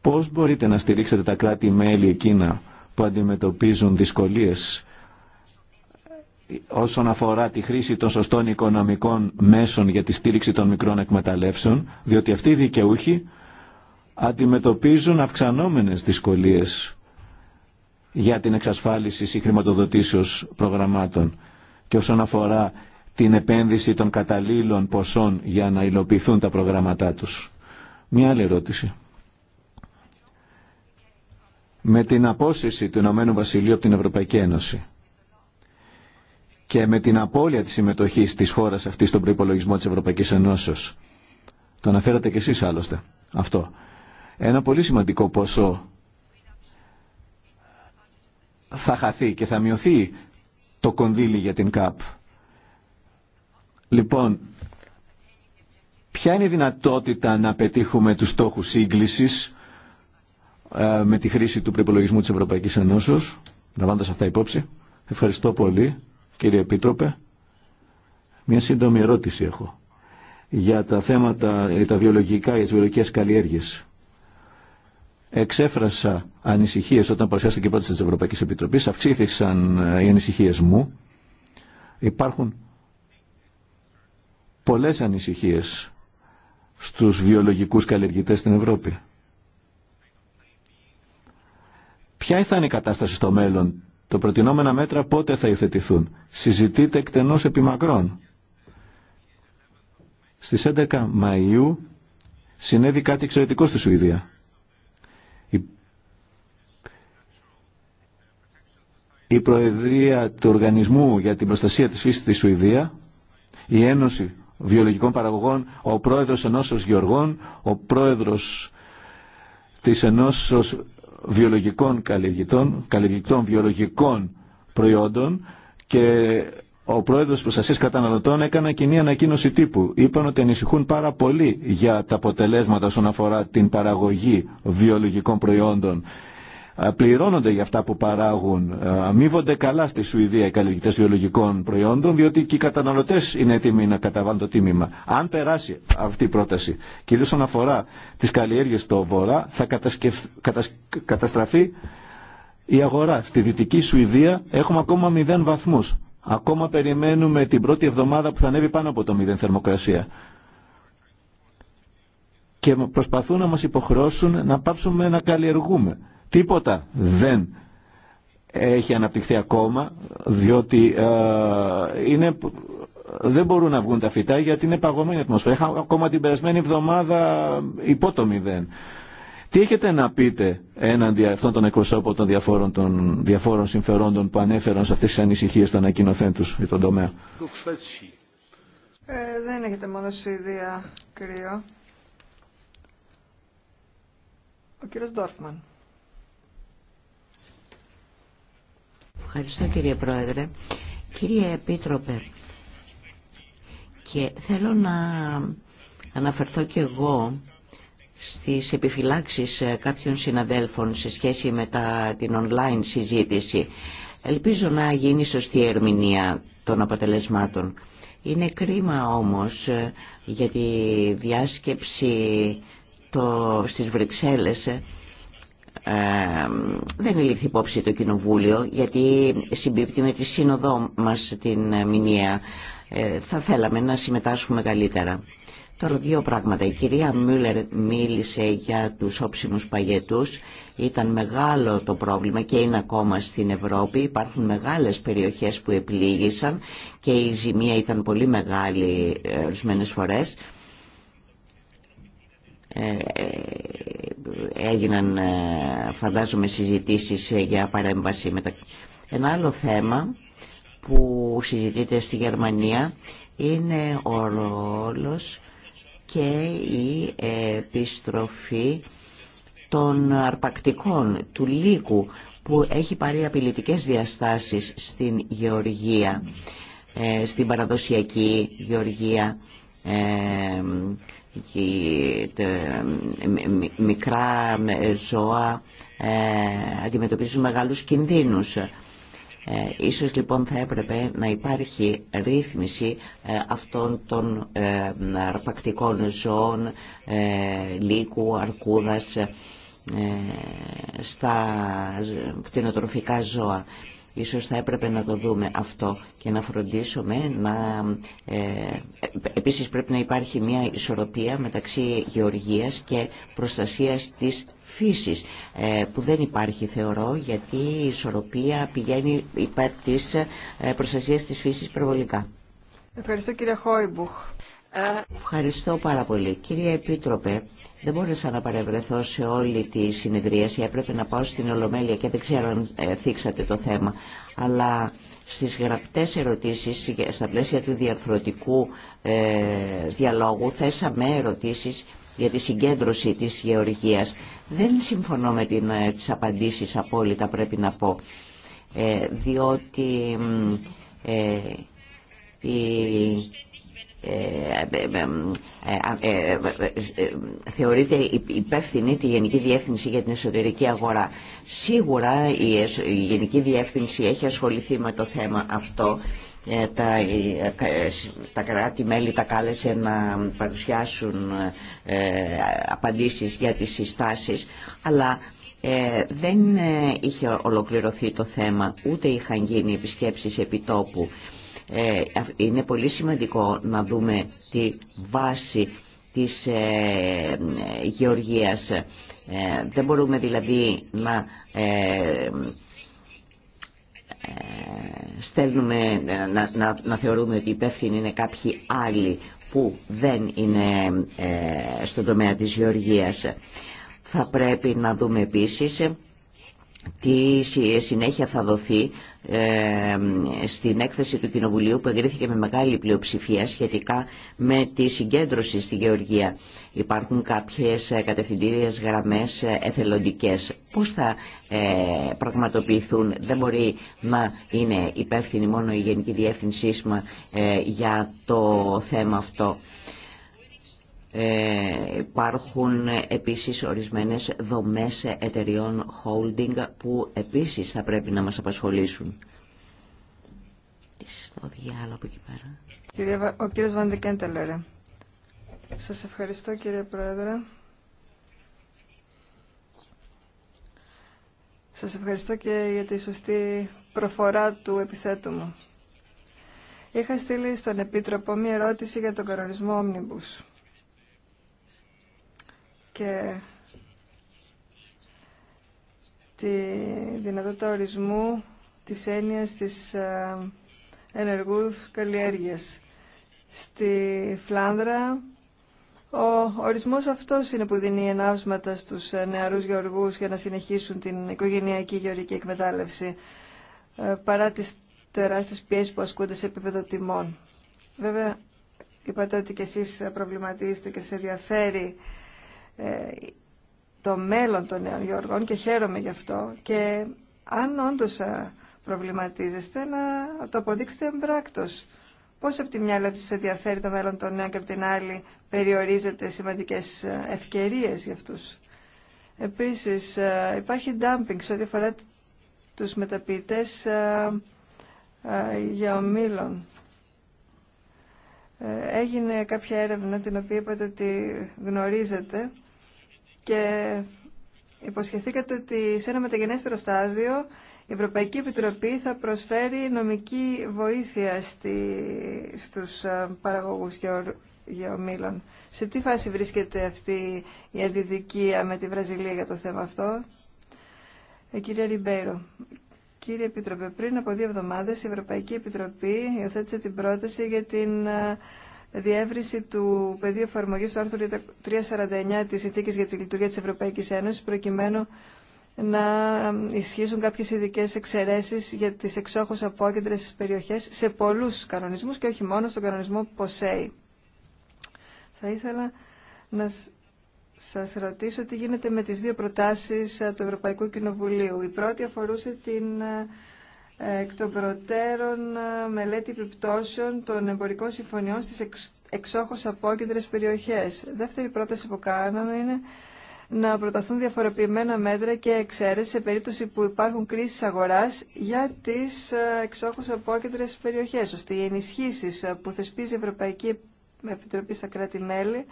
Speaker 2: Πώς μπορείτε να στηρίξετε τα κράτη-μέλη εκείνα που αντιμετωπίζουν δυσκολίες όσον αφορά τη χρήση των σωστών οικονομικών μέσων για τη στήριξη των μικρών εκμεταλλεύσεων, διότι αυτοί οι δικαιούχοι αντιμετωπίζουν αυξανόμενες δυσκολίες για την εξασφάλιση συγχρηματοδοτήσεως προγραμμάτων και όσον αφορά την επένδυση των καταλήλων ποσών για να υλοποιηθούν τα προγράμματά τους. Μια άλλη ερώτηση με την απόσυρση του Ηνωμένου Βασιλείου από την Ευρωπαϊκή Ένωση και με την απώλεια της συμμετοχής της χώρας αυτής στον προϋπολογισμό της Ευρωπαϊκής Ενώσεως. Το αναφέρατε κι εσείς άλλωστε αυτό. Ένα πολύ σημαντικό ποσό θα χαθεί και θα μειωθεί το κονδύλι για την ΚΑΠ. Λοιπόν, ποια είναι η δυνατότητα να πετύχουμε τους στόχους σύγκλησης ε, με τη χρήση του προπολογισμού της Ευρωπαϊκής Ενώσεως, λαμβάνοντα αυτά υπόψη. Ευχαριστώ πολύ, κύριε Επίτροπε. Μια σύντομη ερώτηση έχω για τα θέματα, τα βιολογικά, για τις βιολογικές καλλιέργειες. Εξέφρασα ανησυχίες όταν παρουσιάστηκε η πρόταση της Ευρωπαϊκής Επιτροπής, αυξήθησαν ε, οι ανησυχίες μου. Υπάρχουν πολλές ανησυχίες στους βιολογικούς καλλιεργητές στην Ευρώπη. Ποια θα είναι η κατάσταση στο μέλλον, το προτινόμενα μέτρα πότε θα υθετηθούν. Συζητείτε εκτενώς επιμακρών. Στις 11 Μαΐου συνέβη κάτι εξαιρετικό στη Σουηδία. Η, η Προεδρία του Οργανισμού για την Προστασία της Φύσης στη Σουηδία, η Ένωση Βιολογικών Παραγωγών, ο Πρόεδρος Ενώσεως Γεωργών, ο Πρόεδρος της Ενώσεως βιολογικών καλλιεργητών, καλλιεργητών βιολογικών προϊόντων και ο πρόεδρος προστασίας καταναλωτών έκανε κοινή ανακοίνωση τύπου. Είπαν ότι ανησυχούν πάρα πολύ για τα αποτελέσματα όσον αφορά την παραγωγή βιολογικών προϊόντων πληρώνονται για αυτά που παράγουν. Αμείβονται καλά στη Σουηδία οι καλλιεργητέ βιολογικών προϊόντων, διότι και οι καταναλωτέ είναι έτοιμοι να καταβάλουν το τίμημα. Αν περάσει αυτή η πρόταση, κυρίω όσον αφορά τι καλλιέργειε στο βορρά, θα καταστραφεί η αγορά. Στη δυτική Σουηδία έχουμε ακόμα 0 βαθμού. Ακόμα περιμένουμε την πρώτη εβδομάδα που θα ανέβει πάνω από το 0 θερμοκρασία και προσπαθούν να μας υποχρεώσουν να πάψουμε να καλλιεργούμε. Τίποτα δεν έχει αναπτυχθεί ακόμα, διότι ε, είναι, δεν μπορούν να βγουν τα φυτά γιατί είναι παγωμένη η ατμόσφαιρα. Είχα ακόμα την περασμένη εβδομάδα υπό το μηδέν. Τι έχετε να πείτε έναντι αυτών των εκπροσώπων των διαφόρων, των διαφόρων συμφερόντων που ανέφεραν σε αυτές τις ανησυχίες των ανακοινωθέν τους για τον τομέα.
Speaker 1: Ε, δεν έχετε μόνο Σουηδία κρύο. Ο κύριος Ντόρφμαν.
Speaker 3: Ευχαριστώ κύριε Πρόεδρε. Κύριε Επίτροπε, και θέλω να αναφερθώ και εγώ στις επιφυλάξεις ε, κάποιων συναδέλφων σε σχέση με τα, την online συζήτηση. Ελπίζω να γίνει σωστή ερμηνεία των αποτελεσμάτων. Είναι κρίμα όμως ε, για τη διάσκεψη το, στις Βρυξέλλες ε, δεν λήφθη υπόψη το Κοινοβούλιο γιατί συμπίπτει με τη σύνοδό μας την ε, μηνία. Ε, θα θέλαμε να συμμετάσχουμε καλύτερα. Τώρα δύο πράγματα. Η κυρία Μούλερ μίλησε για τους όψιμους παγετούς. Ήταν μεγάλο το πρόβλημα και είναι ακόμα στην Ευρώπη. Υπάρχουν μεγάλες περιοχές που επλήγησαν και η ζημία ήταν πολύ μεγάλη ε, ορισμένε φορές. Ε, ε, έγιναν ε, φαντάζομαι συζητήσεις για παρέμβαση. Ένα άλλο θέμα που συζητείται στη Γερμανία είναι ο ρόλος και η επιστροφή των αρπακτικών του λύκου που έχει πάρει απειλητικές διαστάσεις στην γεωργία, στην παραδοσιακή γεωργία μικρά ζώα ε, αντιμετωπίζουν μεγάλους κινδύνους. Ε, ίσως λοιπόν θα έπρεπε να υπάρχει ρύθμιση ε, αυτών των αρπακτικών ζώων λύκου, αρκούδας στα κτηνοτροφικά ζώα. Ίσως θα έπρεπε να το δούμε αυτό και να φροντίσουμε να... Ε, επίσης πρέπει να υπάρχει μια ισορροπία μεταξύ γεωργίας και προστασίας της φύσης ε, που δεν υπάρχει θεωρώ γιατί η ισορροπία πηγαίνει υπέρ της ε, προστασίας της φύσης προβολικά.
Speaker 1: Ευχαριστώ κύριε Χόιμπουχ.
Speaker 3: Ευχαριστώ πάρα πολύ. Κύριε Επίτροπε, δεν μπόρεσα να παρευρεθώ σε όλη τη συνεδρίαση. Έπρεπε να πάω στην Ολομέλεια και δεν ξέρω αν ε, θίξατε το θέμα. Αλλά στις γραπτές ερωτήσεις, στα πλαίσια του διαφορετικού ε, διαλόγου, θέσαμε ερωτήσεις για τη συγκέντρωση της γεωργίας. Δεν συμφωνώ με την, ε, τις απαντήσεις απόλυτα, πρέπει να πω. διότι η θεωρείται υπεύθυνη τη Γενική Διεύθυνση για την Εσωτερική Αγορά. Σίγουρα η Γενική Διεύθυνση έχει ασχοληθεί με το θέμα αυτό. Ε, τα, ε, ε, τα κράτη-μέλη τα κάλεσε να παρουσιάσουν απαντήσεις για τις συστάσεις, αλλά δεν είχε ολοκληρωθεί το θέμα, ούτε είχαν γίνει επισκέψεις επιτόπου. Ε, είναι πολύ σημαντικό να δούμε τη βάση της ε, γεωργίας. Ε, δεν μπορούμε δηλαδή να στέλνουμε, να, θεωρούμε ότι υπεύθυνοι είναι κάποιοι άλλοι που δεν είναι στον τομέα της γεωργίας. Θα πρέπει να δούμε επίσης τι συνέχεια θα δοθεί ε, στην έκθεση του Κοινοβουλίου που εγκρίθηκε με μεγάλη πλειοψηφία σχετικά με τη συγκέντρωση στη Γεωργία. Υπάρχουν κάποιες ε, κατευθυντήριες γραμμές ε, εθελοντικές. Πώς θα πραγματοποιηθούν, δεν μπορεί να είναι υπεύθυνη μόνο η Γενική Διεύθυνσή για το θέμα αυτό. Ε, υπάρχουν επίσης ορισμένες δομές εταιριών holding που επίσης θα πρέπει να μας απασχολήσουν. στο διάλογο από πέρα. ο
Speaker 1: κύριος Σας ευχαριστώ κύριε Πρόεδρε. Σας ευχαριστώ και για τη σωστή προφορά του επιθέτου μου. Είχα στείλει στον Επίτροπο μία ερώτηση για τον κανονισμό Omnibus και τη δυνατότητα ορισμού της έννοιας της ε, ενεργού καλλιέργειας. Στη Φλάνδρα ο ορισμός αυτός είναι που δίνει ενάυσματα στους ε, νεαρούς γεωργούς για να συνεχίσουν την οικογενειακή γεωργική εκμετάλλευση ε, παρά τις τεράστιες πιέσεις που ασκούνται σε επίπεδο τιμών. Βέβαια, είπατε ότι και εσείς προβληματίζετε και σε ενδιαφέρει ε, το μέλλον των νέων Γιώργων και χαίρομαι γι' αυτό και αν όντως ε, προβληματίζεστε να το αποδείξετε εμπράκτος. Πώς από τη μια λέτε σας ενδιαφέρει το μέλλον των νέων και από την άλλη περιορίζετε σημαντικές ε, ευκαιρίες για αυτούς. Επίσης υπάρχει dumping σε ό,τι αφορά τους μεταποιητές για ομίλων. Έγινε κάποια έρευνα την οποία είπατε ότι γνωρίζετε και υποσχεθήκατε ότι σε ένα μεταγενέστερο στάδιο η Ευρωπαϊκή Επιτροπή θα προσφέρει νομική βοήθεια στη, στους ε, παραγωγούς γεωμήλων. Σε τι φάση βρίσκεται αυτή η αντιδικία με τη Βραζιλία για το θέμα αυτό. Ε, κυρία Ριμπέιρο, κύριε Επιτροπέ, πριν από δύο εβδομάδες η Ευρωπαϊκή Επιτροπή υιοθέτησε την πρόταση για την ε, διεύρυνση του πεδίου εφαρμογή του άρθρου 349 τη Συνθήκη για τη Λειτουργία τη Ευρωπαϊκή Ένωση, προκειμένου να ισχύσουν κάποιες ειδικέ εξαιρέσει για τις εξόχως απόκεντρες περιοχές σε πολλούς κανονισμούς και όχι μόνο στον κανονισμό ΠΟΣΕΙ. Θα ήθελα να σας ρωτήσω τι γίνεται με τις δύο προτάσεις ε, του Ευρωπαϊκού Κοινοβουλίου. Η πρώτη αφορούσε την ε, εκ των προτέρων ε, μελέτη επιπτώσεων των εμπορικών συμφωνιών στις εξ, εξόχως απόκεντρες περιοχές. Δεύτερη πρόταση που κάναμε είναι να προταθούν διαφοροποιημένα μέτρα και εξαίρεση σε περίπτωση που υπάρχουν κρίσεις αγοράς για τις ε, εξόχως απόκεντρες περιοχές, ώστε οι ενισχύσεις ε, που θεσπίζει η Ευρωπαϊκή Επιτροπή στα κράτη-μέλη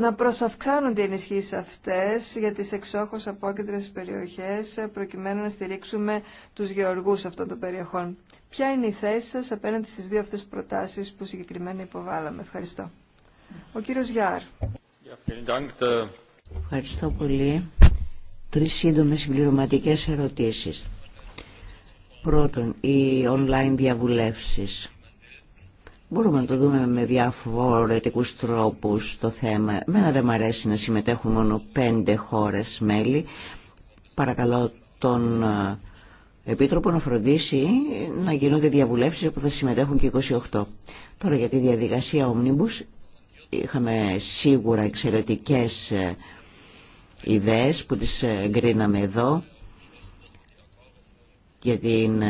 Speaker 1: να προσαυξάνονται οι ενισχύσει αυτές για τις εξόχως απόκεντρες περιοχές ε, προκειμένου να στηρίξουμε τους γεωργούς αυτών των περιοχών. Ποια είναι η θέση σας απέναντι στις δύο αυτές προτάσεις που συγκεκριμένα υποβάλαμε. Ευχαριστώ. Ο κύριος Γιάρ. Äh,
Speaker 3: Ευχαριστώ πολύ. Τρεις σύντομες συμπληρωματικές ερωτήσεις. Πρώτον, οι online διαβουλεύσεις Μπορούμε να το δούμε με διαφορετικού τρόπου το θέμα. Μένα δεν μου αρέσει να συμμετέχουν μόνο πέντε χώρε μέλη. Παρακαλώ τον ε, Επίτροπο να φροντίσει να γίνονται διαβουλεύσει όπου θα συμμετέχουν και 28. Τώρα για τη διαδικασία Omnibus είχαμε σίγουρα εξαιρετικέ ε, ιδέες που τις ε, εγκρίναμε εδώ για την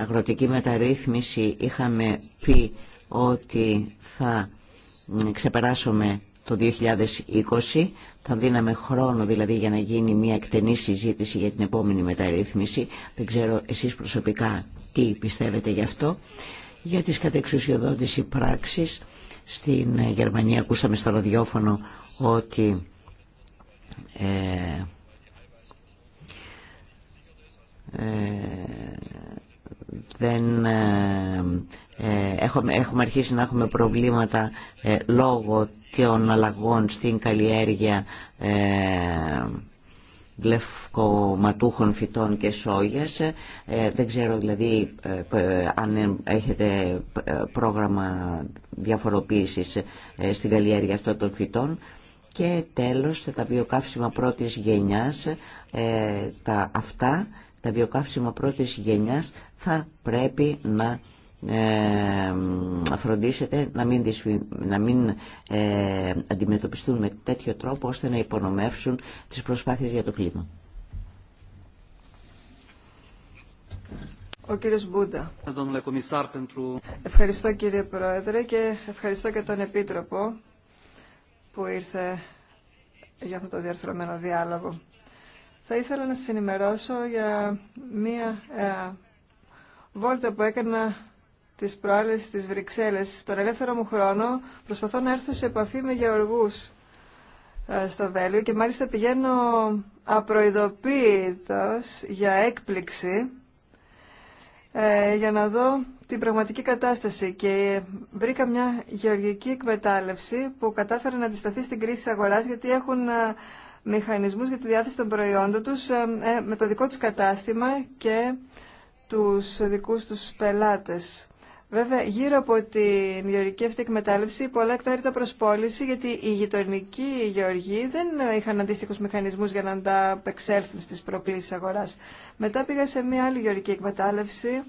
Speaker 3: αγροτική μεταρρύθμιση είχαμε πει ότι θα ξεπεράσουμε το 2020, θα δίναμε χρόνο δηλαδή για να γίνει μια εκτενή συζήτηση για την επόμενη μεταρρύθμιση. Δεν ξέρω εσείς προσωπικά τι πιστεύετε γι' αυτό. Για τις κατεξουσιοδότηση πράξης στην Γερμανία ακούσαμε στο ροδιόφωνο ότι ε, ε, δεν ε, ε, έχουμε, έχουμε αρχίσει να έχουμε προβλήματα ε, λόγω των αλλαγών στην καλλιέργεια λευκοματούχων φυτών και σόγιας. δεν ξέρω δηλαδή αν έχετε πρόγραμμα διαφοροποίησης στην καλλιέργεια αυτών των φυτών. Και τέλος τα βιοκαύσιμα πρώτης γενιάς, τα αυτά, τα βιοκαύσιμα πρώτης γενιάς θα πρέπει να ε, φροντίσετε να μην, να μην ε, αντιμετωπιστούν με τέτοιο τρόπο ώστε να υπονομεύσουν τις προσπάθειες για το κλίμα.
Speaker 1: Ο κύριος Μπούντα. Ευχαριστώ κύριε Πρόεδρε και ευχαριστώ και τον Επίτροπο που ήρθε για αυτό το διαρθρωμένο διάλογο. Θα ήθελα να σας ενημερώσω για μία ε, βόλτα που έκανα τις προάλλες στις Βρυξέλλες. Στον ελεύθερο μου χρόνο προσπαθώ να έρθω σε επαφή με γεωργούς ε, στο Βέλιο και μάλιστα πηγαίνω απροειδοποίητος για έκπληξη ε, για να δω την πραγματική κατάσταση και ε, βρήκα μια γεωργική εκμετάλλευση που κατάφερε να αντισταθεί στην κρίση της αγοράς γιατί έχουν μηχανισμούς για τη διάθεση των προϊόντων τους με το δικό τους κατάστημα και τους δικούς τους πελάτες. Βέβαια, γύρω από την γεωργική αυτή εκμετάλλευση, πολλά εκτάρια προσπόληση, γιατί οι γειτονικοί γεωργοί δεν είχαν αντίστοιχου μηχανισμού για να ανταπεξέλθουν στι προκλήσει αγορά. Μετά πήγα σε μια άλλη γεωργική εκμετάλλευση,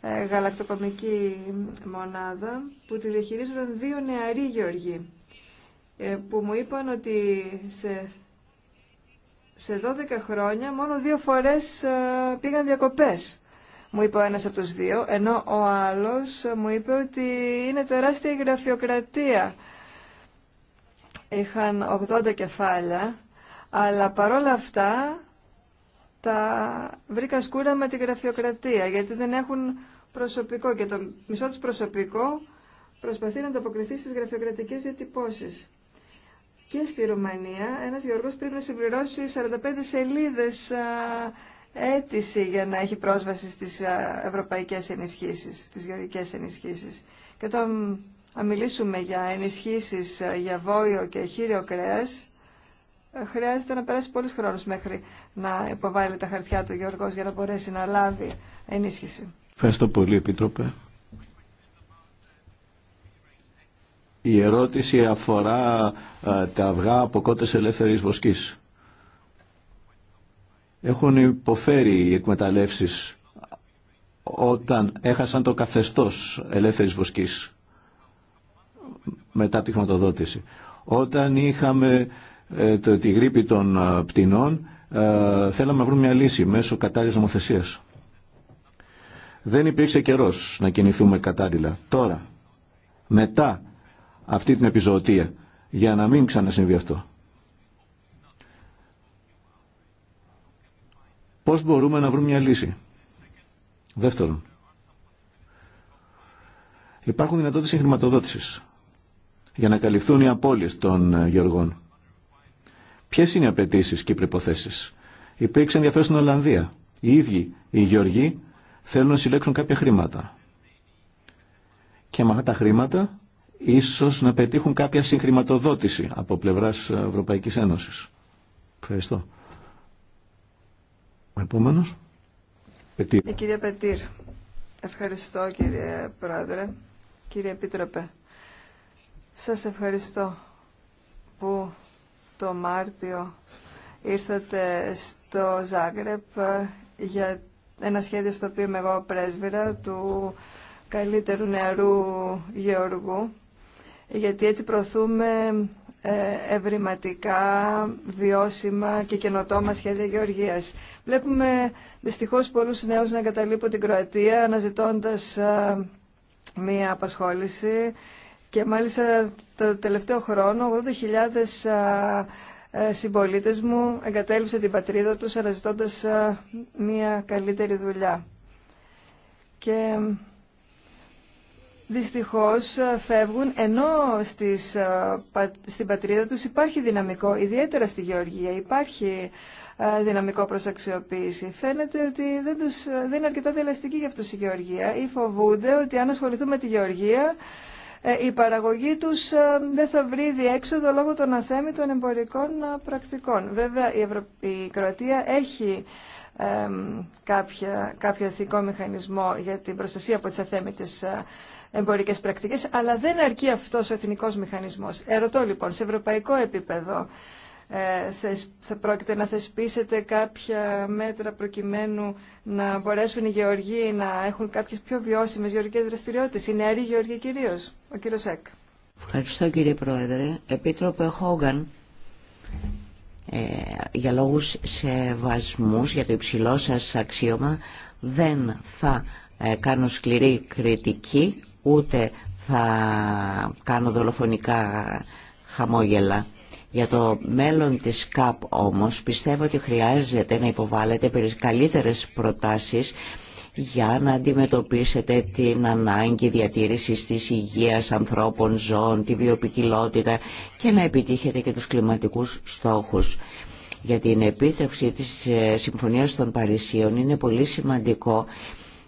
Speaker 1: ε, γαλακτοκομική μονάδα, που τη διαχειρίζονταν δύο νεαροί γεωργοί, ε, που μου είπαν ότι σε, σε 12 χρόνια μόνο δύο φορές ε, πήγαν διακοπές μου είπε ο ένας από τους δύο, ενώ ο άλλος μου είπε ότι είναι τεράστια η γραφειοκρατία. Είχαν 80 κεφάλια, αλλά παρόλα αυτά τα βρήκα σκούρα με τη γραφειοκρατία, γιατί δεν έχουν προσωπικό και το μισό τους προσωπικό προσπαθεί να ανταποκριθεί στις γραφειοκρατικές διατυπώσεις. Και στη Ρουμανία ένας Γιώργος πρέπει να συμπληρώσει 45 σελίδες Έτηση για να έχει πρόσβαση στις ευρωπαϊκές ενισχύσεις, στις γεωργικές ενισχύσεις. Και όταν μιλήσουμε για ενισχύσεις για βόλιο και χείριο κρέας, ε, χρειάζεται να περάσει πολλούς χρόνους μέχρι να υποβάλει τα χαρτιά του Γιώργος για να μπορέσει να λάβει ενίσχυση.
Speaker 2: Ευχαριστώ πολύ, Επίτροπε. Η ερώτηση αφορά ε, τα αυγά από κότες ελεύθερης βοσκής. Έχουν υποφέρει οι εκμεταλλεύσεις όταν έχασαν το καθεστώς ελεύθερης βοσκής μετά τη χρηματοδότηση. Όταν είχαμε ε, το, τη γρήπη των ε, πτηνών, ε, θέλαμε να βρούμε μια λύση μέσω κατάλληλης νομοθεσίας. Δεν υπήρξε καιρός να κινηθούμε κατάλληλα. Τώρα, μετά αυτή την επιζωοτία για να μην ξανασυμβεί αυτό. Πώς μπορούμε να βρούμε μια λύση. Δεύτερον, υπάρχουν δυνατότητες χρηματοδότησης για να καλυφθούν οι απώλειες των ε, γεωργών. Ποιες είναι οι απαιτήσει και οι προϋποθέσεις. Υπήρξε ενδιαφέρον στην Ολλανδία. Οι ίδιοι οι γεωργοί θέλουν να συλλέξουν κάποια χρήματα. Και με αυτά τα χρήματα ίσως να πετύχουν κάποια συγχρηματοδότηση από πλευράς Ευρωπαϊκής Ένωσης. Ευχαριστώ. Επόμενος. Πετήρ. Η ε,
Speaker 1: κυρία Πετήρ. Ευχαριστώ κύριε Πρόεδρε. Κύριε Επίτροπε. Σας ευχαριστώ που το Μάρτιο ήρθατε στο Ζάγκρεπ για ένα σχέδιο στο οποίο είμαι εγώ πρέσβυρα του καλύτερου νεαρού γεωργού γιατί έτσι προωθούμε ε, ευρηματικά, βιώσιμα και καινοτόμα σχέδια γεωργίας. Βλέπουμε δυστυχώς πολλούς νέους να εγκαταλείπουν την Κροατία αναζητώντας ε, μία απασχόληση και μάλιστα το τελευταίο χρόνο 80.000 ε, συμπολίτες μου εγκατέλειψαν την πατρίδα τους αναζητώντας μία καλύτερη δουλειά. Και δυστυχώς ε, φεύγουν ενώ στις, ε, στην πατρίδα τους υπάρχει δυναμικό, ιδιαίτερα στη Γεωργία υπάρχει ε, δυναμικό προς αξιοποίηση. Φαίνεται ότι δεν, τους, δεν είναι αρκετά δελαστική για αυτούς η Γεωργία ή φοβούνται ότι αν ασχοληθούν με τη Γεωργία η παραγωγή τους δεν θα βρει διέξοδο λόγω των αθέμητων εμπορικών πρακτικών. Βέβαια η, Κροατία έχει κάποιο ηθικό μηχανισμό για την προστασία από τις αθέμητες εμπορικές πρακτικές, αλλά δεν αρκεί αυτός ο εθνικός μηχανισμός. Ερωτώ λοιπόν, σε ευρωπαϊκό επίπεδο ε, θα πρόκειται να θεσπίσετε κάποια μέτρα προκειμένου να μπορέσουν οι γεωργοί να έχουν κάποιες πιο βιώσιμες γεωργικές δραστηριότητες, οι νεαροί γεωργοί κυρίως, ο κύριος Σέκ.
Speaker 3: Ευχαριστώ κύριε Πρόεδρε. Επίτροπε Χόγκαν, ε, για λόγους σεβασμούς για το υψηλό σας αξίωμα δεν θα ε, κάνω σκληρή κριτική ούτε θα κάνω δολοφονικά χαμόγελα. Για το μέλλον της ΚΑΠ όμως πιστεύω ότι χρειάζεται να υποβάλλετε καλύτερες προτάσεις για να αντιμετωπίσετε την ανάγκη διατήρησης της υγείας ανθρώπων, ζώων, τη βιοπικιλότητα και να επιτύχετε και τους κλιματικούς στόχους. Για την επίτευξη της ε, Συμφωνίας των Παρισίων είναι πολύ σημαντικό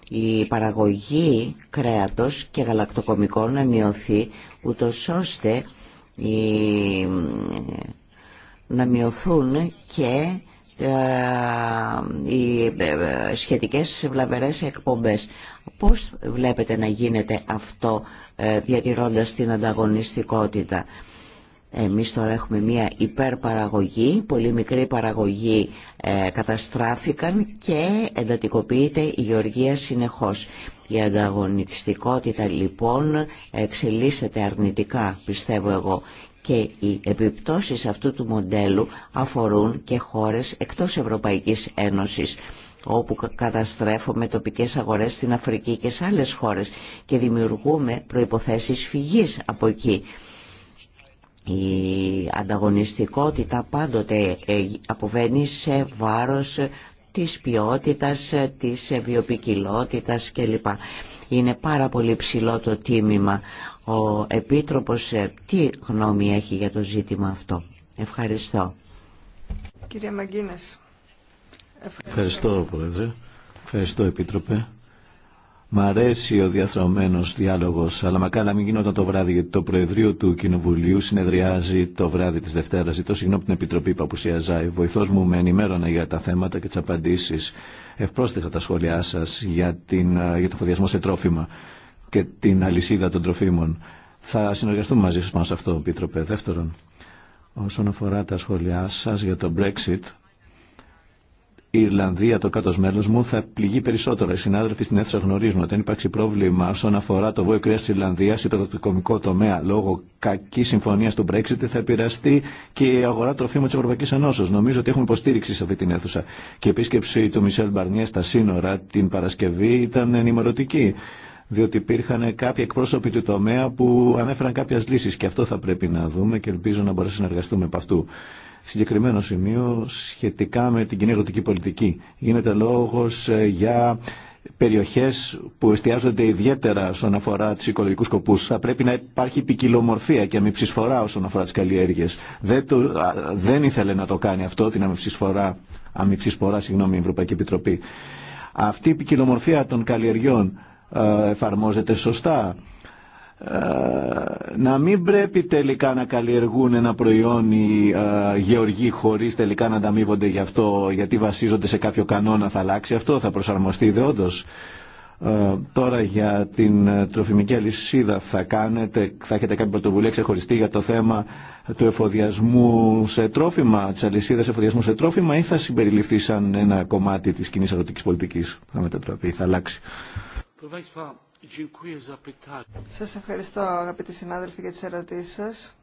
Speaker 3: η παραγωγή κρέατος και γαλακτοκομικών να μειωθεί ούτω ώστε να μειωθούν και ε, οι ε, σχετικές βλαβερές εκπομπές. Πώς βλέπετε να γίνεται αυτό ε, διατηρώντας την ανταγωνιστικότητα. Εμείς τώρα έχουμε μια υπερπαραγωγή, πολύ μικρή παραγωγή ε, καταστράφηκαν και εντατικοποιείται η γεωργία συνεχώς. Η ανταγωνιστικότητα λοιπόν εξελίσσεται αρνητικά πιστεύω εγώ και οι επιπτώσεις αυτού του μοντέλου αφορούν και χώρες εκτός Ευρωπαϊκής Ένωσης όπου καταστρέφουμε τοπικές αγορές στην Αφρική και σε άλλες χώρες και δημιουργούμε προϋποθέσεις φυγής από εκεί. Η ανταγωνιστικότητα πάντοτε ε, αποβαίνει σε βάρος της ποιότητας, της βιοπικιλότητας κλπ. Είναι πάρα πολύ ψηλό το τίμημα. Ο Επίτροπος ε, τι γνώμη έχει για το ζήτημα αυτό. Ευχαριστώ.
Speaker 1: Μαγκίνες.
Speaker 2: Ευχαριστώ, Πρόεδρε. Ευχαριστώ, Επίτροπε. Μ' αρέσει ο διαθρωμένο διάλογο, αλλά μακάλα μην γινόταν το βράδυ, γιατί το Προεδρείο του Κοινοβουλίου συνεδριάζει το βράδυ της Δευτέρα, Ζητώ συγγνώμη την Επιτροπή που απουσιαζάει. Βοηθό μου με ενημέρωνα για τα θέματα και τι απαντήσει Ευπρόσθετα τα σχόλιά σα για, ε, για το φοδιασμό σε τρόφιμα και την αλυσίδα των τροφίμων. Θα συνεργαστούμε μαζί σα, πάνω σε αυτό, Επίτροπε. Δεύτερον, όσον αφορά τα σχόλιά σα για το Brexit, η Ιρλανδία, το κάτω μέλο μου, θα πληγεί περισσότερο. Οι συνάδελφοι στην αίθουσα γνωρίζουν ότι αν υπάρξει πρόβλημα όσον αφορά το βόλιο κρέα τη Ιρλανδία ή το κομικό τομέα λόγω κακή συμφωνία του Brexit, θα επηρεαστεί και η αγορά τροφίμων τη Ευρωπαϊκή Ενώσεω. Νομίζω ότι έχουμε υποστήριξη σε αυτή την αίθουσα. Και η επίσκεψη του Μισελ Μπαρνιέ στα σύνορα την Παρασκευή ήταν ενημερωτική. Διότι υπήρχαν κάποιοι εκπρόσωποι του τομέα που ανέφεραν κάποιε λύσει και αυτό θα πρέπει να δούμε και ελπίζω να μπορέσουμε να συνεργαστούμε από αυτού συγκεκριμένο σημείο σχετικά με την κοινή εγωτική πολιτική. Γίνεται λόγος ε, για περιοχές που εστιάζονται ιδιαίτερα στον αφορά του οικολογικούς σκοπούς. Θα πρέπει να υπάρχει ποικιλομορφία και αμυψισφορά όσον αφορά τις καλλιέργειες. Δεν, το, δεν ήθελε να το κάνει αυτό, την αμυψισφορά, αμυψισφορά συγγνώμη, η Ευρωπαϊκή Επιτροπή. Αυτή η ποικιλομορφία των καλλιεργιών ε, εφαρμόζεται σωστά ε, να μην πρέπει τελικά να καλλιεργούν ένα προϊόν οι ε, γεωργοί χωρίς τελικά να ανταμείβονται γι' αυτό γιατί βασίζονται σε κάποιο κανόνα θα αλλάξει αυτό, θα προσαρμοστεί δεόντως. Ε, τώρα για την τροφιμική αλυσίδα θα κάνετε, θα έχετε κάποια πρωτοβουλία ξεχωριστή για το θέμα του εφοδιασμού σε τρόφιμα, της αλυσίδας εφοδιασμού σε τρόφιμα ή θα συμπεριληφθεί σαν ένα κομμάτι τη κοινή αγροτικής πολιτική θα μετατραπεί, θα αλλάξει.
Speaker 1: Σας ευχαριστώ αγαπητοί συνάδελφοι για τις ερωτήσεις σας.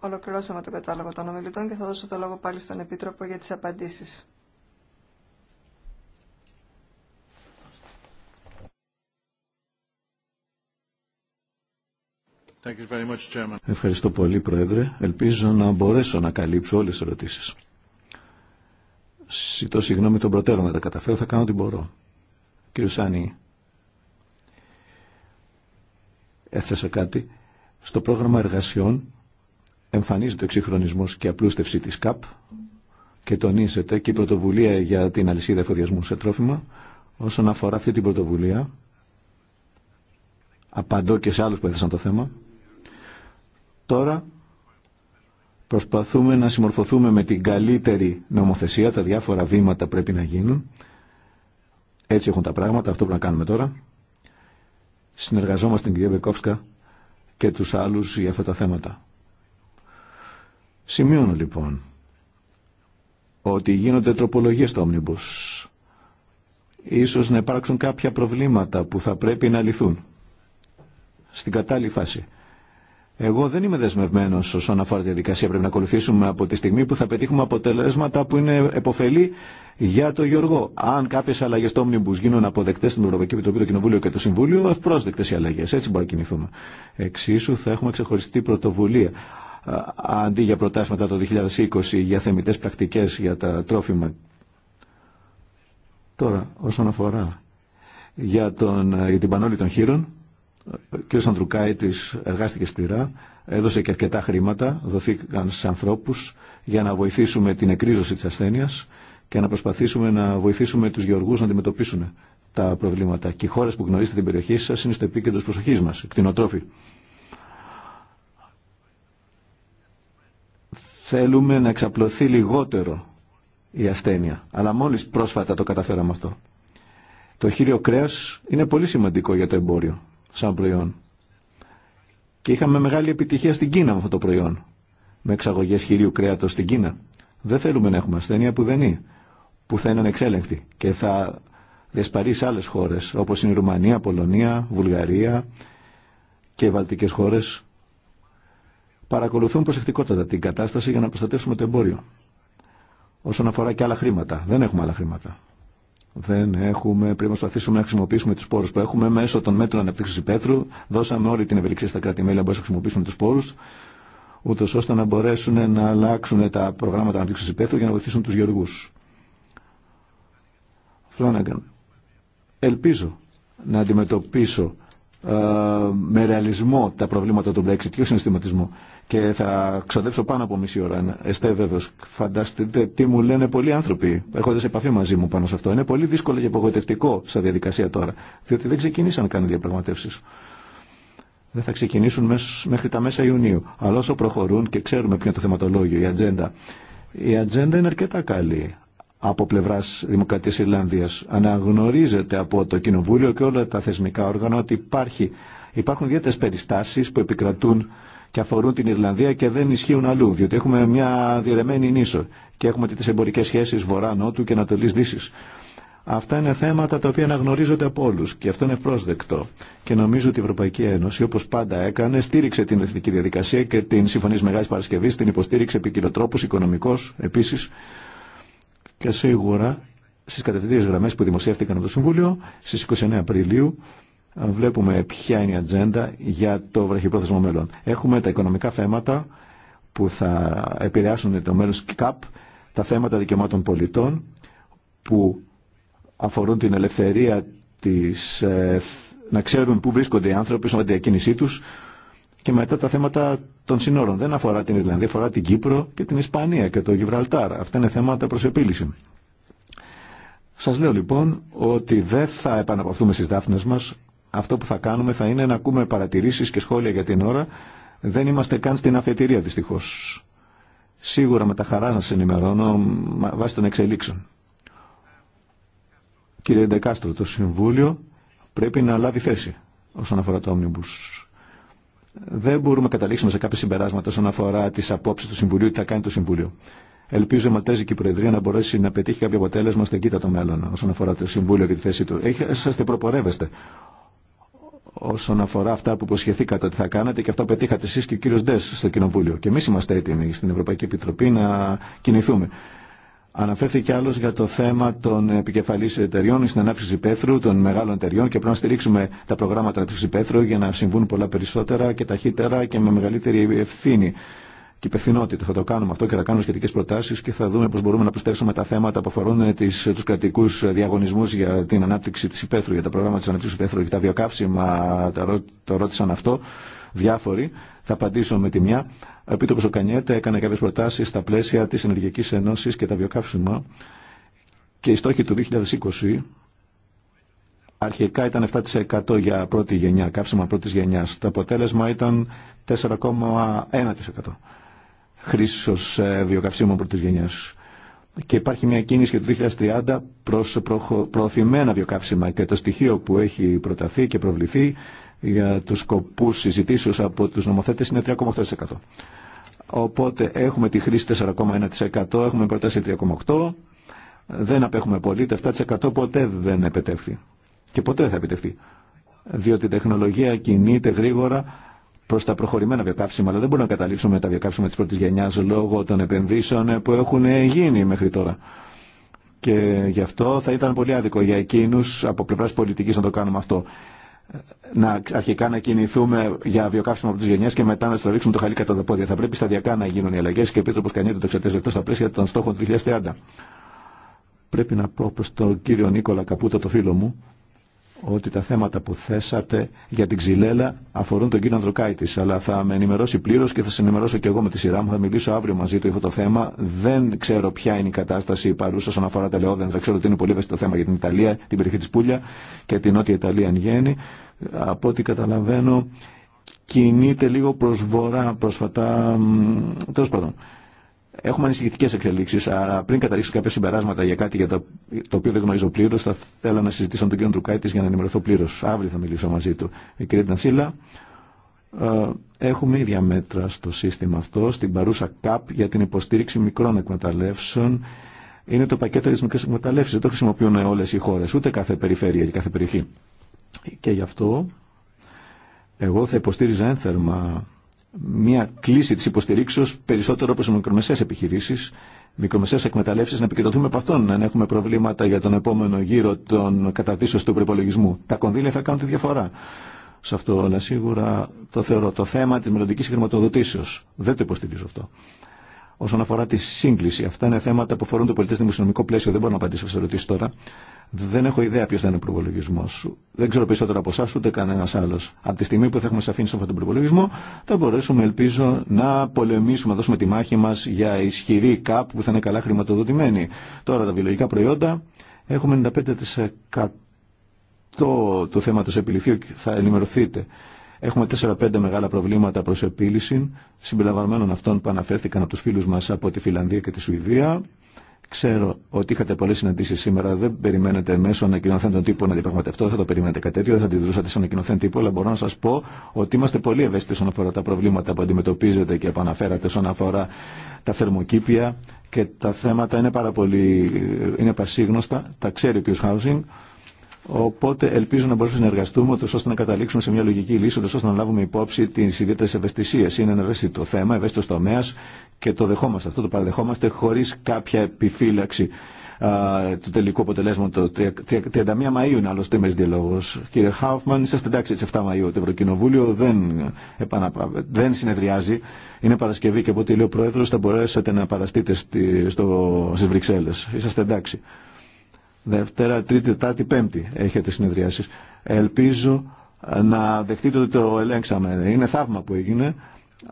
Speaker 1: Ολοκληρώσαμε τον κατάλογο των ομιλητών και θα δώσω το λόγο πάλι στον Επίτροπο για τις απαντήσεις.
Speaker 2: Ευχαριστώ πολύ, Πρόεδρε. Ελπίζω να μπορέσω να καλύψω όλες τις ερωτήσεις. Σητώ συγγνώμη τον προτέρων, να τα καταφέρω, θα κάνω ό,τι μπορώ. Κύριο Σάνι, έθεσα κάτι. Στο πρόγραμμα εργασιών εμφανίζεται ο εξυγχρονισμός και απλούστευση της ΚΑΠ και τονίζεται και η πρωτοβουλία για την αλυσίδα εφοδιασμού σε τρόφιμα. Όσον αφορά αυτή την πρωτοβουλία, απαντώ και σε άλλους που έθεσαν το θέμα, τώρα προσπαθούμε να συμμορφωθούμε με την καλύτερη νομοθεσία, τα διάφορα βήματα πρέπει να γίνουν έτσι έχουν τα πράγματα, αυτό που να κάνουμε τώρα. Συνεργαζόμαστε την κυρία Μπεκόφσκα και τους άλλους για αυτά τα θέματα. Σημειώνω λοιπόν ότι γίνονται τροπολογίες στο Omnibus. Ίσως να υπάρξουν κάποια προβλήματα που θα πρέπει να λυθούν στην κατάλληλη φάση. Εγώ δεν είμαι δεσμευμένο όσον αφορά τη διαδικασία. Πρέπει να ακολουθήσουμε από τη στιγμή που θα πετύχουμε αποτελέσματα που είναι επωφελή για το Γιώργο. Αν κάποιε αλλαγέ στο Omnibus γίνουν αποδεκτέ στην Ευρωπαϊκή Επιτροπή, το Κοινοβούλιο και το Συμβούλιο, ευπρόσδεκτε οι αλλαγέ. Έτσι μπορούμε να κινηθούμε. Εξίσου θα έχουμε ξεχωριστή πρωτοβουλία. Αντί για προτάσματα το 2020 για θεμητέ πρακτικέ για τα τρόφιμα. Τώρα, όσον αφορά για, τον, ε, για την πανόλη των χείρων, ο κ. Ανδρουκάητης εργάστηκε σκληρά, έδωσε και αρκετά χρήματα, δοθήκαν σε ανθρώπου, για να βοηθήσουμε την εκρίζωση τη ασθένεια και να προσπαθήσουμε να βοηθήσουμε του γεωργού να αντιμετωπίσουν τα προβλήματα. Και οι χώρε που γνωρίζετε την περιοχή σα είναι στο επίκεντρο της προσοχής μας, κτηνοτρόφοι. Θέλουμε να εξαπλωθεί λιγότερο η ασθένεια, αλλά μόλι πρόσφατα το καταφέραμε αυτό. Το χείριο κρέα είναι πολύ σημαντικό για το εμπόριο σαν προϊόν. Και είχαμε μεγάλη επιτυχία στην Κίνα με αυτό το προϊόν. Με εξαγωγέ χειρίου κρέατος στην Κίνα. Δεν θέλουμε να έχουμε ασθένεια που δεν είναι, που θα είναι ανεξέλεγκτη και θα διασπαρεί σε άλλε χώρε όπω είναι η Ρουμανία, Πολωνία, Βουλγαρία και οι βαλτικέ χώρε. Παρακολουθούν προσεκτικότατα την κατάσταση για να προστατεύσουμε το εμπόριο. Όσον αφορά και άλλα χρήματα. Δεν έχουμε άλλα χρήματα δεν έχουμε, πρέπει να προσπαθήσουμε να χρησιμοποιήσουμε του πόρου που έχουμε μέσω των μέτρων αναπτύξης υπαίθρου. Δώσαμε όλη την ευελιξία στα κράτη-μέλη να μπορέσουν να χρησιμοποιήσουν του πόρου, ούτω ώστε να μπορέσουν να αλλάξουν τα προγράμματα αναπτύξης υπαίθρου για να βοηθήσουν του γεωργού. Φλάνναγκαν, Ελπίζω να αντιμετωπίσω ε, με ρεαλισμό τα προβλήματα του Brexit και ο συναισθηματισμό. Και θα ξοδέψω πάνω από μισή ώρα. Εστέ βέβαιο. Φανταστείτε τι μου λένε πολλοί άνθρωποι έρχονται σε επαφή μαζί μου πάνω σε αυτό. Είναι πολύ δύσκολο και απογοητευτικό στα διαδικασία τώρα. Διότι δεν ξεκινήσαν καν οι διαπραγματεύσει. Δεν θα ξεκινήσουν μέχρι τα μέσα Ιουνίου. Αλλά όσο προχωρούν και ξέρουμε ποιο είναι το θεματολόγιο, η ατζέντα. Η ατζέντα είναι αρκετά καλή από πλευρά Δημοκρατία Ιρλανδίας. Αναγνωρίζεται από το Κοινοβούλιο και όλα τα θεσμικά όργανα ότι υπάρχει, υπάρχουν ιδιαίτερε περιστάσει που επικρατούν και αφορούν την Ιρλανδία και δεν ισχύουν αλλού, διότι έχουμε μια διαιρεμένη νήσο και έχουμε τι εμπορικέ σχέσει σχέσεις βορρά-νότου και ανατολή δυσης Αυτά είναι θέματα τα οποία αναγνωρίζονται από όλου και αυτό είναι πρόσδεκτο. Και νομίζω ότι η Ευρωπαϊκή Ένωση, όπω πάντα έκανε, στήριξε την εθνική διαδικασία και την Συμφωνία Μεγάλη Παρασκευή, την υποστήριξε επί οικονομικό επίση και σίγουρα στις κατευθυντήριε γραμμές που δημοσιεύτηκαν από το Συμβούλιο στις 29 Απριλίου βλέπουμε ποια είναι η ατζέντα για το βραχυπρόθεσμο μέλλον. Έχουμε τα οικονομικά θέματα που θα επηρεάσουν το μέλλον ΚΚΑΠ, τα θέματα δικαιωμάτων πολιτών που αφορούν την ελευθερία της, ε, να ξέρουν πού βρίσκονται οι άνθρωποι στον διακίνησή τους, και μετά τα θέματα των συνόρων. Δεν αφορά την Ιρλανδία, αφορά την Κύπρο και την Ισπανία και το Γιβραλτάρ. Αυτά είναι θέματα προ επίλυση. Σα λέω λοιπόν ότι δεν θα επαναπαυθούμε στι δάφνε μα. Αυτό που θα κάνουμε θα είναι να ακούμε παρατηρήσει και σχόλια για την ώρα. Δεν είμαστε καν στην αφετηρία δυστυχώ. Σίγουρα με τα χαρά να σας ενημερώνω βάσει των εξελίξεων. Κύριε Ντεκάστρο, το Συμβούλιο πρέπει να λάβει θέση όσον αφορά το Omnibus δεν μπορούμε να καταλήξουμε σε κάποια συμπεράσματα όσον αφορά τι απόψει του Συμβουλίου, τι θα κάνει το Συμβούλιο. Ελπίζω η Μαλτέζικη Προεδρία να μπορέσει να πετύχει κάποιο αποτέλεσμα στην κοίτα το μέλλον όσον αφορά το Συμβούλιο και τη θέση του. Είσαστε προπορεύεστε όσον αφορά αυτά που υποσχεθήκατε ότι θα κάνατε και αυτά που πετύχατε εσεί και ο κύριο Ντε στο Κοινοβούλιο. Και εμεί είμαστε έτοιμοι στην Ευρωπαϊκή Επιτροπή να κινηθούμε. Αναφέρθηκε άλλο για το θέμα των επικεφαλή εταιριών στην ανάπτυξη υπαίθρου, των μεγάλων εταιριών και πρέπει να στηρίξουμε τα προγράμματα ανάπτυξη υπαίθρου για να συμβούν πολλά περισσότερα και ταχύτερα και με μεγαλύτερη ευθύνη και υπευθυνότητα. Θα το κάνουμε αυτό και θα κάνουμε σχετικέ προτάσει και θα δούμε πώ μπορούμε να προσθέσουμε τα θέματα που αφορούν ε, ε, του κρατικού ε, διαγωνισμού για την ανάπτυξη τη υπαίθρου, για τα προγράμματα τη ανάπτυξη υπαίθρου και τα βιοκαύσιμα. Το ρώτησαν αυτό διάφοροι. Θα απαντήσω με τη μια. Επίτροπο Κανιέτα έκανε κάποιε προτάσει στα πλαίσια τη Ενεργειακή Ένωση και τα βιοκαύσιμα και οι στόχοι του 2020 αρχικά ήταν 7% για πρώτη γενιά, καύσιμα πρώτη γενιά. Το αποτέλεσμα ήταν 4,1% Χρήση ε, βιοκαυσίμων πρώτη γενιά. Και υπάρχει μια κίνηση για το 2030 προς προωθημένα βιοκαύσιμα και το στοιχείο που έχει προταθεί και προβληθεί για τους σκοπούς συζητήσεως από τους νομοθέτες είναι 3,8%. Οπότε έχουμε τη χρήση 4,1%, έχουμε προτάσει 3,8%, δεν απέχουμε πολύ, 7% ποτέ δεν επιτεύχθη και ποτέ δεν θα επιτευχθεί. Διότι η τεχνολογία κινείται γρήγορα προ τα προχωρημένα βιοκάψιμα. αλλά δεν μπορούμε να καταλήξουμε τα βιοκάψιμα τη πρώτη γενιά λόγω των επενδύσεων που έχουν γίνει μέχρι τώρα. Και γι' αυτό θα ήταν πολύ άδικο για εκείνου από πλευρά πολιτική να το κάνουμε αυτό να αρχικά να κινηθούμε για βιοκαύσιμο από τι γενιέ και μετά να στραβήξουμε το χαλί κατά τα πόδια. Θα πρέπει σταδιακά να γίνουν οι αλλαγέ και ο Επίτροπο Κανιέται το εξετάζει αυτό στα πλαίσια των στόχων του 2030. Πρέπει να πω προ τον κύριο Νίκολα Καπούτα, το φίλο μου, ότι τα θέματα που θέσατε για την ξυλέλα αφορούν τον κύριο Ανδροκάητη. Αλλά θα με ενημερώσει πλήρω και θα σε ενημερώσω και εγώ με τη σειρά μου. Θα μιλήσω αύριο μαζί του για αυτό το θέμα. Δεν ξέρω ποια είναι η κατάσταση παρούσα όσον αφορά τα λεόδεντρα. Ξέρω ότι είναι πολύ ευαίσθητο θέμα για την Ιταλία, την περιοχή τη Πούλια και την Νότια Ιταλία εν γέννη. Από ό,τι καταλαβαίνω, κινείται λίγο προ βορρά πρόσφατα. Τέλο πάντων. Έχουμε ανησυχητικέ εξελίξει, άρα πριν καταλήξω κάποια συμπεράσματα για κάτι για το, το οποίο δεν γνωρίζω πλήρω, θα θέλω να συζητήσω με τον κύριο Ντρουκάητη για να ενημερωθώ πλήρω. Αύριο θα μιλήσω μαζί του. Η κυρία Τανσίλα, ε, έχουμε ίδια μέτρα στο σύστημα αυτό, στην παρούσα ΚΑΠ για την υποστήριξη μικρών εκμεταλλεύσεων. Είναι το πακέτο για τι μικρέ Δεν το χρησιμοποιούν όλε οι χώρε, ούτε κάθε περιφέρεια ή κάθε περιοχή. Και γι' αυτό εγώ θα υποστήριζα ένθερμα μια κλίση της υποστηρίξεως περισσότερο προς μικρομεσαίες επιχειρήσεις, μικρομεσαίες εκμεταλλεύσεις, να επικεντρωθούμε από αυτόν, αν έχουμε προβλήματα για τον επόμενο γύρο των καταρτήσεων του προπολογισμού. Τα κονδύλια θα κάνουν τη διαφορά. Σε αυτό, αλλά σίγουρα το θεωρώ το θέμα της μελλοντική χρηματοδοτήσεως. Δεν το υποστηρίζω αυτό. Όσον αφορά τη σύγκληση, αυτά είναι θέματα που αφορούν το πολιτέ δημοσιονομικό πλαίσιο. Δεν μπορώ να απαντήσω σε ερωτήσει τώρα. Δεν έχω ιδέα ποιο θα είναι ο προπολογισμό. Δεν ξέρω περισσότερο από εσά ούτε κανένα άλλο. Από τη στιγμή που θα έχουμε σαφήνει σε αυτόν τον προπολογισμό, θα μπορέσουμε, ελπίζω, να πολεμήσουμε, να δώσουμε τη μάχη μα για ισχυρή ΚΑΠ που θα είναι καλά χρηματοδοτημένη. Τώρα τα βιολογικά προϊόντα. Έχουμε 95% του θέματο και θα ενημερωθείτε. Έχουμε 4-5 μεγάλα προβλήματα προ επίλυση, συμπεριλαμβανομένων αυτών που αναφέρθηκαν από του φίλου μα από τη Φιλανδία και τη Σουηδία. Ξέρω ότι είχατε πολλέ συναντήσει σήμερα. Δεν περιμένετε μέσω ανακοινωθέντων τύπου τύπο να διαπραγματευτώ. Δεν θα το περιμένετε κάτι τέτοιο. Δεν θα αντιδρούσατε σε ανακοινωθέν τύπο. Αλλά μπορώ να σα πω ότι είμαστε πολύ ευαίσθητοι όσον αφορά τα προβλήματα που αντιμετωπίζετε και που αναφέρατε όσον αφορά τα θερμοκήπια. Και τα θέματα είναι πάρα πολύ είναι πασίγνωστα. Τα ξέρει ο κ. Χάουζινγκ. Οπότε ελπίζω να μπορούμε να συνεργαστούμε, ώστε να καταλήξουμε σε μια λογική λύση, ώστε να λάβουμε υπόψη τι ιδιαίτερε ευαισθησίε. Είναι ένα ευαίσθητο θέμα, ευαίσθητο τομέα και το δεχόμαστε αυτό, το παραδεχόμαστε χωρί κάποια επιφύλαξη α, του τελικού αποτελέσματο. 31 Μαου είναι άλλωστε με διαλόγο. Κύριε Χάουφμαν, είσαστε εντάξει 7 Μαου. Το Ευρωκοινοβούλιο δεν, δεν συνεδριάζει. Είναι Παρασκευή και από ό,τι λέει ο Πρόεδρο θα μπορέσετε να παραστείτε στι Βρυξέλλε. Είσαστε εντάξει. Δευτέρα, Τρίτη, Τετάρτη, Πέμπτη έχετε συνεδριάσεις. Ελπίζω ε, να δεχτείτε ότι το ελέγξαμε. Είναι θαύμα που έγινε,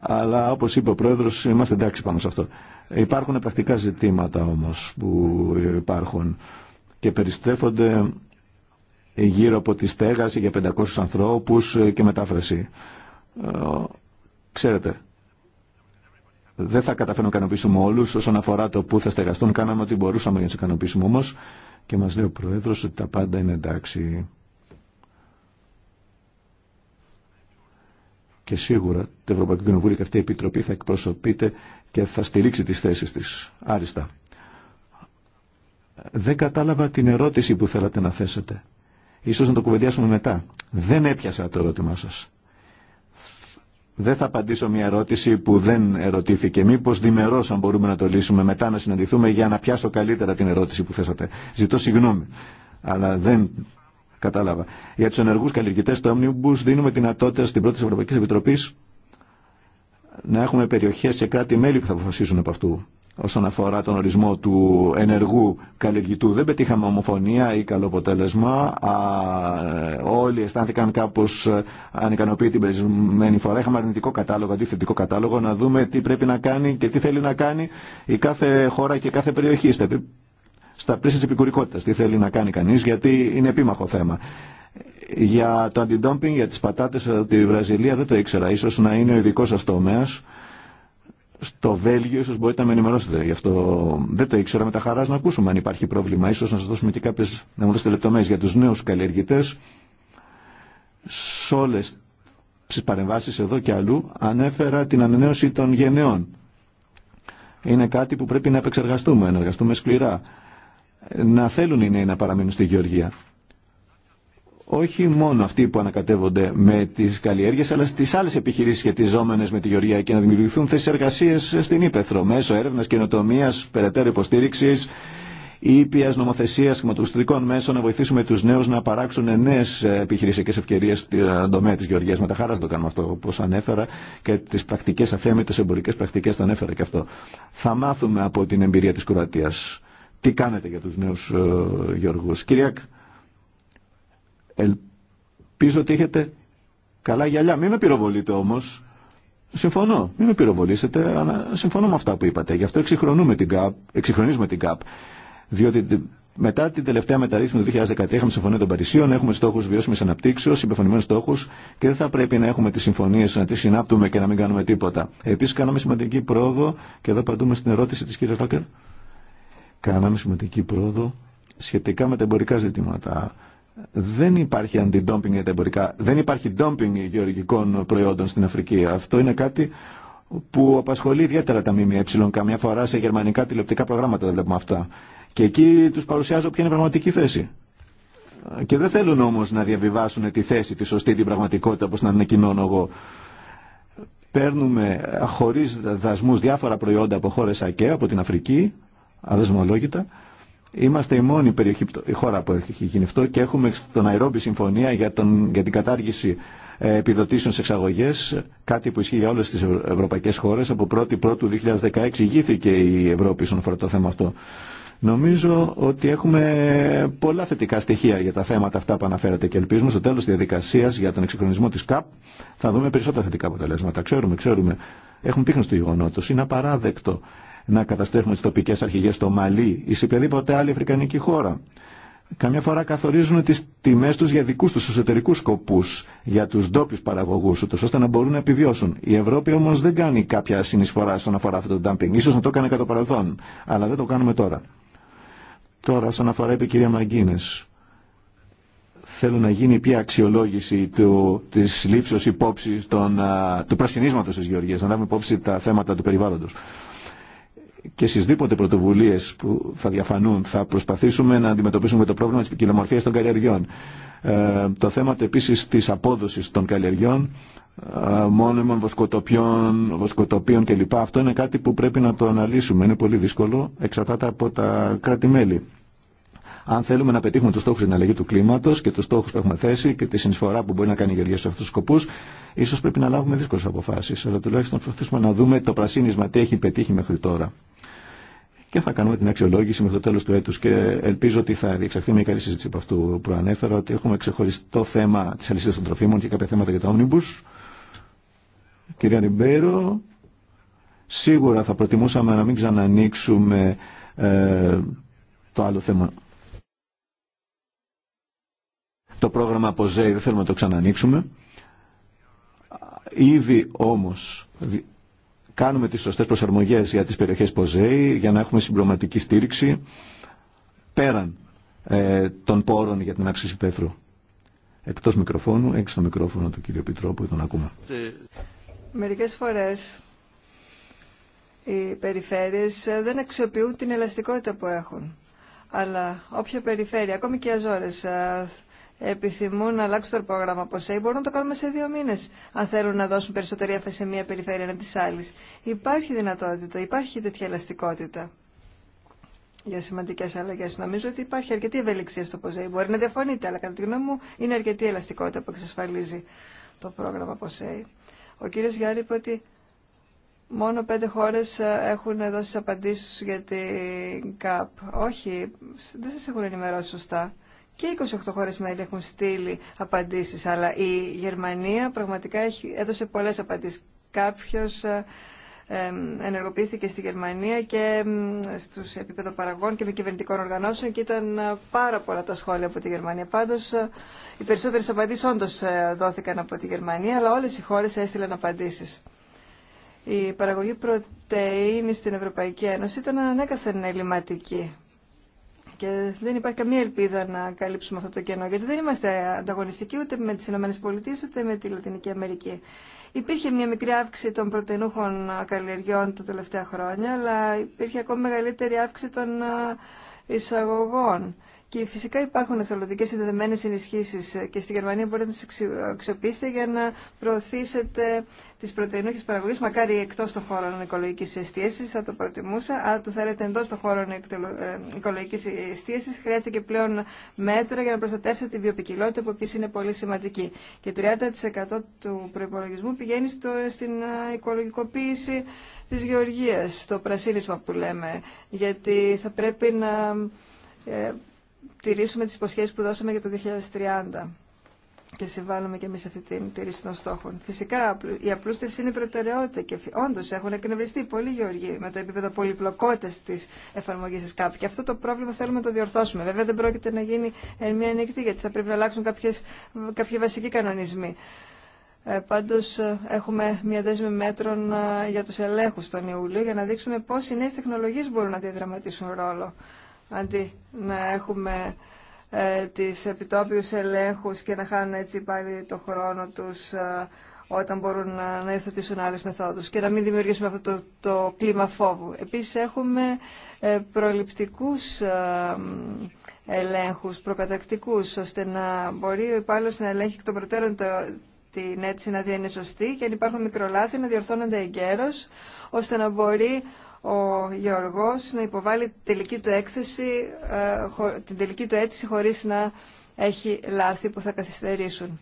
Speaker 2: αλλά όπως είπε ο Πρόεδρος, είμαστε εντάξει πάνω σε αυτό. Υπάρχουν πρακτικά ζητήματα όμως που υπάρχουν και περιστρέφονται γύρω από τη στέγαση για 500 ανθρώπους και μετάφραση. Ε, ξέρετε, δεν θα καταφέρουμε να ικανοποιήσουμε όλου όσον αφορά το πού θα στεγαστούν. Κάναμε ό,τι μπορούσαμε για να του ικανοποιήσουμε όμω. Και μα λέει ο Πρόεδρο ότι τα πάντα είναι εντάξει. Και σίγουρα το Ευρωπαϊκό Κοινοβούλιο και αυτή η Επιτροπή θα εκπροσωπείται και θα στηρίξει τι θέσει τη. Άριστα. Δεν κατάλαβα την ερώτηση που θέλατε να θέσετε. Ίσως να το κουβεντιάσουμε μετά. Δεν έπιασα το ερώτημά σας. Δεν θα απαντήσω μια ερώτηση που δεν ερωτήθηκε. Μήπω διμερώ, αν μπορούμε να το λύσουμε, μετά να συναντηθούμε για να πιάσω καλύτερα την ερώτηση που θέσατε. Ζητώ συγγνώμη, αλλά δεν κατάλαβα. Για του ενεργού καλλιεργητέ του Omnibus δίνουμε δυνατότητα στην πρώτη Ευρωπαϊκή Επιτροπή να έχουμε περιοχέ και κράτη-μέλη που θα αποφασίσουν από αυτού όσον αφορά τον ορισμό του ενεργού καλλιεργητού. Δεν πετύχαμε ομοφωνία ή καλό αποτέλεσμα. Α, όλοι αισθάνθηκαν κάπως ε, ανικανοποιητοί την περισμένη φορά. Είχαμε αρνητικό κατάλογο, αντίθετικό κατάλογο, να δούμε τι πρέπει να κάνει και τι θέλει να κάνει η κάθε χώρα και κάθε περιοχή στα πλαίσια της επικουρικότητας. Τι θέλει να κάνει κανείς, γιατί είναι επίμαχο θέμα. Για το αντιντόμπινγκ, για τις πατάτες από τη Βραζιλία δεν το ήξερα. Ίσως να είναι ο ειδικό σας τομέας στο Βέλγιο, ίσως μπορείτε να με ενημερώσετε. Γι' αυτό δεν το ήξερα με τα χαράς να ακούσουμε αν υπάρχει πρόβλημα. Ίσως να σας δώσουμε και κάποιες, να μου δώσετε λεπτομέρειες για τους νέους καλλιεργητές. Σε όλες τις παρεμβάσεις εδώ και αλλού ανέφερα την ανανέωση των γενναιών. Είναι κάτι που πρέπει να επεξεργαστούμε, να εργαστούμε σκληρά. Να θέλουν οι νέοι να παραμείνουν στη Γεωργία όχι μόνο αυτοί που ανακατεύονται με τι καλλιέργειε, αλλά στι άλλε επιχειρήσει σχετιζόμενε με τη γεωργία και να δημιουργηθούν θέσει εργασία στην Ήπεθρο μέσω έρευνα, καινοτομία, περαιτέρω υποστήριξη, ήπια νομοθεσία, χρηματοπιστωτικών μέσων, να βοηθήσουμε του νέου να παράξουν νέε επιχειρησιακέ ευκαιρίε στον τομέα τη γεωργία. Με τα χαρά το κάνουμε αυτό, όπω ανέφερα, και τι πρακτικέ αθέμητε εμπορικέ πρακτικέ το ανέφερα και αυτό. Θα μάθουμε από την εμπειρία τη Κροατία. Τι κάνετε για του νέου ε, γεωργού. Κυρία Ελπίζω ότι έχετε καλά γυαλιά. Μην με πυροβολείτε όμως. Συμφωνώ. Μην με πυροβολήσετε, αλλά συμφωνώ με αυτά που είπατε. Γι' αυτό εξυγχρονούμε την ΚΑΠ, εξυγχρονίζουμε την ΚΑΠ. Διότι μετά την τελευταία μεταρρύθμιση του 2013 είχαμε συμφωνία των Παρισίων, έχουμε στόχου βιώσιμη αναπτύξεω, συμπεφωνημένου στόχου και δεν θα πρέπει να έχουμε τι συμφωνίε, να τι συνάπτουμε και να μην κάνουμε τίποτα. Επίση, κάναμε σημαντική πρόοδο, και εδώ παντούμε στην ερώτηση τη κυρία Ρόκερ. Κάναμε σημαντική πρόοδο σχετικά με τα εμπορικά ζητήματα δεν υπάρχει αντιντόμπινγκ για τα εμπορικά. Δεν υπάρχει ντόμπινγκ γεωργικών προϊόντων στην Αφρική. Αυτό είναι κάτι που απασχολεί ιδιαίτερα τα ΜΜΕ. Καμιά φορά σε γερμανικά τηλεοπτικά προγράμματα δεν βλέπουμε αυτά. Και εκεί του παρουσιάζω ποια είναι η πραγματική θέση. Και δεν θέλουν όμω να διαβιβάσουν τη θέση, τη σωστή, την πραγματικότητα, όπω να ανακοινώνω εγώ. Παίρνουμε χωρί δασμού διάφορα προϊόντα από χώρε ΑΚΕ, από την Αφρική, αδεσμολόγητα. Είμαστε η μόνη περιοχή, η χώρα που έχει γίνει αυτό και έχουμε τον Αιρόμπι συμφωνία για, τον, για την κατάργηση ε, επιδοτήσεων σε εξαγωγέ, κάτι που ισχύει για όλε τι ευρωπαϊκέ χώρε. Από 1η Πρώτου 2016 ηγήθηκε η Ευρώπη στον αφορά το θέμα αυτό. Νομίζω ότι έχουμε πολλά θετικά στοιχεία για τα θέματα αυτά που αναφέρατε και ελπίζουμε στο τέλο τη διαδικασία για τον εξυγχρονισμό τη ΚΑΠ θα δούμε περισσότερα θετικά αποτελέσματα. Ξέρουμε, ξέρουμε. Έχουμε πείχνει του γεγονότο. Είναι απαράδεκτο να καταστρέφουμε τις τοπικές αρχηγές στο Μαλί ή σε οποιαδήποτε άλλη αφρικανική χώρα. Καμιά φορά καθορίζουν τις τιμές τους για δικούς τους εσωτερικούς σκοπούς, για τους ντόπιου παραγωγούς, του, ώστε να μπορούν να επιβιώσουν. Η Ευρώπη όμως δεν κάνει κάποια συνεισφορά στον αφορά αυτό το ντάμπινγκ. Ίσως να το έκανε κατά το παρελθόν, αλλά δεν το κάνουμε τώρα. Τώρα, στον αφορά είπε η κυρία Μαγκίνες θέλω να γίνει ποια αξιολόγηση του, της υπόψη του πρασινίσματος της Γεωργίας, να λάβουμε υπόψη τα θέματα του περιβάλλοντος και στι δίποτε πρωτοβουλίε που θα διαφανούν θα προσπαθήσουμε να αντιμετωπίσουμε το πρόβλημα τη ποικιλομορφία των καλλιεργιών. Ε, το θέμα επίση τη απόδοση των καλλιεργιών, ε, μόνιμων βοσκοτοπιών, βοσκοτοπίων κλπ. Αυτό είναι κάτι που πρέπει να το αναλύσουμε. Είναι πολύ δύσκολο, εξαρτάται από τα κράτη-μέλη. Αν θέλουμε να πετύχουμε του στόχου στην αλλαγή του κλίματο και του στόχου που έχουμε θέσει και τη συνεισφορά που μπορεί να κάνει η Γεωργία σε αυτού του σκοπού, ίσω πρέπει να λάβουμε δύσκολε αποφάσει. Αλλά τουλάχιστον προσπαθήσουμε να δούμε το πρασίνισμα τι έχει πετύχει μέχρι τώρα. Και θα κάνουμε την αξιολόγηση μέχρι το τέλο του έτου. Και ελπίζω ότι θα διεξαχθεί μια καλή συζήτηση από αυτού που προανέφερα ότι έχουμε ξεχωριστό θέμα τη αλυσίδα των τροφίμων και κάποια θέματα για το όμνιμπους. Κυρία Ριμπέρο, σίγουρα θα προτιμούσαμε να μην ξανανοίξουμε ε, το άλλο θέμα το πρόγραμμα ΠΟΖΕΙ δεν θέλουμε να το ξανανοίξουμε. Ήδη όμως κάνουμε τις σωστές προσαρμογές για τις περιοχές ΠΟΖΕΙ για να έχουμε συμπληρωματική στήριξη πέραν ε, των πόρων για την άξιση πέθρου. Εκτός μικροφώνου, έξω το μικρόφωνο του κύριου Πιτρόπου, τον ακούμε.
Speaker 1: Μερικές φορές οι περιφέρειες ε, δεν αξιοποιούν την ελαστικότητα που έχουν. Αλλά όποια περιφέρεια, ακόμη και οι Αζόρες, ε, επιθυμούν να αλλάξουν το πρόγραμμα από μπορούν να το κάνουμε σε δύο μήνε, αν θέλουν να δώσουν περισσότερη έφαση σε μία περιφέρεια ένα τη άλλη. Υπάρχει δυνατότητα, υπάρχει τέτοια ελαστικότητα για σημαντικέ αλλαγέ. Νομίζω ότι υπάρχει αρκετή ευελιξία στο ΠΟΣΕΙ. Μπορεί να διαφωνείτε, αλλά κατά τη γνώμη μου είναι αρκετή ελαστικότητα που εξασφαλίζει το πρόγραμμα ΠΟΣΕΙ. Ο κύριο Γιάννη είπε ότι μόνο πέντε χώρε ε, έχουν δώσει απαντήσει για την ΚΑΠ. Όχι, δεν σα έχουν ενημερώσει σωστά. Και 28 χώρες μέλη έχουν στείλει απαντήσεις, αλλά η Γερμανία πραγματικά έχει, έδωσε πολλές απαντήσεις. Κάποιος ε, ενεργοποιήθηκε στη Γερμανία και στους επίπεδο παραγών και με κυβερνητικών οργανώσεων και ήταν ε, πάρα πολλά τα σχόλια από τη Γερμανία. Πάντως ε, οι περισσότερες απαντήσεις όντως δόθηκαν από τη Γερμανία αλλά όλες οι χώρες έστειλαν απαντήσεις. Η παραγωγή πρωτεΐνης στην Ευρωπαϊκή Ένωση ήταν ανέκαθεν ελληματική και δεν υπάρχει καμία ελπίδα να καλύψουμε αυτό το κενό, γιατί δεν είμαστε ανταγωνιστικοί ούτε με τις ΗΠΑ ούτε με τη Λατινική Αμερική. Υπήρχε μια μικρή αύξηση των πρωτενούχων καλλιεργιών τα τελευταία χρόνια, αλλά υπήρχε ακόμη μεγαλύτερη αύξηση των ε, εισαγωγών. Και φυσικά υπάρχουν εθελοντικές συνδεδεμένες ενισχύσεις ε, και στη Γερμανία μπορείτε να τις αξιοποιήσετε για να προωθήσετε τις πρωτεϊνούχες παραγωγές, μακάρι εκτός των χώρων οικολογικής εστίασης, θα το προτιμούσα. αλλά το θέλετε εντός των χώρων ε, οικολογικής εστίασης, χρειάζεται και πλέον μέτρα για να προστατεύσετε τη βιοπικιλότητα που επίσης είναι πολύ σημαντική. Και 30% του προϋπολογισμού πηγαίνει στο, στην ε, οικολογικοποίηση της γεωργίας, στο πρασίνισμα που λέμε, γιατί θα πρέπει να τηρήσουμε τις υποσχέσεις που δώσαμε για το 2030 και συμβάλλουμε και εμείς αυτή την τηρήση των στόχων. Φυσικά η απλούστευση είναι προτεραιότητα και όντω έχουν εκνευριστεί πολλοί γεωργοί με το επίπεδο πολυπλοκότητας της εφαρμογής της ΚΑΠ και αυτό το πρόβλημα θέλουμε να το διορθώσουμε. Βέβαια δεν πρόκειται να γίνει εν μία νυχτή γιατί θα πρέπει να αλλάξουν κάποιες, κάποιοι βασικοί κανονισμοί. Ε, πάντως ε, έχουμε μια δέσμη μέτρων ε, για τους ελέγχου τον Ιούλιο για να δείξουμε πώς οι νέε τεχνολογίες μπορούν να διαδραματίσουν ρόλο αντί να έχουμε ε, τις επιτόπιους ελέγχους και να χάνουν έτσι πάλι το χρόνο τους ε, όταν μπορούν να, να υιοθετήσουν άλλες μεθόδους και να μην δημιουργήσουμε αυτό το, κλίμα φόβου. Επίσης έχουμε ε, προληπτικούς ε, ελέγχους, προκατακτικούς, ώστε να μπορεί ο υπάλληλος να ελέγχει εκ των προτέρων το, την αίτηση να δει σωστή και αν υπάρχουν μικρολάθη να διορθώνονται εγκαίρως, ώστε να μπορεί ο Γεωργός να υποβάλει τελική του έκθεση, ε, την τελική του αίτηση χωρίς να έχει λάθη που θα καθυστερήσουν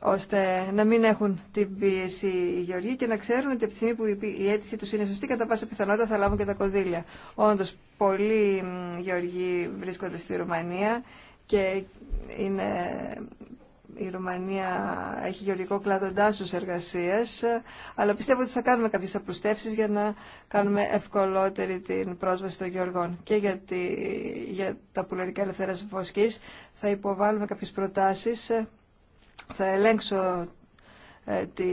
Speaker 1: ώστε να μην έχουν την πίεση οι Γεωργοί και να ξέρουν ότι από τη στιγμή που η αίτησή του είναι σωστή, κατά πάσα πιθανότητα θα λάβουν και τα κονδύλια. Όντω, πολλοί Γεωργοί βρίσκονται στη Ρουμανία και είναι η Ρουμανία έχει γεωργικό κλάδο εντάσσεω εργασίας, αλλά πιστεύω ότι θα κάνουμε κάποιες απλουστεύσει για να κάνουμε ευκολότερη την πρόσβαση των γεωργών. Και για, για τα πουλερικά ελευθερία βοσκή θα υποβάλουμε κάποιες προτάσεις, θα ελέγξω ε, τι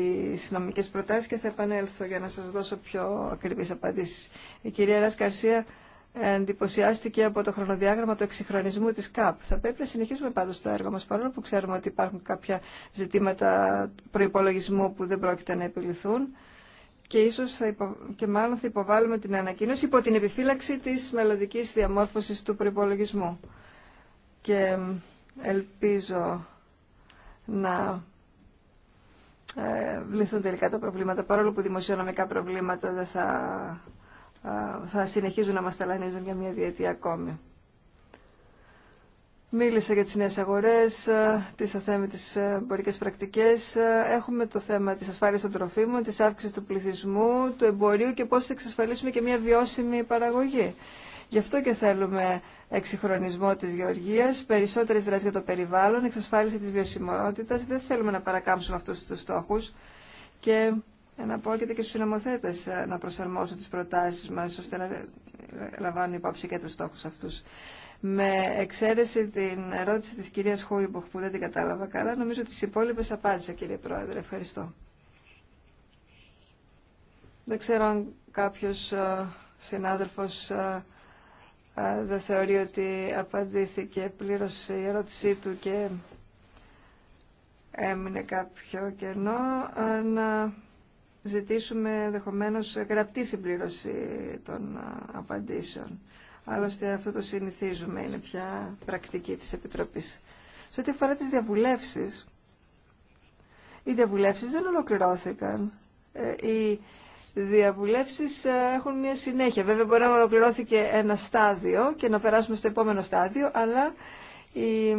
Speaker 1: νομικές προτάσεις και θα επανέλθω για να σας δώσω πιο ακριβείς απαντήσεις. Η κυρία Ρασκαρσία εντυπωσιάστηκε από το χρονοδιάγραμμα του εξυγχρονισμού της ΚΑΠ. Θα πρέπει να συνεχίσουμε πάντως το έργο μας, παρόλο που ξέρουμε ότι υπάρχουν κάποια ζητήματα προϋπολογισμού που δεν πρόκειται να επιληθούν και ίσως και μάλλον θα υποβάλουμε την ανακοίνωση υπό την επιφύλαξη της μελλοντική διαμόρφωσης του προϋπολογισμού. Και ελπίζω να βληθούν ε, τελικά τα προβλήματα, παρόλο που δημοσιονομικά προβλήματα δεν θα θα συνεχίζουν να μας ταλανίζουν για μια διετία ακόμη. Μίλησα για τις νέες αγορές, τις αθέμητες εμπορικές πρακτικές. Έχουμε το θέμα της ασφάλειας των τροφίμων, της αύξησης του πληθυσμού, του εμπορίου και πώς θα εξασφαλίσουμε και μια βιώσιμη παραγωγή. Γι' αυτό και θέλουμε εξυγχρονισμό της γεωργίας, περισσότερες δράσεις για το περιβάλλον, εξασφάλιση της βιωσιμότητας. Δεν θέλουμε να παρακάμψουμε αυτούς τους στόχους. Και εναπόκειται και στους νομοθέτες ε, να προσαρμόσουν τις προτάσεις μας ώστε να λαμβάνουν υπόψη και τους στόχους αυτούς. Με εξαίρεση την ερώτηση της κυρίας Χούιμποχ που δεν την κατάλαβα καλά, νομίζω ότι τις υπόλοιπες απάντησα κύριε Πρόεδρε. Ευχαριστώ. Δεν ξέρω αν κάποιος ε, συνάδελφος ε, δεν θεωρεί ότι απαντήθηκε πλήρως η ερώτησή του και έμεινε κάποιο κενό να ζητήσουμε ενδεχομένω γραπτή συμπλήρωση των απαντήσεων. Άλλωστε αυτό το συνηθίζουμε, είναι πια πρακτική της Επιτροπής. Σε ό,τι αφορά τις διαβουλεύσεις, οι διαβουλεύσεις δεν ολοκληρώθηκαν. Ε, οι διαβουλεύσεις ε, έχουν μια συνέχεια. Βέβαια μπορεί να ολοκληρώθηκε ένα στάδιο και να περάσουμε στο επόμενο στάδιο, αλλά οι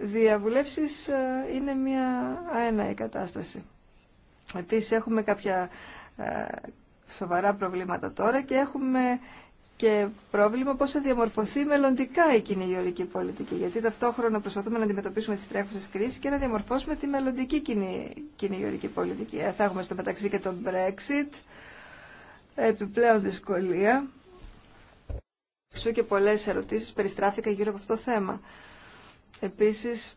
Speaker 1: διαβουλεύσεις ε, είναι μια αέναη κατάσταση. Επίσης έχουμε κάποια ε, σοβαρά προβλήματα τώρα και έχουμε και πρόβλημα πώς θα διαμορφωθεί μελλοντικά η κοινή πολιτική. Γιατί ταυτόχρονα προσπαθούμε να αντιμετωπίσουμε τις τρέχουσες κρίσεις και να διαμορφώσουμε τη μελλοντική κοινή, πολιτική. Ε, θα έχουμε στο μεταξύ και τον Brexit, επιπλέον δυσκολία. Σου και πολλές ερωτήσεις περιστράφηκα γύρω από αυτό το θέμα. Επίσης,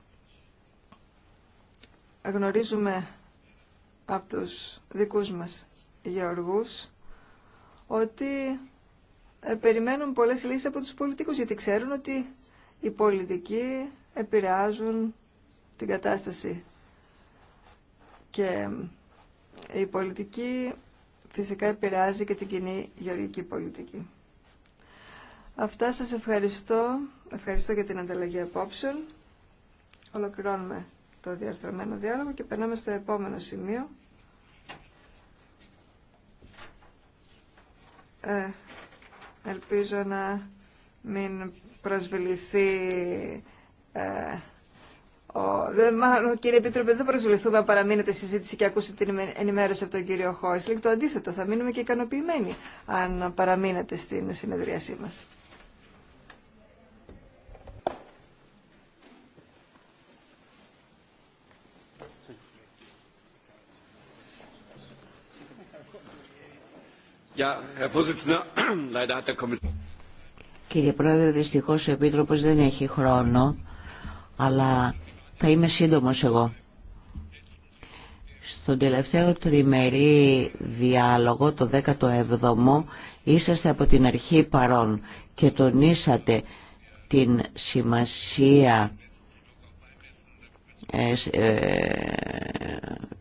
Speaker 1: γνωρίζουμε από τους δικούς μας γεωργούς ότι ε, περιμένουν πολλές λύσεις από τους πολιτικούς γιατί ξέρουν ότι οι πολιτικοί επηρεάζουν την κατάσταση και ε, η πολιτική φυσικά επηρεάζει και την κοινή γεωργική πολιτική. Αυτά σας ευχαριστώ. Ευχαριστώ για την ανταλλαγή απόψεων. Ολοκληρώνουμε το διαρθρωμένο διάλογο και περνάμε στο επόμενο σημείο. Ε, ελπίζω να μην προσβληθεί ε, ο, δε, μάλλον, κύριε Επίτροπε, δεν προσβληθούμε αν παραμείνετε στη συζήτηση και ακούσετε την ενημέρωση από τον κύριο Χόισλικ. Το αντίθετο, θα μείνουμε και ικανοποιημένοι αν παραμείνετε στην συνεδρίασή μας.
Speaker 3: Κύριε Πρόεδρε, δυστυχώς ο Επίτροπος δεν έχει χρόνο, αλλά θα είμαι σύντομος εγώ. Στον τελευταίο τριμερή διάλογο, το 17ο, είσαστε από την αρχή παρόν και τονίσατε την σημασία ε, ε,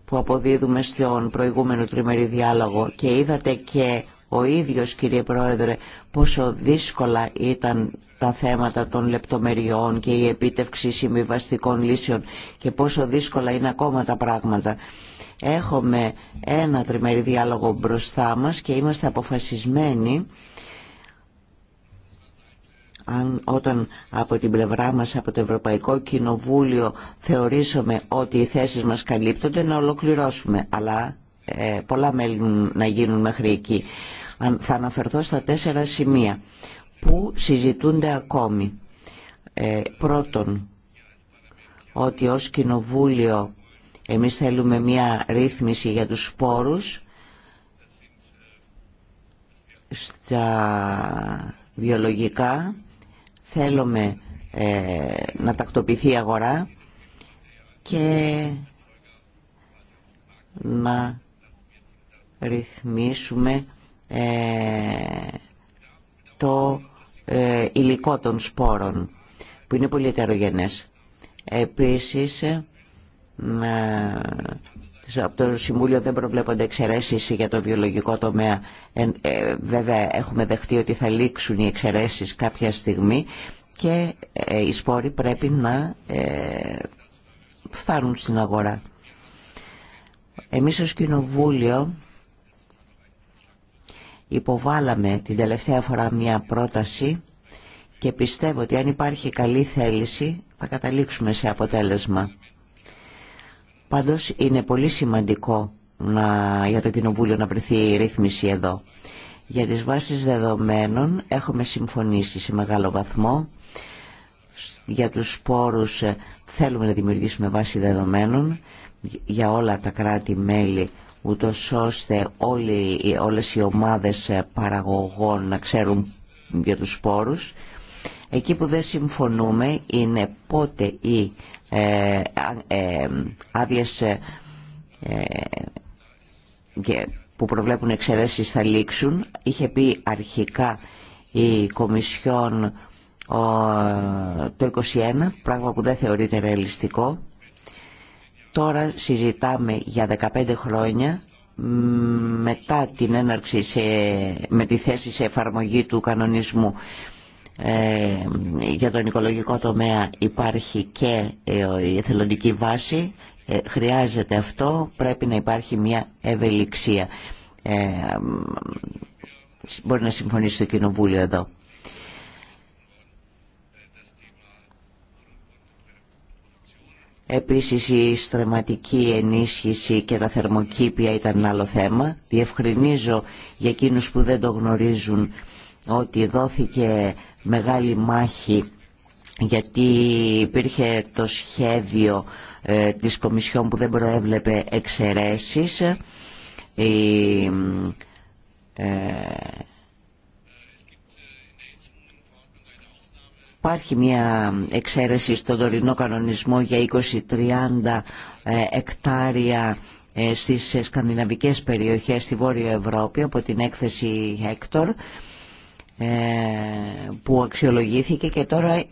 Speaker 3: που αποδίδουμε στον προηγούμενο τριμερή διάλογο και είδατε και ο ίδιος κύριε Πρόεδρε πόσο δύσκολα ήταν τα θέματα των λεπτομεριών και η επίτευξη συμβιβαστικών λύσεων και πόσο δύσκολα είναι ακόμα τα πράγματα. Έχουμε ένα τριμερή διάλογο μπροστά μας και είμαστε αποφασισμένοι αν, όταν από την πλευρά μας, από το Ευρωπαϊκό Κοινοβούλιο θεωρήσουμε ότι οι θέσεις μας καλύπτονται να ολοκληρώσουμε αλλά ε, πολλά μέλη να γίνουν μέχρι εκεί αν, θα αναφερθώ στα τέσσερα σημεία που συζητούνται ακόμη ε, πρώτον ότι ως Κοινοβούλιο εμείς θέλουμε μια ρύθμιση για τους σπόρους στα βιολογικά Θέλουμε ε, να τακτοποιηθεί η αγορά και να ρυθμίσουμε ε, το ε, υλικό των σπόρων που είναι πολύ ετερογενές. Επίσης από το Συμβούλιο δεν προβλέπονται εξαιρέσει για το βιολογικό τομέα. Ε, βέβαια έχουμε δεχτεί ότι θα λήξουν οι εξαιρέσει κάποια στιγμή και ε, οι σπόροι πρέπει να ε, φτάνουν στην αγορά. Εμείς ως Κοινοβούλιο υποβάλαμε την τελευταία φορά μια πρόταση και πιστεύω ότι αν υπάρχει καλή θέληση θα καταλήξουμε σε αποτέλεσμα. Πάντως είναι πολύ σημαντικό να, για το Κοινοβούλιο να βρεθεί η ρύθμιση εδώ. Για τις βάσεις δεδομένων έχουμε συμφωνήσει σε μεγάλο βαθμό. Για τους σπόρους ε, θέλουμε να δημιουργήσουμε βάση δεδομένων για όλα τα κράτη-μέλη ούτως ώστε όλοι, όλες οι ομάδες ε, παραγωγών να ξέρουν για τους σπόρους. Εκεί που δεν συμφωνούμε είναι πότε η ε, ε, άδειες ε, που προβλέπουν εξαιρέσεις θα λήξουν. Είχε πει αρχικά η Κομισιόν το 2021, πράγμα που δεν θεωρείται ρεαλιστικό. Τώρα συζητάμε για 15 χρόνια μετά την έναρξη σε, με τη θέση σε εφαρμογή του κανονισμού. Ε, για τον οικολογικό τομέα υπάρχει και ε, η εθελοντική βάση. Ε, χρειάζεται αυτό, πρέπει να υπάρχει μια ευελιξία. μπορεί να συμφωνήσει το Κοινοβούλιο εδώ. Επίσης η στρεματική ενίσχυση και τα θερμοκήπια ήταν άλλο θέμα. Διευκρινίζω για εκείνους που δεν το γνωρίζουν ότι δόθηκε μεγάλη μάχη γιατί υπήρχε το σχέδιο ε, της Κομισιόν που δεν προέβλεπε εξαιρέσεις. Ε, υπάρχει μια εξαίρεση στον τωρινό κανονισμό για 20-30 ε, εκτάρια ε, στις σκανδιναβικές περιοχές στη Βόρεια Ευρώπη από την έκθεση Hector ε, που αξιολογήθηκε και τώρα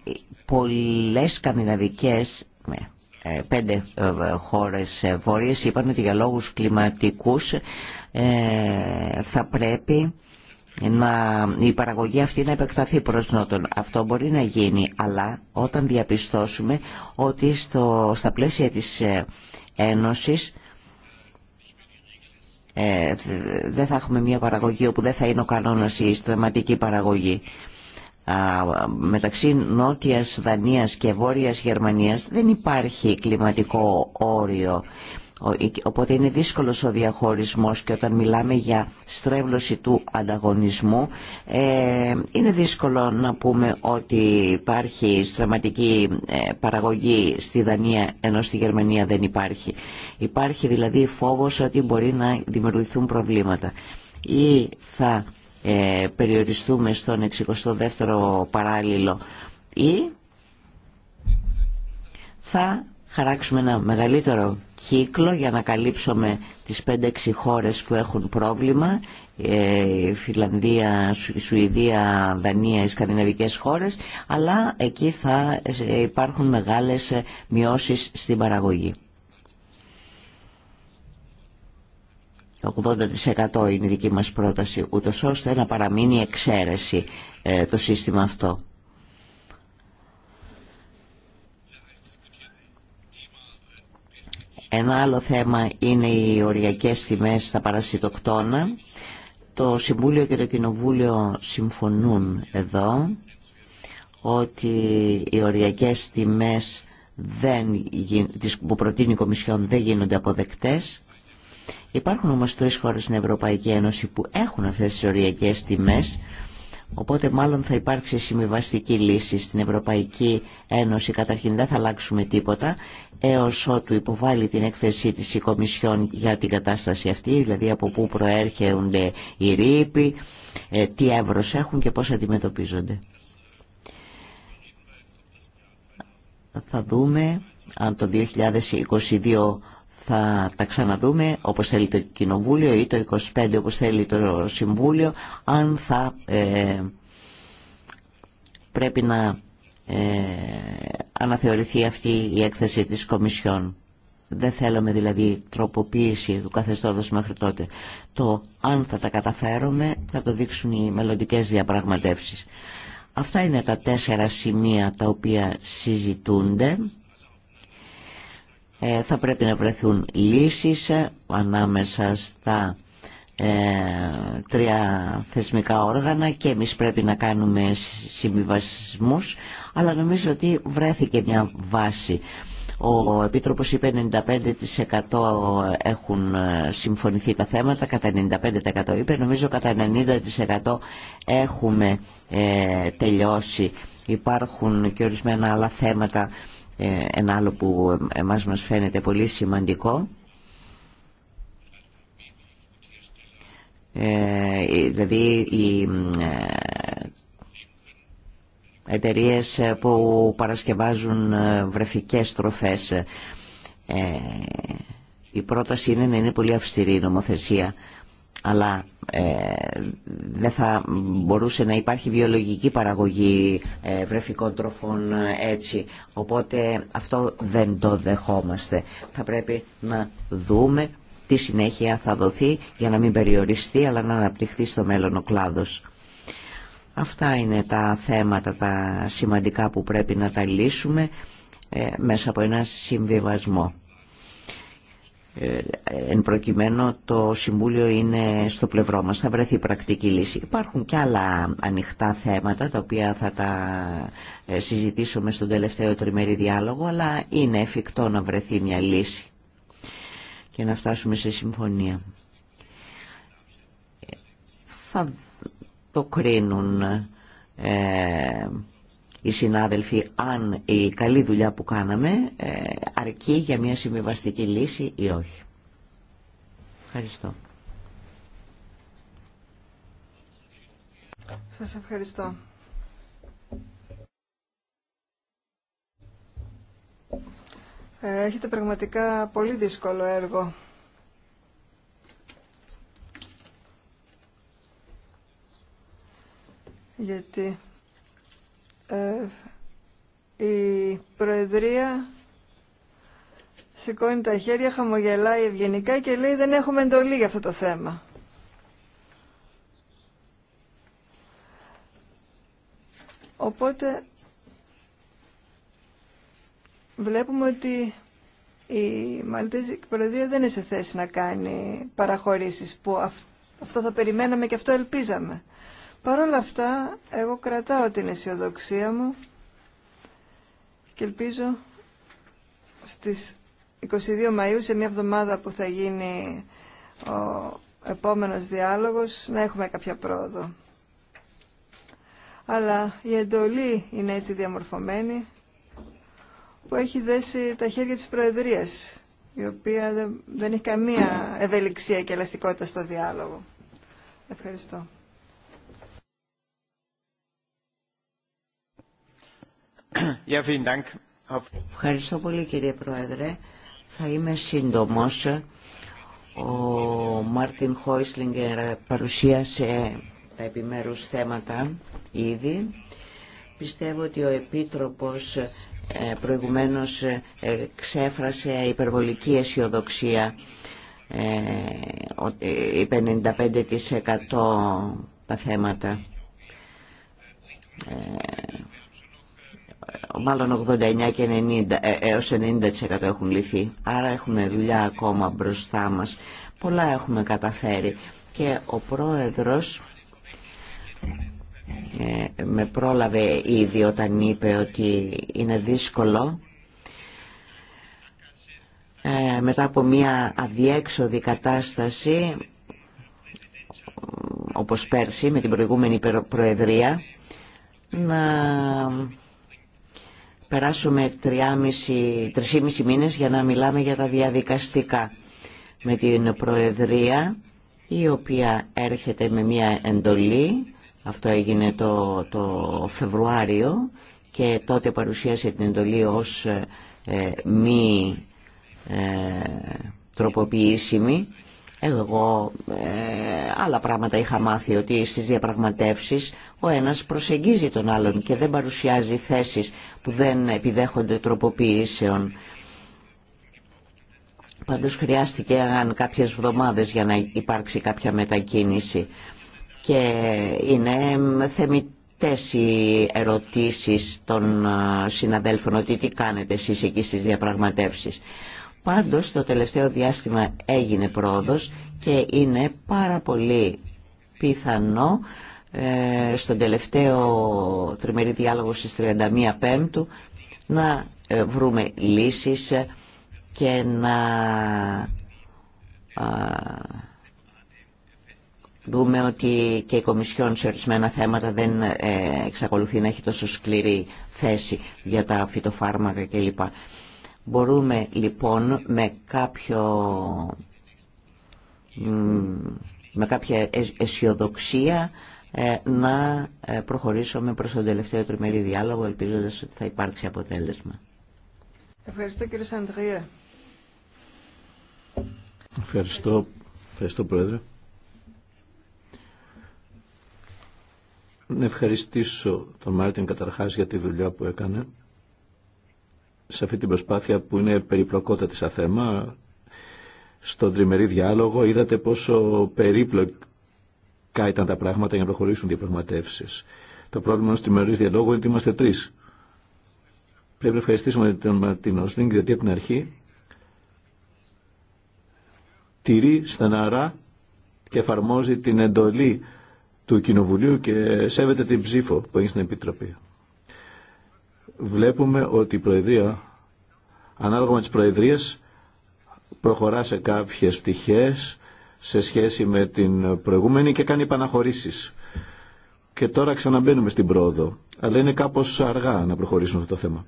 Speaker 3: πολλές καμιναδικές, ε, πέντε ε, χώρες βόρειες είπαν ότι για λόγους κλιματικούς θα πρέπει να, η παραγωγή αυτή να επεκταθεί προς νότον. Αυτό μπορεί να γίνει, αλλά όταν διαπιστώσουμε ότι στο, στα πλαίσια της Ένωσης ε, δεν θα έχουμε μια παραγωγή όπου δεν θα είναι ο κανόνας η θεματική παραγωγή. μεταξύ Νότιας Δανίας και Βόρειας Γερμανίας δεν υπάρχει κλιματικό όριο. Οπότε είναι δύσκολος ο διαχωρισμός και όταν μιλάμε για στρέβλωση του ανταγωνισμού ε, είναι δύσκολο να πούμε ότι υπάρχει στραματική ε, παραγωγή στη Δανία ενώ στη Γερμανία δεν υπάρχει. Υπάρχει δηλαδή φόβος ότι μπορεί να δημιουργηθούν προβλήματα. Ή θα ε, περιοριστούμε στον 62ο παράλληλο ή θα χαράξουμε ένα μεγαλύτερο κύκλο για να καλύψουμε τις 5-6 χώρες που έχουν πρόβλημα ε, Φιλανδία, Σουηδία, Δανία, οι σκανδιναβικές χώρες αλλά εκεί θα ε, υπάρχουν μεγάλες ε, μειώσεις στην παραγωγή. 80% είναι η δική μας πρόταση ούτως ώστε να παραμείνει εξαίρεση το σύστημα αυτό. Ένα άλλο θέμα είναι οι οριακές τιμές στα παρασιτοκτόνα. Το Συμβούλιο και το Κοινοβούλιο συμφωνούν εδώ ότι οι οριακές τιμές δεν, που προτείνει η Κομισιόν δεν γίνονται αποδεκτές. Υπάρχουν όμως τρεις χώρες στην Ευρωπαϊκή Ένωση που έχουν αυτές τις οριακές τιμές Οπότε μάλλον θα υπάρξει συμβιβαστική λύση στην Ευρωπαϊκή Ένωση. Καταρχήν δεν θα αλλάξουμε τίποτα έως ότου υποβάλει την έκθεσή της η Κομισιόν για την κατάσταση αυτή, δηλαδή από πού προέρχονται οι ρήποι, ε, τι εύρος έχουν και πώς αντιμετωπίζονται. Θα δούμε αν το 2022 θα τα ξαναδούμε όπως θέλει το Κοινοβούλιο ή το 25 όπως θέλει το Συμβούλιο αν θα ε, πρέπει να ε, αναθεωρηθεί αυτή η έκθεση της Κομισιόν. Δεν θέλουμε δηλαδή τροποποίηση του καθεστώτος μέχρι τότε. Το αν θα τα καταφέρουμε θα το δείξουν οι μελλοντικές διαπραγματεύσεις. Αυτά είναι τα τέσσερα σημεία τα οποία συζητούνται ε, θα πρέπει να βρεθούν λύσεις ε, ανάμεσα στα ε, τρία θεσμικά όργανα και εμείς πρέπει να κάνουμε συμβιβασμούς αλλά νομίζω ότι βρέθηκε μια βάση. Ο Επίτροπος είπε 95% έχουν συμφωνηθεί τα θέματα, κατά 95% είπε, νομίζω κατά 90% έχουμε τελειώσει. Υπάρχουν και ορισμένα άλλα θέματα ε, ένα άλλο που εμάς μας φαίνεται πολύ σημαντικό ε, δηλαδή οι ε, εταιρείε που παρασκευάζουν βρεφικές τροφές η πρόταση είναι να είναι πολύ αυστηρή η νομοθεσία αλλά ε, δεν θα μπορούσε να υπάρχει βιολογική παραγωγή ε, βρεφικών τροφών ε, έτσι. Οπότε αυτό δεν το δεχόμαστε. Θα πρέπει να δούμε τι συνέχεια θα δοθεί για να μην περιοριστεί αλλά να αναπτυχθεί στο μέλλον ο κλάδος. Αυτά είναι τα θέματα τα σημαντικά που πρέπει να τα λύσουμε μέσα από ένα συμβιβασμό. Ε, εν προκειμένου το Συμβούλιο είναι στο πλευρό μας, θα βρεθεί πρακτική λύση. Υπάρχουν και άλλα ανοιχτά θέματα τα οποία θα τα ε, συζητήσουμε στον τελευταίο τριμερή διάλογο αλλά είναι εφικτό να βρεθεί μια λύση και να φτάσουμε σε συμφωνία. Θα το κρίνουν ε, οι συνάδελφοι αν η καλή δουλειά που κάναμε ε, αρκεί για μια συμβιβαστική λύση ή όχι. Ευχαριστώ.
Speaker 1: Σας ευχαριστώ. Ε, έχετε πραγματικά πολύ δύσκολο έργο. Γιατί ε, η Προεδρία σηκώνει τα χέρια, χαμογελάει ευγενικά και λέει δεν έχουμε εντολή για αυτό το θέμα. Οπότε βλέπουμε ότι η Μαλτέζικη Προεδρία δεν είναι σε θέση να κάνει παραχωρήσεις που αυτό θα περιμέναμε και αυτό ελπίζαμε. Παρ' όλα αυτά, εγώ κρατάω την αισιοδοξία μου και ελπίζω στις 22 Μαΐου, σε μια εβδομάδα που θα γίνει ο επόμενος διάλογος, να έχουμε κάποια πρόοδο. Αλλά η εντολή είναι έτσι διαμορφωμένη που έχει δέσει τα χέρια της Προεδρίας, η οποία δεν έχει καμία ευελιξία και ελαστικότητα στο διάλογο. Ευχαριστώ.
Speaker 3: Ευχαριστώ πολύ κύριε Πρόεδρε. Θα είμαι σύντομος. Ο Μάρτιν Χόισλιγκερ παρουσίασε τα επιμέρους θέματα ήδη. Πιστεύω ότι ο Επίτροπος ε, προηγουμένως ε, ξέφρασε υπερβολική αισιοδοξία ε, ότι 55% τα θέματα μάλλον 89 και 90, ε, έως 90% έχουν λυθεί. Άρα έχουμε δουλειά ακόμα μπροστά μας. Πολλά έχουμε καταφέρει. Και ο πρόεδρος ε, με πρόλαβε ήδη όταν είπε ότι είναι δύσκολο ε, μετά από μια αδιέξοδη κατάσταση όπως πέρσι με την προηγούμενη προεδρία να περάσουμε 3,5 μήνες για να μιλάμε για τα διαδικαστικά με την Προεδρία η οποία έρχεται με μια εντολή αυτό έγινε το, το Φεβρουάριο και τότε παρουσίασε την εντολή ως ε, μη ε, τροποποιήσιμη εγώ ε, άλλα πράγματα είχα μάθει ότι στις διαπραγματεύσεις ο ένας προσεγγίζει τον άλλον και δεν παρουσιάζει θέσεις που δεν επιδέχονται τροποποιήσεων. Πάντως χρειάστηκε αν κάποιες βδομάδες για να υπάρξει κάποια μετακίνηση. Και είναι θεμητές οι ερωτήσεις των ε, συναδέλφων ότι τι κάνετε εσείς εκεί στις διαπραγματεύσεις. Πάντως το τελευταίο διάστημα έγινε πρόοδος και είναι πάρα πολύ πιθανό ε, στον τελευταίο τριμερή διάλογο στις 31 Πέμπτου να ε, βρούμε λύσεις και να δούμε ότι και η Κομισιόν σε ορισμένα θέματα δεν ε, εξακολουθεί να έχει τόσο σκληρή θέση για τα φυτοφάρμακα κλπ. Μπορούμε λοιπόν με κάποιο με κάποια ε, αισιοδοξία ε, να ε, προχωρήσουμε προς τον τελευταίο τριμερή διάλογο ελπίζοντας ότι θα υπάρξει
Speaker 2: αποτέλεσμα.
Speaker 1: Ευχαριστώ κύριε Σαντρία.
Speaker 2: Ευχαριστώ. Ευχαριστώ Πρόεδρε. Να ευχαριστήσω τον Μάρτιν καταρχάς για τη δουλειά που έκανε σε αυτή την προσπάθεια που είναι περιπλοκότατη σαν θέμα. Στον τριμερή διάλογο είδατε πόσο περίπλοκα ήταν τα πράγματα για να προχωρήσουν διαπραγματεύσει. Το πρόβλημα στο τριμερή διαλόγου είναι ότι είμαστε τρει. Πρέπει να ευχαριστήσουμε τον Μαρτίν Όσλινγκ γιατί από την αρχή τηρεί στεναρά και εφαρμόζει την εντολή του Κοινοβουλίου και σέβεται την ψήφο που έχει στην Επιτροπή βλέπουμε ότι η Προεδρία, ανάλογα με τις Προεδρίες, προχωρά σε κάποιες πτυχές σε σχέση με την προηγούμενη και κάνει επαναχωρήσεις. Και τώρα ξαναμπαίνουμε στην πρόοδο. Αλλά είναι κάπως αργά να προχωρήσουμε αυτό το θέμα.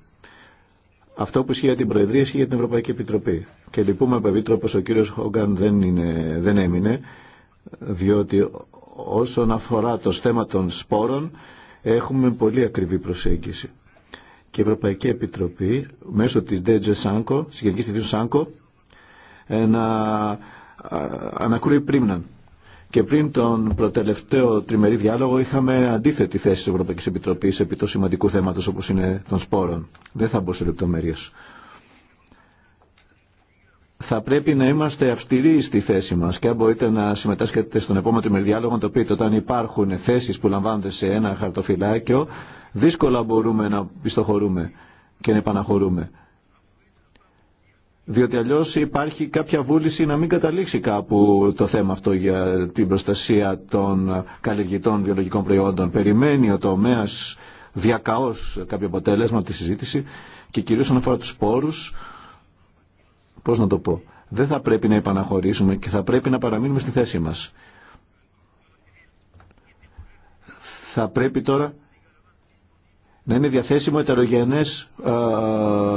Speaker 2: Αυτό που ισχύει για την Προεδρία ισχύει για την Ευρωπαϊκή Επιτροπή. Και λυπούμε που ο ο κύριος Χόγκαν δεν, δεν έμεινε, διότι όσον αφορά το θέμα των σπόρων έχουμε πολύ ακριβή προσέγγιση και η Ευρωπαϊκή Επιτροπή μέσω της DG Sanko, συγγενικής θητής Sanko, να ανακρούει πρίμναν. Και πριν τον προτελευταίο τριμερή διάλογο είχαμε αντίθετη θέση τη Ευρωπαϊκή Επιτροπή επί το σημαντικού θέματος όπω είναι των σπόρων. Δεν θα μπω σε λεπτομέρειε. Θα πρέπει να είμαστε αυστηροί στη θέση μα και αν μπορείτε να συμμετάσχετε στον επόμενο τριμερή διάλογο, να το πείτε όταν υπάρχουν θέσει που λαμβάνονται σε ένα χαρτοφυλάκιο, δύσκολα μπορούμε να πιστοχωρούμε και να επαναχωρούμε. Διότι αλλιώ υπάρχει κάποια βούληση να μην καταλήξει κάπου το θέμα αυτό για την προστασία των καλλιεργητών βιολογικών προϊόντων. Περιμένει ο τομέα διακαώ κάποιο αποτέλεσμα από τη συζήτηση και κυρίω όσον αφορά του πόρου. Πώ να το πω. Δεν θα πρέπει να επαναχωρήσουμε και θα πρέπει να παραμείνουμε στη θέση μα. Θα πρέπει τώρα να είναι διαθέσιμο ετερογενές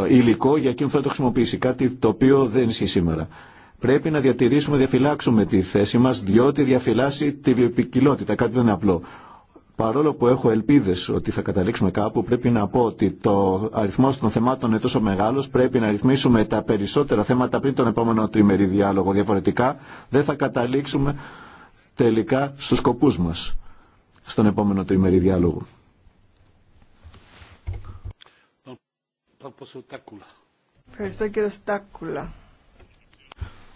Speaker 2: υλικό για εκείνον που θα το χρησιμοποιήσει, κάτι το οποίο δεν ισχύει σήμερα. Πρέπει να διατηρήσουμε, διαφυλάξουμε τη θέση μας, διότι διαφυλάσσει τη βιοπικιλότητα, κάτι δεν είναι απλό. Παρόλο που έχω ελπίδε ότι θα καταλήξουμε κάπου, πρέπει να πω ότι το αριθμό των θεμάτων είναι τόσο μεγάλο. Πρέπει να ρυθμίσουμε τα περισσότερα θέματα πριν τον επόμενο τριμερή διάλογο. Διαφορετικά δεν θα καταλήξουμε τελικά στου σκοπού μα στον επόμενο τριμερή διάλογο.
Speaker 1: Ευχαριστώ κύριο Στάκουλα.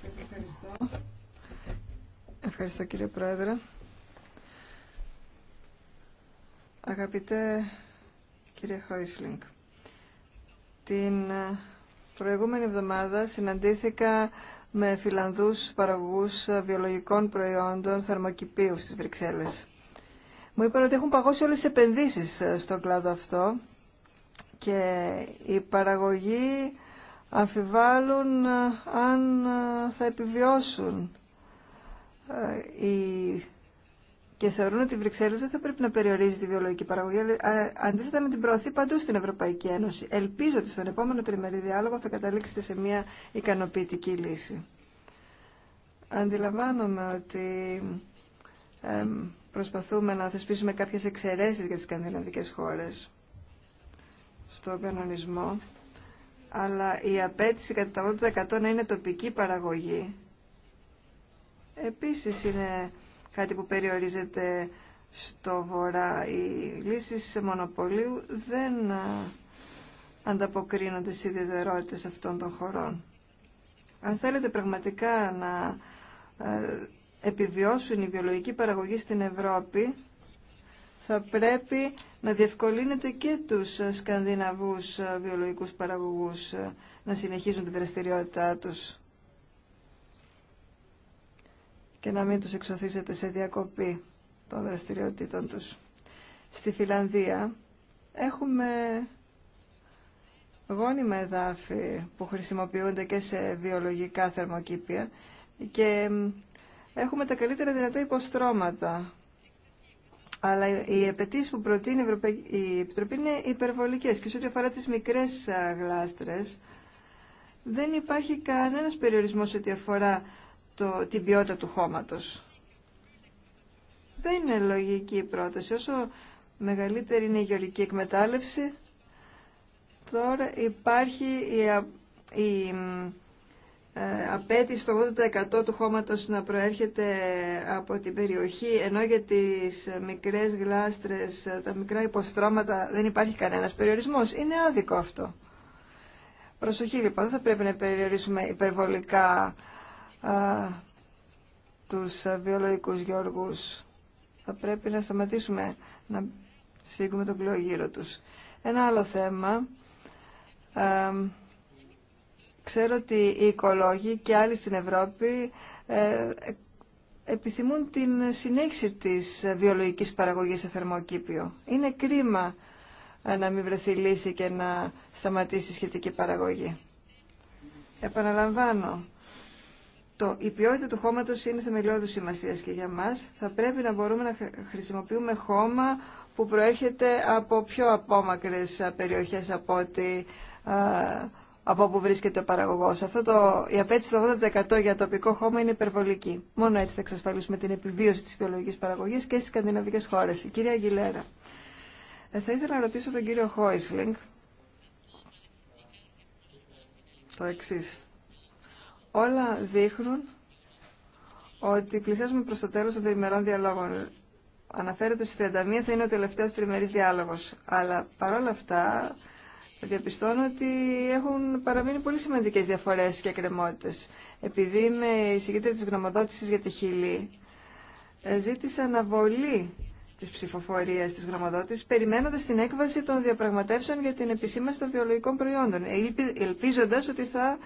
Speaker 2: Σας ευχαριστώ.
Speaker 1: Ευχαριστώ κύριε Πρόεδρε. Αγαπητέ κύριε Χόισλινγκ, την ε, προηγούμενη εβδομάδα συναντήθηκα με Φιλανδούς παραγωγούς ε, βιολογικών προϊόντων θερμοκηπίου στις Βρυξέλλες. Μου είπαν ότι έχουν παγώσει όλες τι επενδύσεις ε, στον κλάδο αυτό και οι παραγωγοί αμφιβάλλουν ε, αν ε, θα επιβιώσουν ε, και θεωρούν ότι η Βρυξέλλες δεν θα πρέπει να περιορίζει τη βιολογική παραγωγή, αντίθετα να την προωθεί παντού στην Ευρωπαϊκή Ένωση. Ελπίζω ότι στον επόμενο τριμερή διάλογο θα καταλήξετε σε μια ικανοποιητική λύση. Αντιλαμβάνομαι ότι προσπαθούμε να θεσπίσουμε κάποιες εξαιρέσεις για τις σκανδιναβικές χώρες στον κανονισμό, αλλά η απέτηση κατά τα 80% να είναι τοπική παραγωγή, επίσης είναι κάτι που περιορίζεται στο βορρά. Οι λύσεις μονοπωλίου δεν ε, ανταποκρίνονται στις ιδιαιτερότητες αυτών των χωρών. Αν θέλετε πραγματικά να ε, επιβιώσουν οι βιολογικοί παραγωγοί στην Ευρώπη, θα πρέπει να διευκολύνεται και τους σκανδιναβούς ε, βιολογικούς παραγωγούς ε, να συνεχίζουν τη δραστηριότητά τους και να μην τους εξωθήσετε σε διακοπή των δραστηριοτήτων τους. Στη Φιλανδία έχουμε γόνιμα εδάφη που χρησιμοποιούνται και σε βιολογικά θερμοκήπια και έχουμε τα καλύτερα δυνατά υποστρώματα αλλά οι απαιτήσει που προτείνει η Επιτροπή είναι υπερβολικές και σε ό,τι αφορά τις μικρές γλάστρες δεν υπάρχει κανένας περιορισμός σε ό,τι αφορά το, την ποιότητα του χώματος. Δεν είναι λογική η πρόταση. Όσο μεγαλύτερη είναι η γεωργική εκμετάλλευση, τώρα υπάρχει η, η απέτει το 80% του χώματος να προέρχεται από την περιοχή, ενώ για τις μικρές γλάστρες, ε, τα μικρά υποστρώματα δεν υπάρχει κανένας περιορισμός. Είναι άδικο αυτό. Προσοχή λοιπόν, δεν θα πρέπει να περιορίσουμε υπερβολικά α, ε, τους ε, βιολογικούς γεωργούς. Θα πρέπει να σταματήσουμε να σφίγγουμε τον πλοίο γύρω τους. Ένα άλλο θέμα Ξέρω ότι οι οικολόγοι και άλλοι στην Ευρώπη ε, επιθυμούν την συνέχιση της βιολογικής παραγωγής σε θερμοκήπιο. Είναι κρίμα ε, να μην βρεθεί λύση και να σταματήσει η σχετική παραγωγή. Επαναλαμβάνω, το, η ποιότητα του χώματος είναι θεμελιώδης σημασία και για μας. Θα πρέπει να μπορούμε να χρησιμοποιούμε χώμα που προέρχεται από πιο απόμακρες ε, περιοχές από ότι από όπου βρίσκεται ο παραγωγό. Αυτό το, η απέτηση του 80% για τοπικό χώμα είναι υπερβολική. Μόνο έτσι θα εξασφαλίσουμε την επιβίωση τη βιολογική παραγωγή και στι σκανδιναβικέ χώρε. Η κυρία Αγγιλέρα, ε, θα ήθελα να ρωτήσω τον κύριο Χόισλινγκ το εξή. Όλα δείχνουν ότι πλησιάζουμε προ το τέλο των τριμερών διαλόγων. Αναφέρεται ότι 31 θα είναι ο τελευταίο τριμερής διάλογο. Αλλά παρόλα αυτά διαπιστώνω ότι έχουν παραμείνει πολύ σημαντικές διαφορές και εκκρεμότητες. Επειδή με η της γνωμοδότησης για τη Χιλή, ε, ζήτησα αναβολή της ψηφοφορίας της γνωμοδότησης, περιμένοντας την έκβαση των διαπραγματεύσεων για την επισήμαση των βιολογικών προϊόντων, ε, ελπίζοντας ότι θα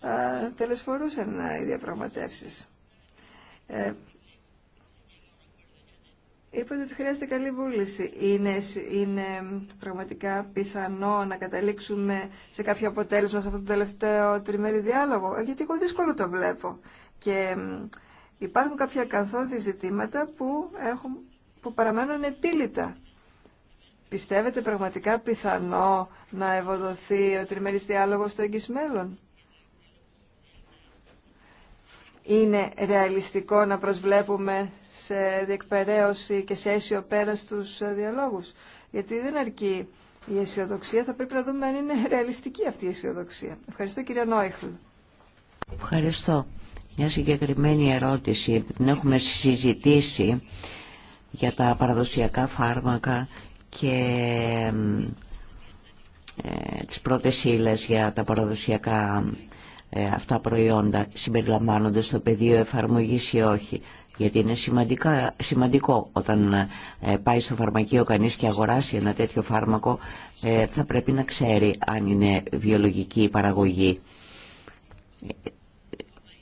Speaker 1: ε, τελεσφορούσαν οι διαπραγματεύσεις. Είπατε ότι χρειάζεται καλή βούληση. Είναι, είναι πραγματικά πιθανό να καταλήξουμε σε κάποιο αποτέλεσμα σε αυτό το τελευταίο τριμερή διάλογο. Ε, γιατί εγώ δύσκολο το βλέπω. Και υπάρχουν κάποια καθόδη ζητήματα που, έχουν, που παραμένουν επίλυτα. Πιστεύετε πραγματικά πιθανό να ευοδοθεί ο τριμερής διάλογος στο εγγύς Είναι ρεαλιστικό να προσβλέπουμε σε διεκπαιρέωση και σε αίσιο πέρα στους ε, διαλόγους. Γιατί δεν αρκεί η αισιοδοξία, θα πρέπει να δούμε αν είναι ρεαλιστική αυτή η αισιοδοξία. Ευχαριστώ κύριε Νόιχλ.
Speaker 3: Ευχαριστώ. Μια συγκεκριμένη ερώτηση που την έχουμε συζητήσει για τα παραδοσιακά φάρμακα και ε, τις πρώτες ύλες για τα παραδοσιακά ε, αυτά προϊόντα συμπεριλαμβάνονται στο πεδίο εφαρμογής ή όχι. Γιατί είναι σημαντικά, σημαντικό όταν ε, πάει στο φαρμακείο εφαρμογή ε, η οχι γιατι ειναι σημαντικο οταν παει στο φαρμακειο κανεις και αγορασει ενα τετοιο φαρμακο θα πρεπει να ξερει αν ειναι βιολογικη η παραγωγη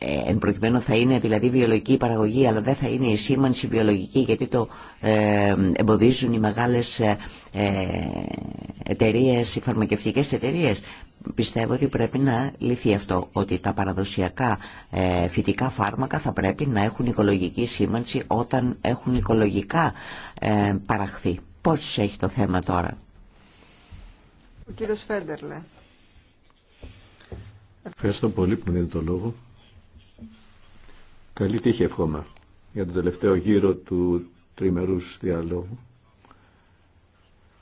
Speaker 3: εν προκειμένου θα είναι δηλαδή βιολογική παραγωγή αλλά δεν θα είναι η σήμανση βιολογική γιατί το ε, εμποδίζουν οι μεγάλες ε, ε, εταιρείες, οι φαρμακευτικές εταιρείες. Πιστεύω ότι πρέπει να λυθεί αυτό, ότι τα παραδοσιακά φυτικά φάρμακα θα πρέπει να έχουν οικολογική σήμανση όταν έχουν οικολογικά παραχθεί. Πώς έχει το θέμα τώρα.
Speaker 2: Ευχαριστώ πολύ που μου δίνετε το λόγο. Καλή τύχη εύχομαι για τον τελευταίο γύρο του τριμερούς διαλόγου.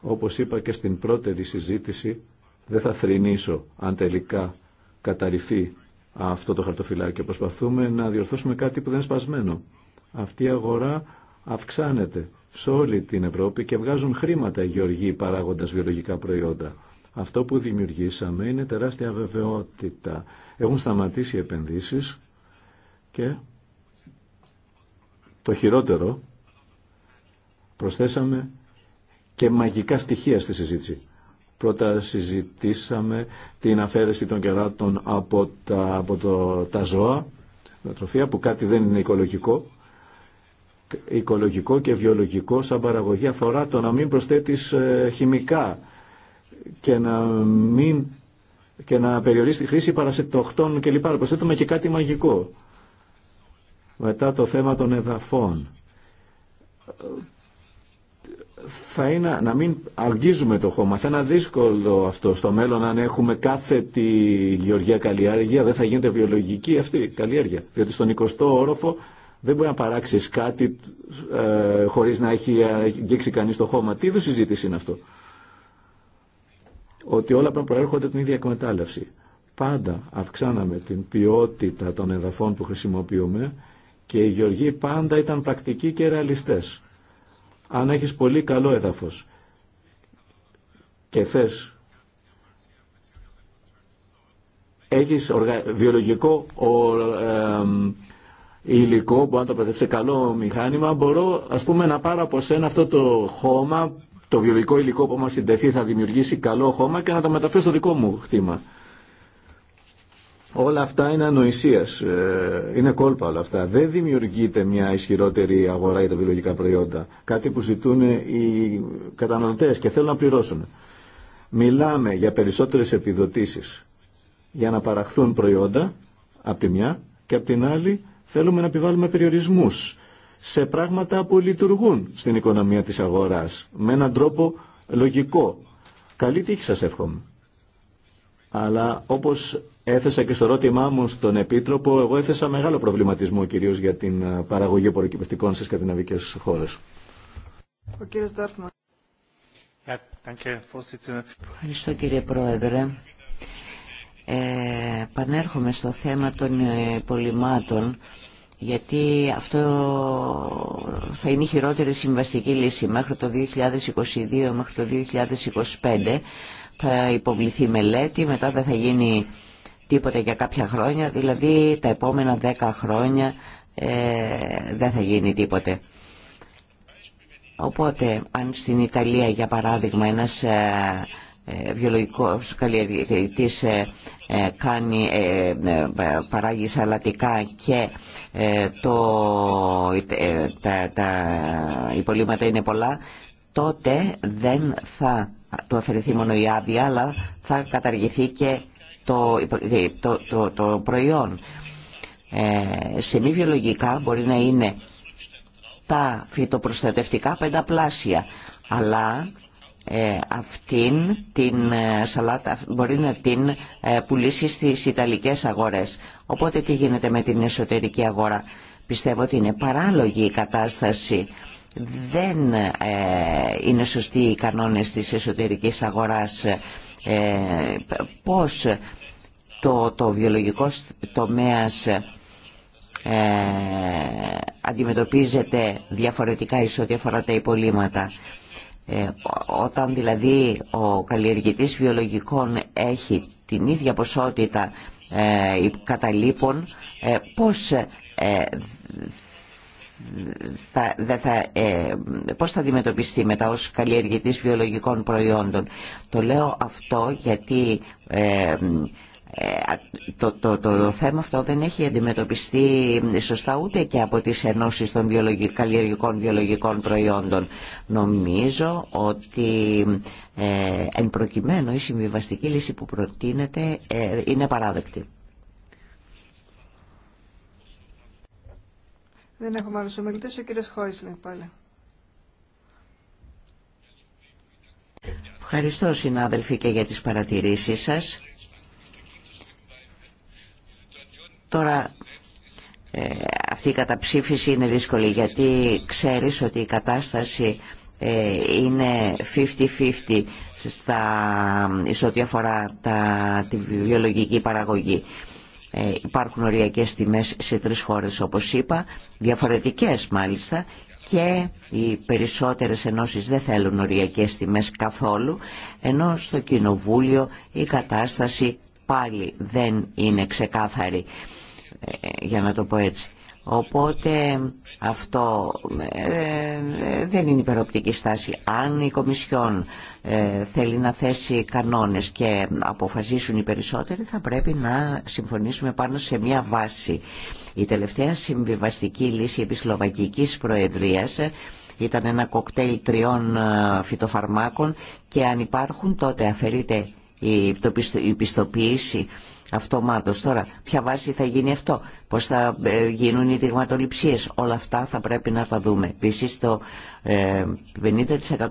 Speaker 2: Όπως είπα και στην πρώτερη συζήτηση, δεν θα θρηνήσω αν τελικά καταρριφθεί αυτό το χαρτοφυλάκι. Προσπαθούμε να διορθώσουμε κάτι που δεν είναι σπασμένο. Αυτή η αγορά αυξάνεται σε όλη την Ευρώπη και βγάζουν χρήματα οι γεωργοί παράγοντας βιολογικά προϊόντα. Αυτό που δημιουργήσαμε είναι τεράστια βεβαιότητα. Έχουν σταματήσει οι επενδύσεις και το χειρότερο, προσθέσαμε και μαγικά στοιχεία στη συζήτηση. Πρώτα συζητήσαμε την αφαίρεση των κεράτων από τα, από το, τα ζώα, τα τροφία, που κάτι δεν είναι οικολογικό. Οικολογικό και βιολογικό σαν παραγωγή αφορά το να μην προσθέτεις ε, χημικά και να μην και να περιορίσει τη χρήση παρασετοχτών κλπ. Προσθέτουμε και κάτι μαγικό. Μετά το θέμα των εδαφών. Θα είναι να μην αγγίζουμε το χώμα. Θα είναι δύσκολο αυτό στο μέλλον αν έχουμε κάθετη γεωργία καλλιέργεια. Δεν θα γίνεται βιολογική αυτή η καλλιέργεια. Διότι στον 20ο όροφο δεν μπορεί να παράξει κάτι ε, χωρί να έχει ε, αγγίξει κανεί το χώμα. Τι είδου συζήτηση είναι αυτό. Ότι όλα πρέπει να προέρχονται από την ίδια εκμετάλλευση. Πάντα αυξάναμε την ποιότητα των εδαφών που χρησιμοποιούμε και οι γεωργοί πάντα ήταν πρακτικοί και ρεαλιστές. Αν έχεις πολύ καλό έδαφος και θες έχεις βιολογικό ο... υλικό, που αν το πετύψει καλό μηχάνημα, μπορώ ας πούμε να πάρω από σένα αυτό το χώμα, το βιολογικό υλικό που μας συντεθεί θα δημιουργήσει καλό χώμα και να το μεταφέρω στο δικό μου χτήμα. Όλα αυτά είναι ανοησία, ε, είναι κόλπα όλα αυτά. Δεν δημιουργείται μια ισχυρότερη αγορά για τα βιολογικά προϊόντα. Κάτι που ζητούν οι καταναλωτέ και θέλουν να πληρώσουν. Μιλάμε για περισσότερε επιδοτήσει για να παραχθούν προϊόντα από τη μια και από την άλλη θέλουμε να επιβάλλουμε περιορισμού σε πράγματα που λειτουργούν στην οικονομία τη αγορά με έναν τρόπο λογικό. Καλή τύχη σα εύχομαι. Αλλά όπω έθεσα και στο ερώτημά μου στον Επίτροπο, εγώ έθεσα μεγάλο προβληματισμό κυρίω για την ε, παραγωγή προκυπηστικών στι σκανδιναβικές χώρες.
Speaker 3: Ευχαριστώ κύριε Πρόεδρε. Ε, πανέρχομαι στο θέμα των ε, πολυμάτων γιατί αυτό θα είναι η χειρότερη συμβαστική λύση μέχρι το 2022, μέχρι το 2025 θα υποβληθεί μελέτη, μετά δεν θα γίνει τίποτα για κάποια χρόνια, δηλαδή τα επόμενα δέκα χρόνια ε, δεν θα γίνει τίποτε. Οπότε, αν στην Ιταλία, για παράδειγμα, ένας ε, ε, βιολογικός καλλιεργητής ε, ε, κάνει, ε, παράγει σαλατικά και το, τα, τα υπολείμματα είναι πολλά, τότε δεν θα του αφαιρεθεί μόνο η άδεια, αλλά θα καταργηθεί και ε, το, το, το, προϊόν. Ε, σε μη βιολογικά μπορεί να είναι τα φυτοπροστατευτικά πενταπλάσια, αλλά ε, αυτήν την σαλάτα μπορεί να την ε, πουλήσει στις Ιταλικές αγορές. Οπότε τι γίνεται με την εσωτερική αγορά. Πιστεύω ότι είναι παράλογη η κατάσταση. Δεν είναι σωστοί οι κανόνες της εσωτερικής αγοράς ε, πώς το, το βιολογικό τομέας ε, αντιμετωπίζεται διαφορετικά εις ό,τι αφορά τα υπολείμματα. Ε, όταν δηλαδή ο καλλιεργητής βιολογικών έχει την ίδια ποσότητα ε, καταλήπων, ε, πώς ε, θα, ε, πώς θα αντιμετωπιστεί μετά ως καλλιεργητής βιολογικών προϊόντων. Το λέω αυτό γιατί ε, ε, το, το, θέμα αυτό δεν έχει αντιμετωπιστεί σωστά ούτε και από τις ενώσεις των καλλιεργικών βιολογικών προϊόντων. Νομίζω ότι εν προκειμένου η συμβιβαστική λύση που προτείνεται είναι παράδεκτη.
Speaker 1: Δεν έχουμε άλλους ομιλητές. Ο κύριος Χόισλινγκ πάλι.
Speaker 3: Ευχαριστώ συνάδελφοι και για τις παρατηρήσεις σας. Τώρα ε, αυτή η καταψήφιση είναι δύσκολη γιατί ξέρεις ότι η κατάσταση ε, είναι 50-50 σε ό,τι αφορά τα, τη βιολογική παραγωγή. Ε, υπάρχουν οριακές τιμές σε τρεις χώρες όπως είπα, διαφορετικές μάλιστα και οι περισσότερες ενώσεις δεν θέλουν οριακές τιμές καθόλου, ενώ στο Κοινοβούλιο η κατάσταση πάλι δεν είναι ξεκάθαρη, ε, για να το πω έτσι. Οπότε αυτό ε, δεν είναι υπεροπτική στάση. Αν η Κομισιόν ε, θέλει να θέσει κανόνες και αποφασίσουν οι περισσότεροι θα πρέπει να συμφωνήσουμε πάνω σε μια βάση. Η τελευταία συμβιβαστική λύση επί Προεδρίας ε, ήταν ένα κοκτέιλ τριών φυτοφαρμάκων και αν υπάρχουν τότε αφαιρείται η πιστοποίηση αυτομάτως. Τώρα, ποια βάση θα γίνει αυτό, πώς θα ε, γίνουν οι δειγματοληψίες, όλα αυτά θα πρέπει να τα δούμε. Επίση, το 50%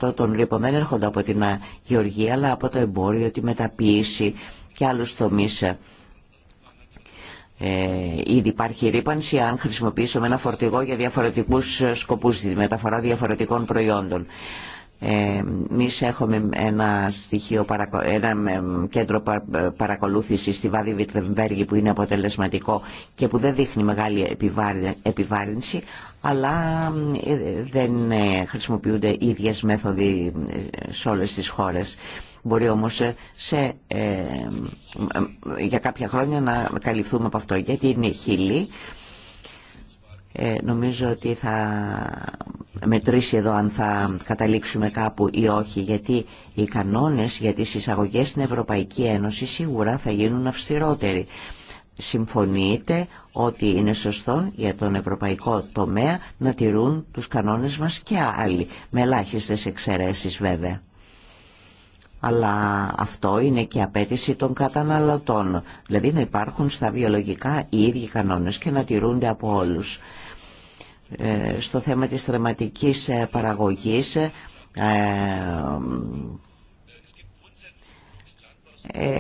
Speaker 3: ε, των ρήπων δεν έρχονται από την αγιοργία, αλλά από το εμπόριο, τη μεταποίηση και άλλους τομείς. Ε, ήδη υπάρχει ρήπανση αν χρησιμοποιήσουμε ένα φορτηγό για διαφορετικούς σκοπούς, τη μεταφορά διαφορετικών προϊόντων. Εμεί έχουμε ένα, στοιχείο, ένα κέντρο παρακολούθηση στη Βάδη Βιρτεμβέργη που είναι αποτελεσματικό και που δεν δείχνει μεγάλη επιβάρυνση, αλλά ε, δεν ε, χρησιμοποιούνται οι ίδιες μέθοδοι ε, σε όλε τις χώρες. Μπορεί όμως σε, για κάποια χρόνια να καλυφθούμε από αυτό, γιατί είναι χίλιοι ε, νομίζω ότι θα μετρήσει εδώ αν θα καταλήξουμε κάπου ή όχι, γιατί οι κανόνες για τις εισαγωγές στην Ευρωπαϊκή Ένωση σίγουρα θα γίνουν αυστηρότεροι. Συμφωνείτε ότι είναι σωστό για τον ευρωπαϊκό τομέα να τηρούν τους κανόνες μας και άλλοι, με ελάχιστε εξαιρέσεις βέβαια. Αλλά αυτό είναι και απέτηση των καταναλωτών, δηλαδή να υπάρχουν στα βιολογικά οι ίδιοι κανόνες και να τηρούνται από όλους. Ε, στο θέμα της θεματικής ε, παραγωγής ε,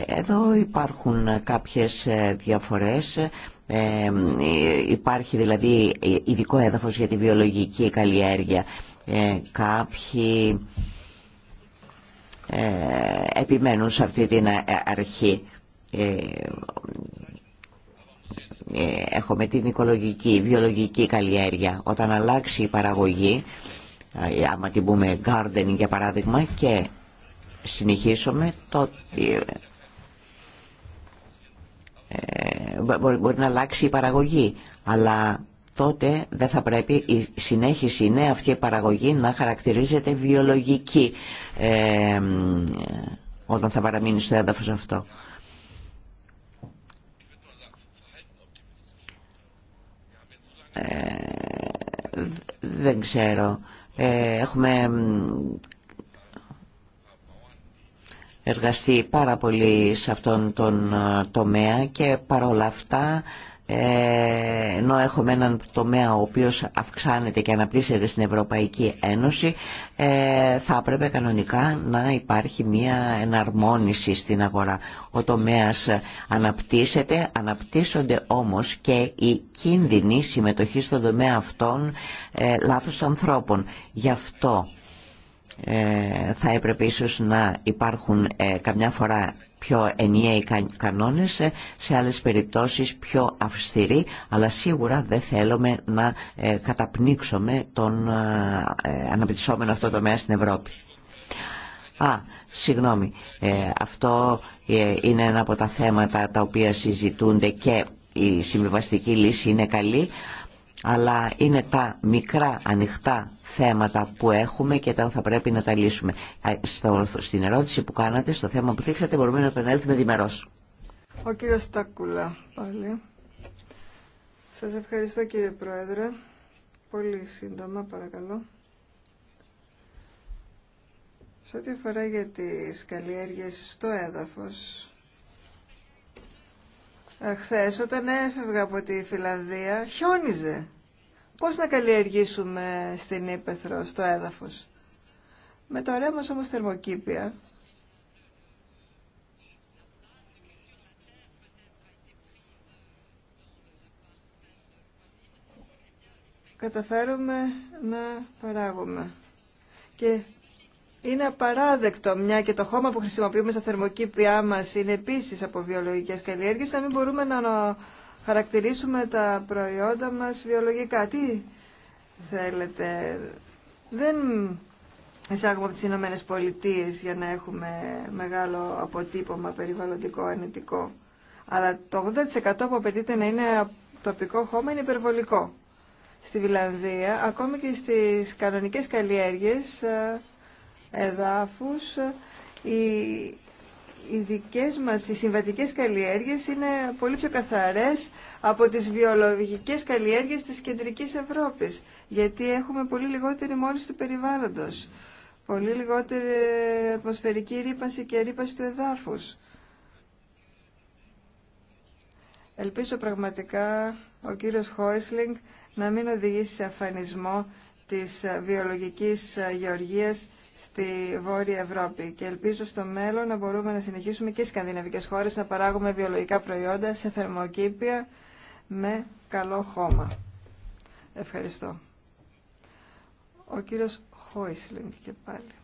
Speaker 3: εδώ υπάρχουν κάποιες διαφορές υπάρχει δηλαδή ειδικό έδαφος για τη βιολογική καλλιέργεια κάποιοι επιμένουν σε αυτή την αρχή ε, έχουμε την οικολογική, βιολογική καλλιέργεια. Όταν αλλάξει η παραγωγή, ε, άμα την πούμε gardening για παράδειγμα και συνεχίσουμε, το, ε, μπορεί να αλλάξει η παραγωγή. Αλλά τότε δεν θα πρέπει η συνέχιση, ναι, αυτή η παραγωγή να χαρακτηρίζεται βιολογική ε, όταν θα παραμείνει στο έδαφος αυτό. Ε, δεν ξέρω. Ε, έχουμε εργαστεί πάρα πολύ σε αυτόν τον ε, τομέα και παρόλα αυτά ε, ενώ έχουμε έναν τομέα ο οποίος αυξάνεται και αναπτύσσεται στην Ευρωπαϊκή Ένωση ε, θα έπρεπε κανονικά να υπάρχει μια εναρμόνιση στην αγορά. Ο τομέας αναπτύσσεται, αναπτύσσονται όμως και οι κίνδυνοι συμμετοχή στον τομέα αυτών ε, λάθος ανθρώπων. Γι' αυτό θα έπρεπε ίσως να υπάρχουν καμιά φορά πιο ενιαίοι κανόνες, ε, σε άλλες περιπτώσεις πιο αυστηροί, αλλά σίγουρα δεν θέλουμε να ε, καταπνίξουμε τον ε, αναπτυσσόμενο αυτό τομέα στην Ευρώπη. Α, συγγνώμη, αυτό είναι ένα από τα θέματα τα οποία συζητούνται και η συμβιβαστική λύση είναι καλή, αλλά είναι τα μικρά ανοιχτά θέματα που έχουμε και τα θα πρέπει να τα λύσουμε. Στο, στην ερώτηση που κάνατε, στο θέμα που θέξατε, μπορούμε να επανέλθουμε διμερώς.
Speaker 1: Ο κύριος Στάκουλα πάλι. Σας ευχαριστώ κύριε Πρόεδρε. Πολύ σύντομα παρακαλώ. Σε ό,τι αφορά για τις καλλιέργειες στο έδαφος, ε, Χθε όταν έφευγα από τη Φιλανδία χιόνιζε. Πώς να καλλιεργήσουμε στην Ήπεθρο, στο έδαφος. Με το ωραίο μας όμως θερμοκήπια καταφέρουμε να παράγουμε. Και είναι απαράδεκτο, μια και το χώμα που χρησιμοποιούμε στα θερμοκήπια μας είναι επίση από βιολογικές καλλιέργειε, να μην μπορούμε να χαρακτηρίσουμε τα προϊόντα μας βιολογικά. Τι θέλετε, δεν εισάγουμε από τι Ηνωμένε Πολιτείε για να έχουμε μεγάλο αποτύπωμα περιβαλλοντικό αρνητικό. Αλλά το 80% που απαιτείται να είναι τοπικό χώμα είναι υπερβολικό. Στη Βιλανδία, ακόμη και στις κανονικές καλλιέργειες, ε, εδάφους, οι, οι δικές μας, οι συμβατικές καλλιέργειες είναι πολύ πιο καθαρές από τις βιολογικές καλλιέργειες της κεντρικής Ευρώπης, γιατί έχουμε πολύ λιγότερη μόλις του περιβάλλοντος, πολύ λιγότερη ατμοσφαιρική ρήπανση και ρήπανση του εδάφους. Ελπίζω πραγματικά ο κύριος Χόισλινγκ να μην οδηγήσει σε αφανισμό της βιολογικής γεωργίας στη Βόρεια Ευρώπη και ελπίζω στο μέλλον να μπορούμε να συνεχίσουμε και οι σκανδιναβικές χώρες να παράγουμε βιολογικά προϊόντα σε θερμοκήπια με καλό χώμα. Ευχαριστώ. Ο κύριος Χόισλινγκ και πάλι.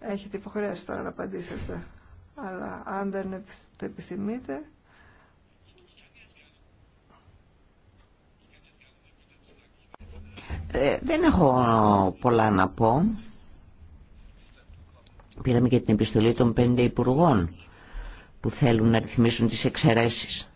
Speaker 1: Έχετε υποχρέωση τώρα να απαντήσετε, αλλά αν δεν το επιθυμείτε...
Speaker 3: Ε, δεν έχω πολλά να πω. Πήραμε και την επιστολή των πέντε υπουργών που θέλουν να ρυθμίσουν τις εξαιρέσεις.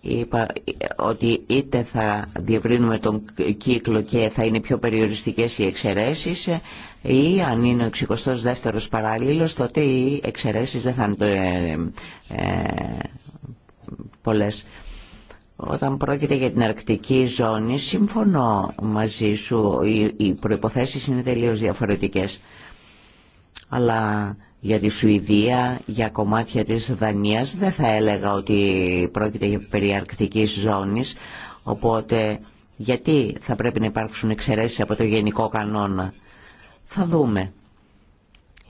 Speaker 3: Είπα ε, ότι είτε θα διευρύνουμε τον κύκλο και θα είναι πιο περιοριστικές οι εξαιρέσεις ε, ή αν είναι ο 62ος παράλληλος τότε οι εξαιρέσεις δεν θα είναι ε, πολλές. Όταν πρόκειται για την αρκτική ζώνη, συμφωνώ μαζί σου, οι προϋποθέσεις είναι τελείως διαφορετικές. Αλλά για τη Σουηδία, για κομμάτια της Δανίας, δεν θα έλεγα ότι πρόκειται για περί αρκτικής ζώνης, οπότε γιατί θα πρέπει να υπάρξουν εξαιρέσεις από το γενικό κανόνα. Θα δούμε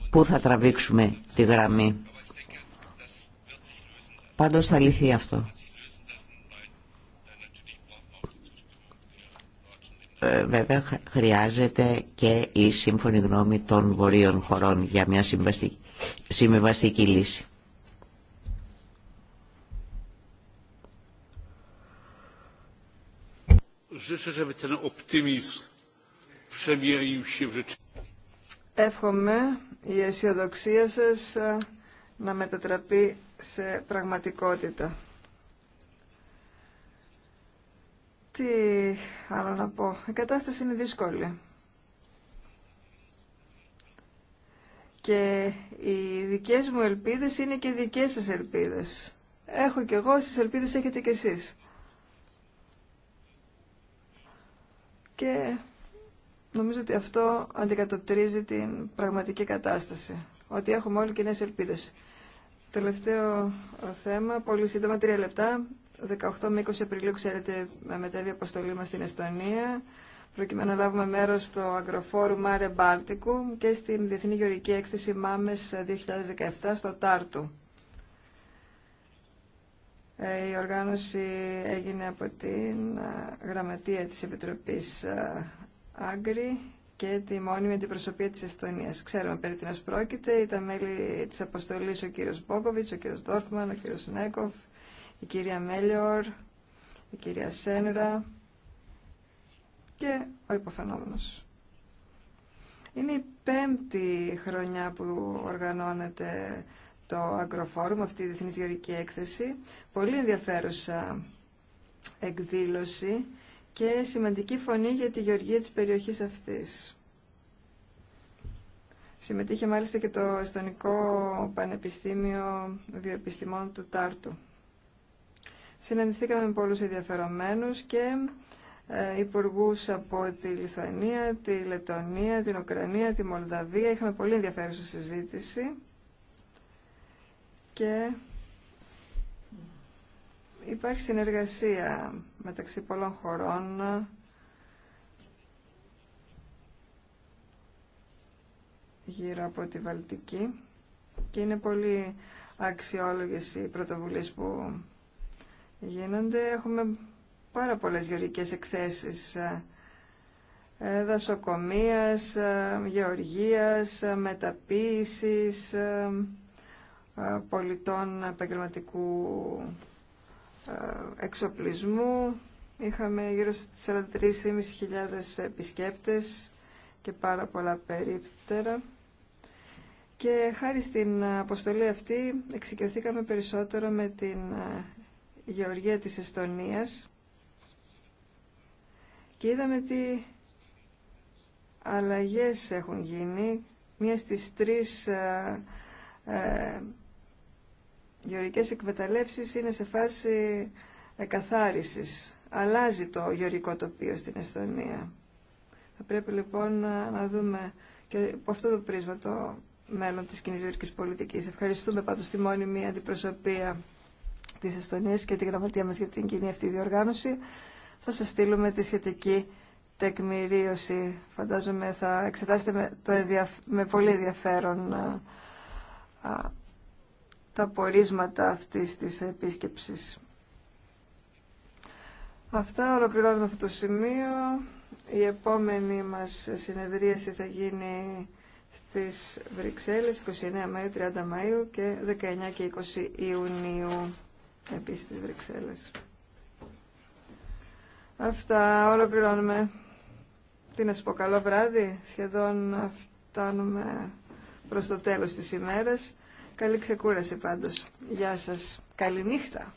Speaker 3: πού θα τραβήξουμε τη γραμμή. Πάντως θα λυθεί αυτό. Ε, βέβαια χρειάζεται και η σύμφωνη γνώμη των βορείων χωρών για μια συμβαστική λύση.
Speaker 1: Εύχομαι η αισιοδοξία σας ε, να μετατραπεί σε πραγματικότητα. Τι άλλο να πω. Η κατάσταση είναι δύσκολη. Και οι δικές μου ελπίδες είναι και δικές σας ελπίδες. Έχω κι εγώ, στις ελπίδες έχετε κι εσείς. Και νομίζω ότι αυτό αντικατοπτρίζει την πραγματική κατάσταση. Ότι έχουμε όλοι κοινέ ελπίδες. Τελευταίο θέμα, πολύ σύντομα, τρία λεπτά. 18 με 20 Απριλίου, ξέρετε, μετέβει η αποστολή μας στην Εστονία, προκειμένου να λάβουμε μέρος στο Αγροφόρου Μάρε Μπάλτικου και στην Διεθνή Γεωργική Έκθεση ΜΑΜΕΣ 2017 στο Τάρτου. Ε, η οργάνωση έγινε από την ε, γραμματεία της Επιτροπής ε, Άγκρη και τη μόνιμη αντιπροσωπεία της Εστονίας. Ξέρουμε περί τίνος πρόκειται, ήταν μέλη της αποστολής ο κύριος Μπόκοβιτς, ο κύριος Ντόρφμαν, ο κύριος Νέκοφ, η κυρία Μέλιορ, η κυρία Σένρα και ο υποφαινόμενος. Είναι η πέμπτη χρονιά που οργανώνεται το Αγκροφόρουμ, αυτή η Διεθνής Γεωρική Έκθεση. Πολύ ενδιαφέρουσα εκδήλωση και σημαντική φωνή για τη γεωργία της περιοχής αυτής. Συμμετείχε μάλιστα και το Εστονικό Πανεπιστήμιο Βιοεπιστημών του Τάρτου. Συναντηθήκαμε με πολλούς ενδιαφερομένους και ε, υπουργού από τη Λιθουανία, τη Λετωνία, την Ουκρανία, τη Μολδαβία. Είχαμε πολύ ενδιαφέρουσα συζήτηση και υπάρχει συνεργασία μεταξύ πολλών χωρών γύρω από τη Βαλτική και είναι πολύ αξιόλογες οι πρωτοβουλίες που γίνονται. Έχουμε πάρα πολλές γεωργικές εκθέσεις ε, ε, δασοκομείας, ε, γεωργίας, μεταποίησης πολιτών επαγγελματικού εξοπλισμού. Είχαμε γύρω στις 43.500 επισκέπτες και πάρα πολλά περίπτερα. Και χάρη στην αποστολή αυτή εξοικειωθήκαμε περισσότερο με την Γεωργία της Εστονίας και είδαμε τι αλλαγές έχουν γίνει. Μία στις τρεις ε, ε, α, α, είναι σε φάση εκαθάρισης. Αλλάζει το γεωργικό τοπίο στην Εστονία. Θα πρέπει λοιπόν ε, να δούμε και από αυτό το πρίσμα το μέλλον της κοινή πολιτικής. Ευχαριστούμε πάντως τη μόνιμη αντιπροσωπεία της Εστονίας και τη γραμματεία μας για την κοινή αυτή διοργάνωση. Θα σας στείλουμε τη σχετική τεκμηρίωση. Φαντάζομαι θα εξετάσετε με, το με πολύ ενδιαφέρον τα πορίσματα αυτής της επίσκεψης. Αυτά ολοκληρώνουμε αυτό το σημείο. Η επόμενη μας συνεδρίαση θα γίνει στις Βρυξέλλες 29 Μαΐου, 30 Μαΐου και 19 και 20 Ιουνίου. Επίση στις Βρυξέλλες. Αυτά, ολοκληρώνουμε. Τι να σου πω, καλό βράδυ. Σχεδόν φτάνουμε προς το τέλος της ημέρας. Καλή ξεκούραση πάντως. Γεια σας. Καληνύχτα.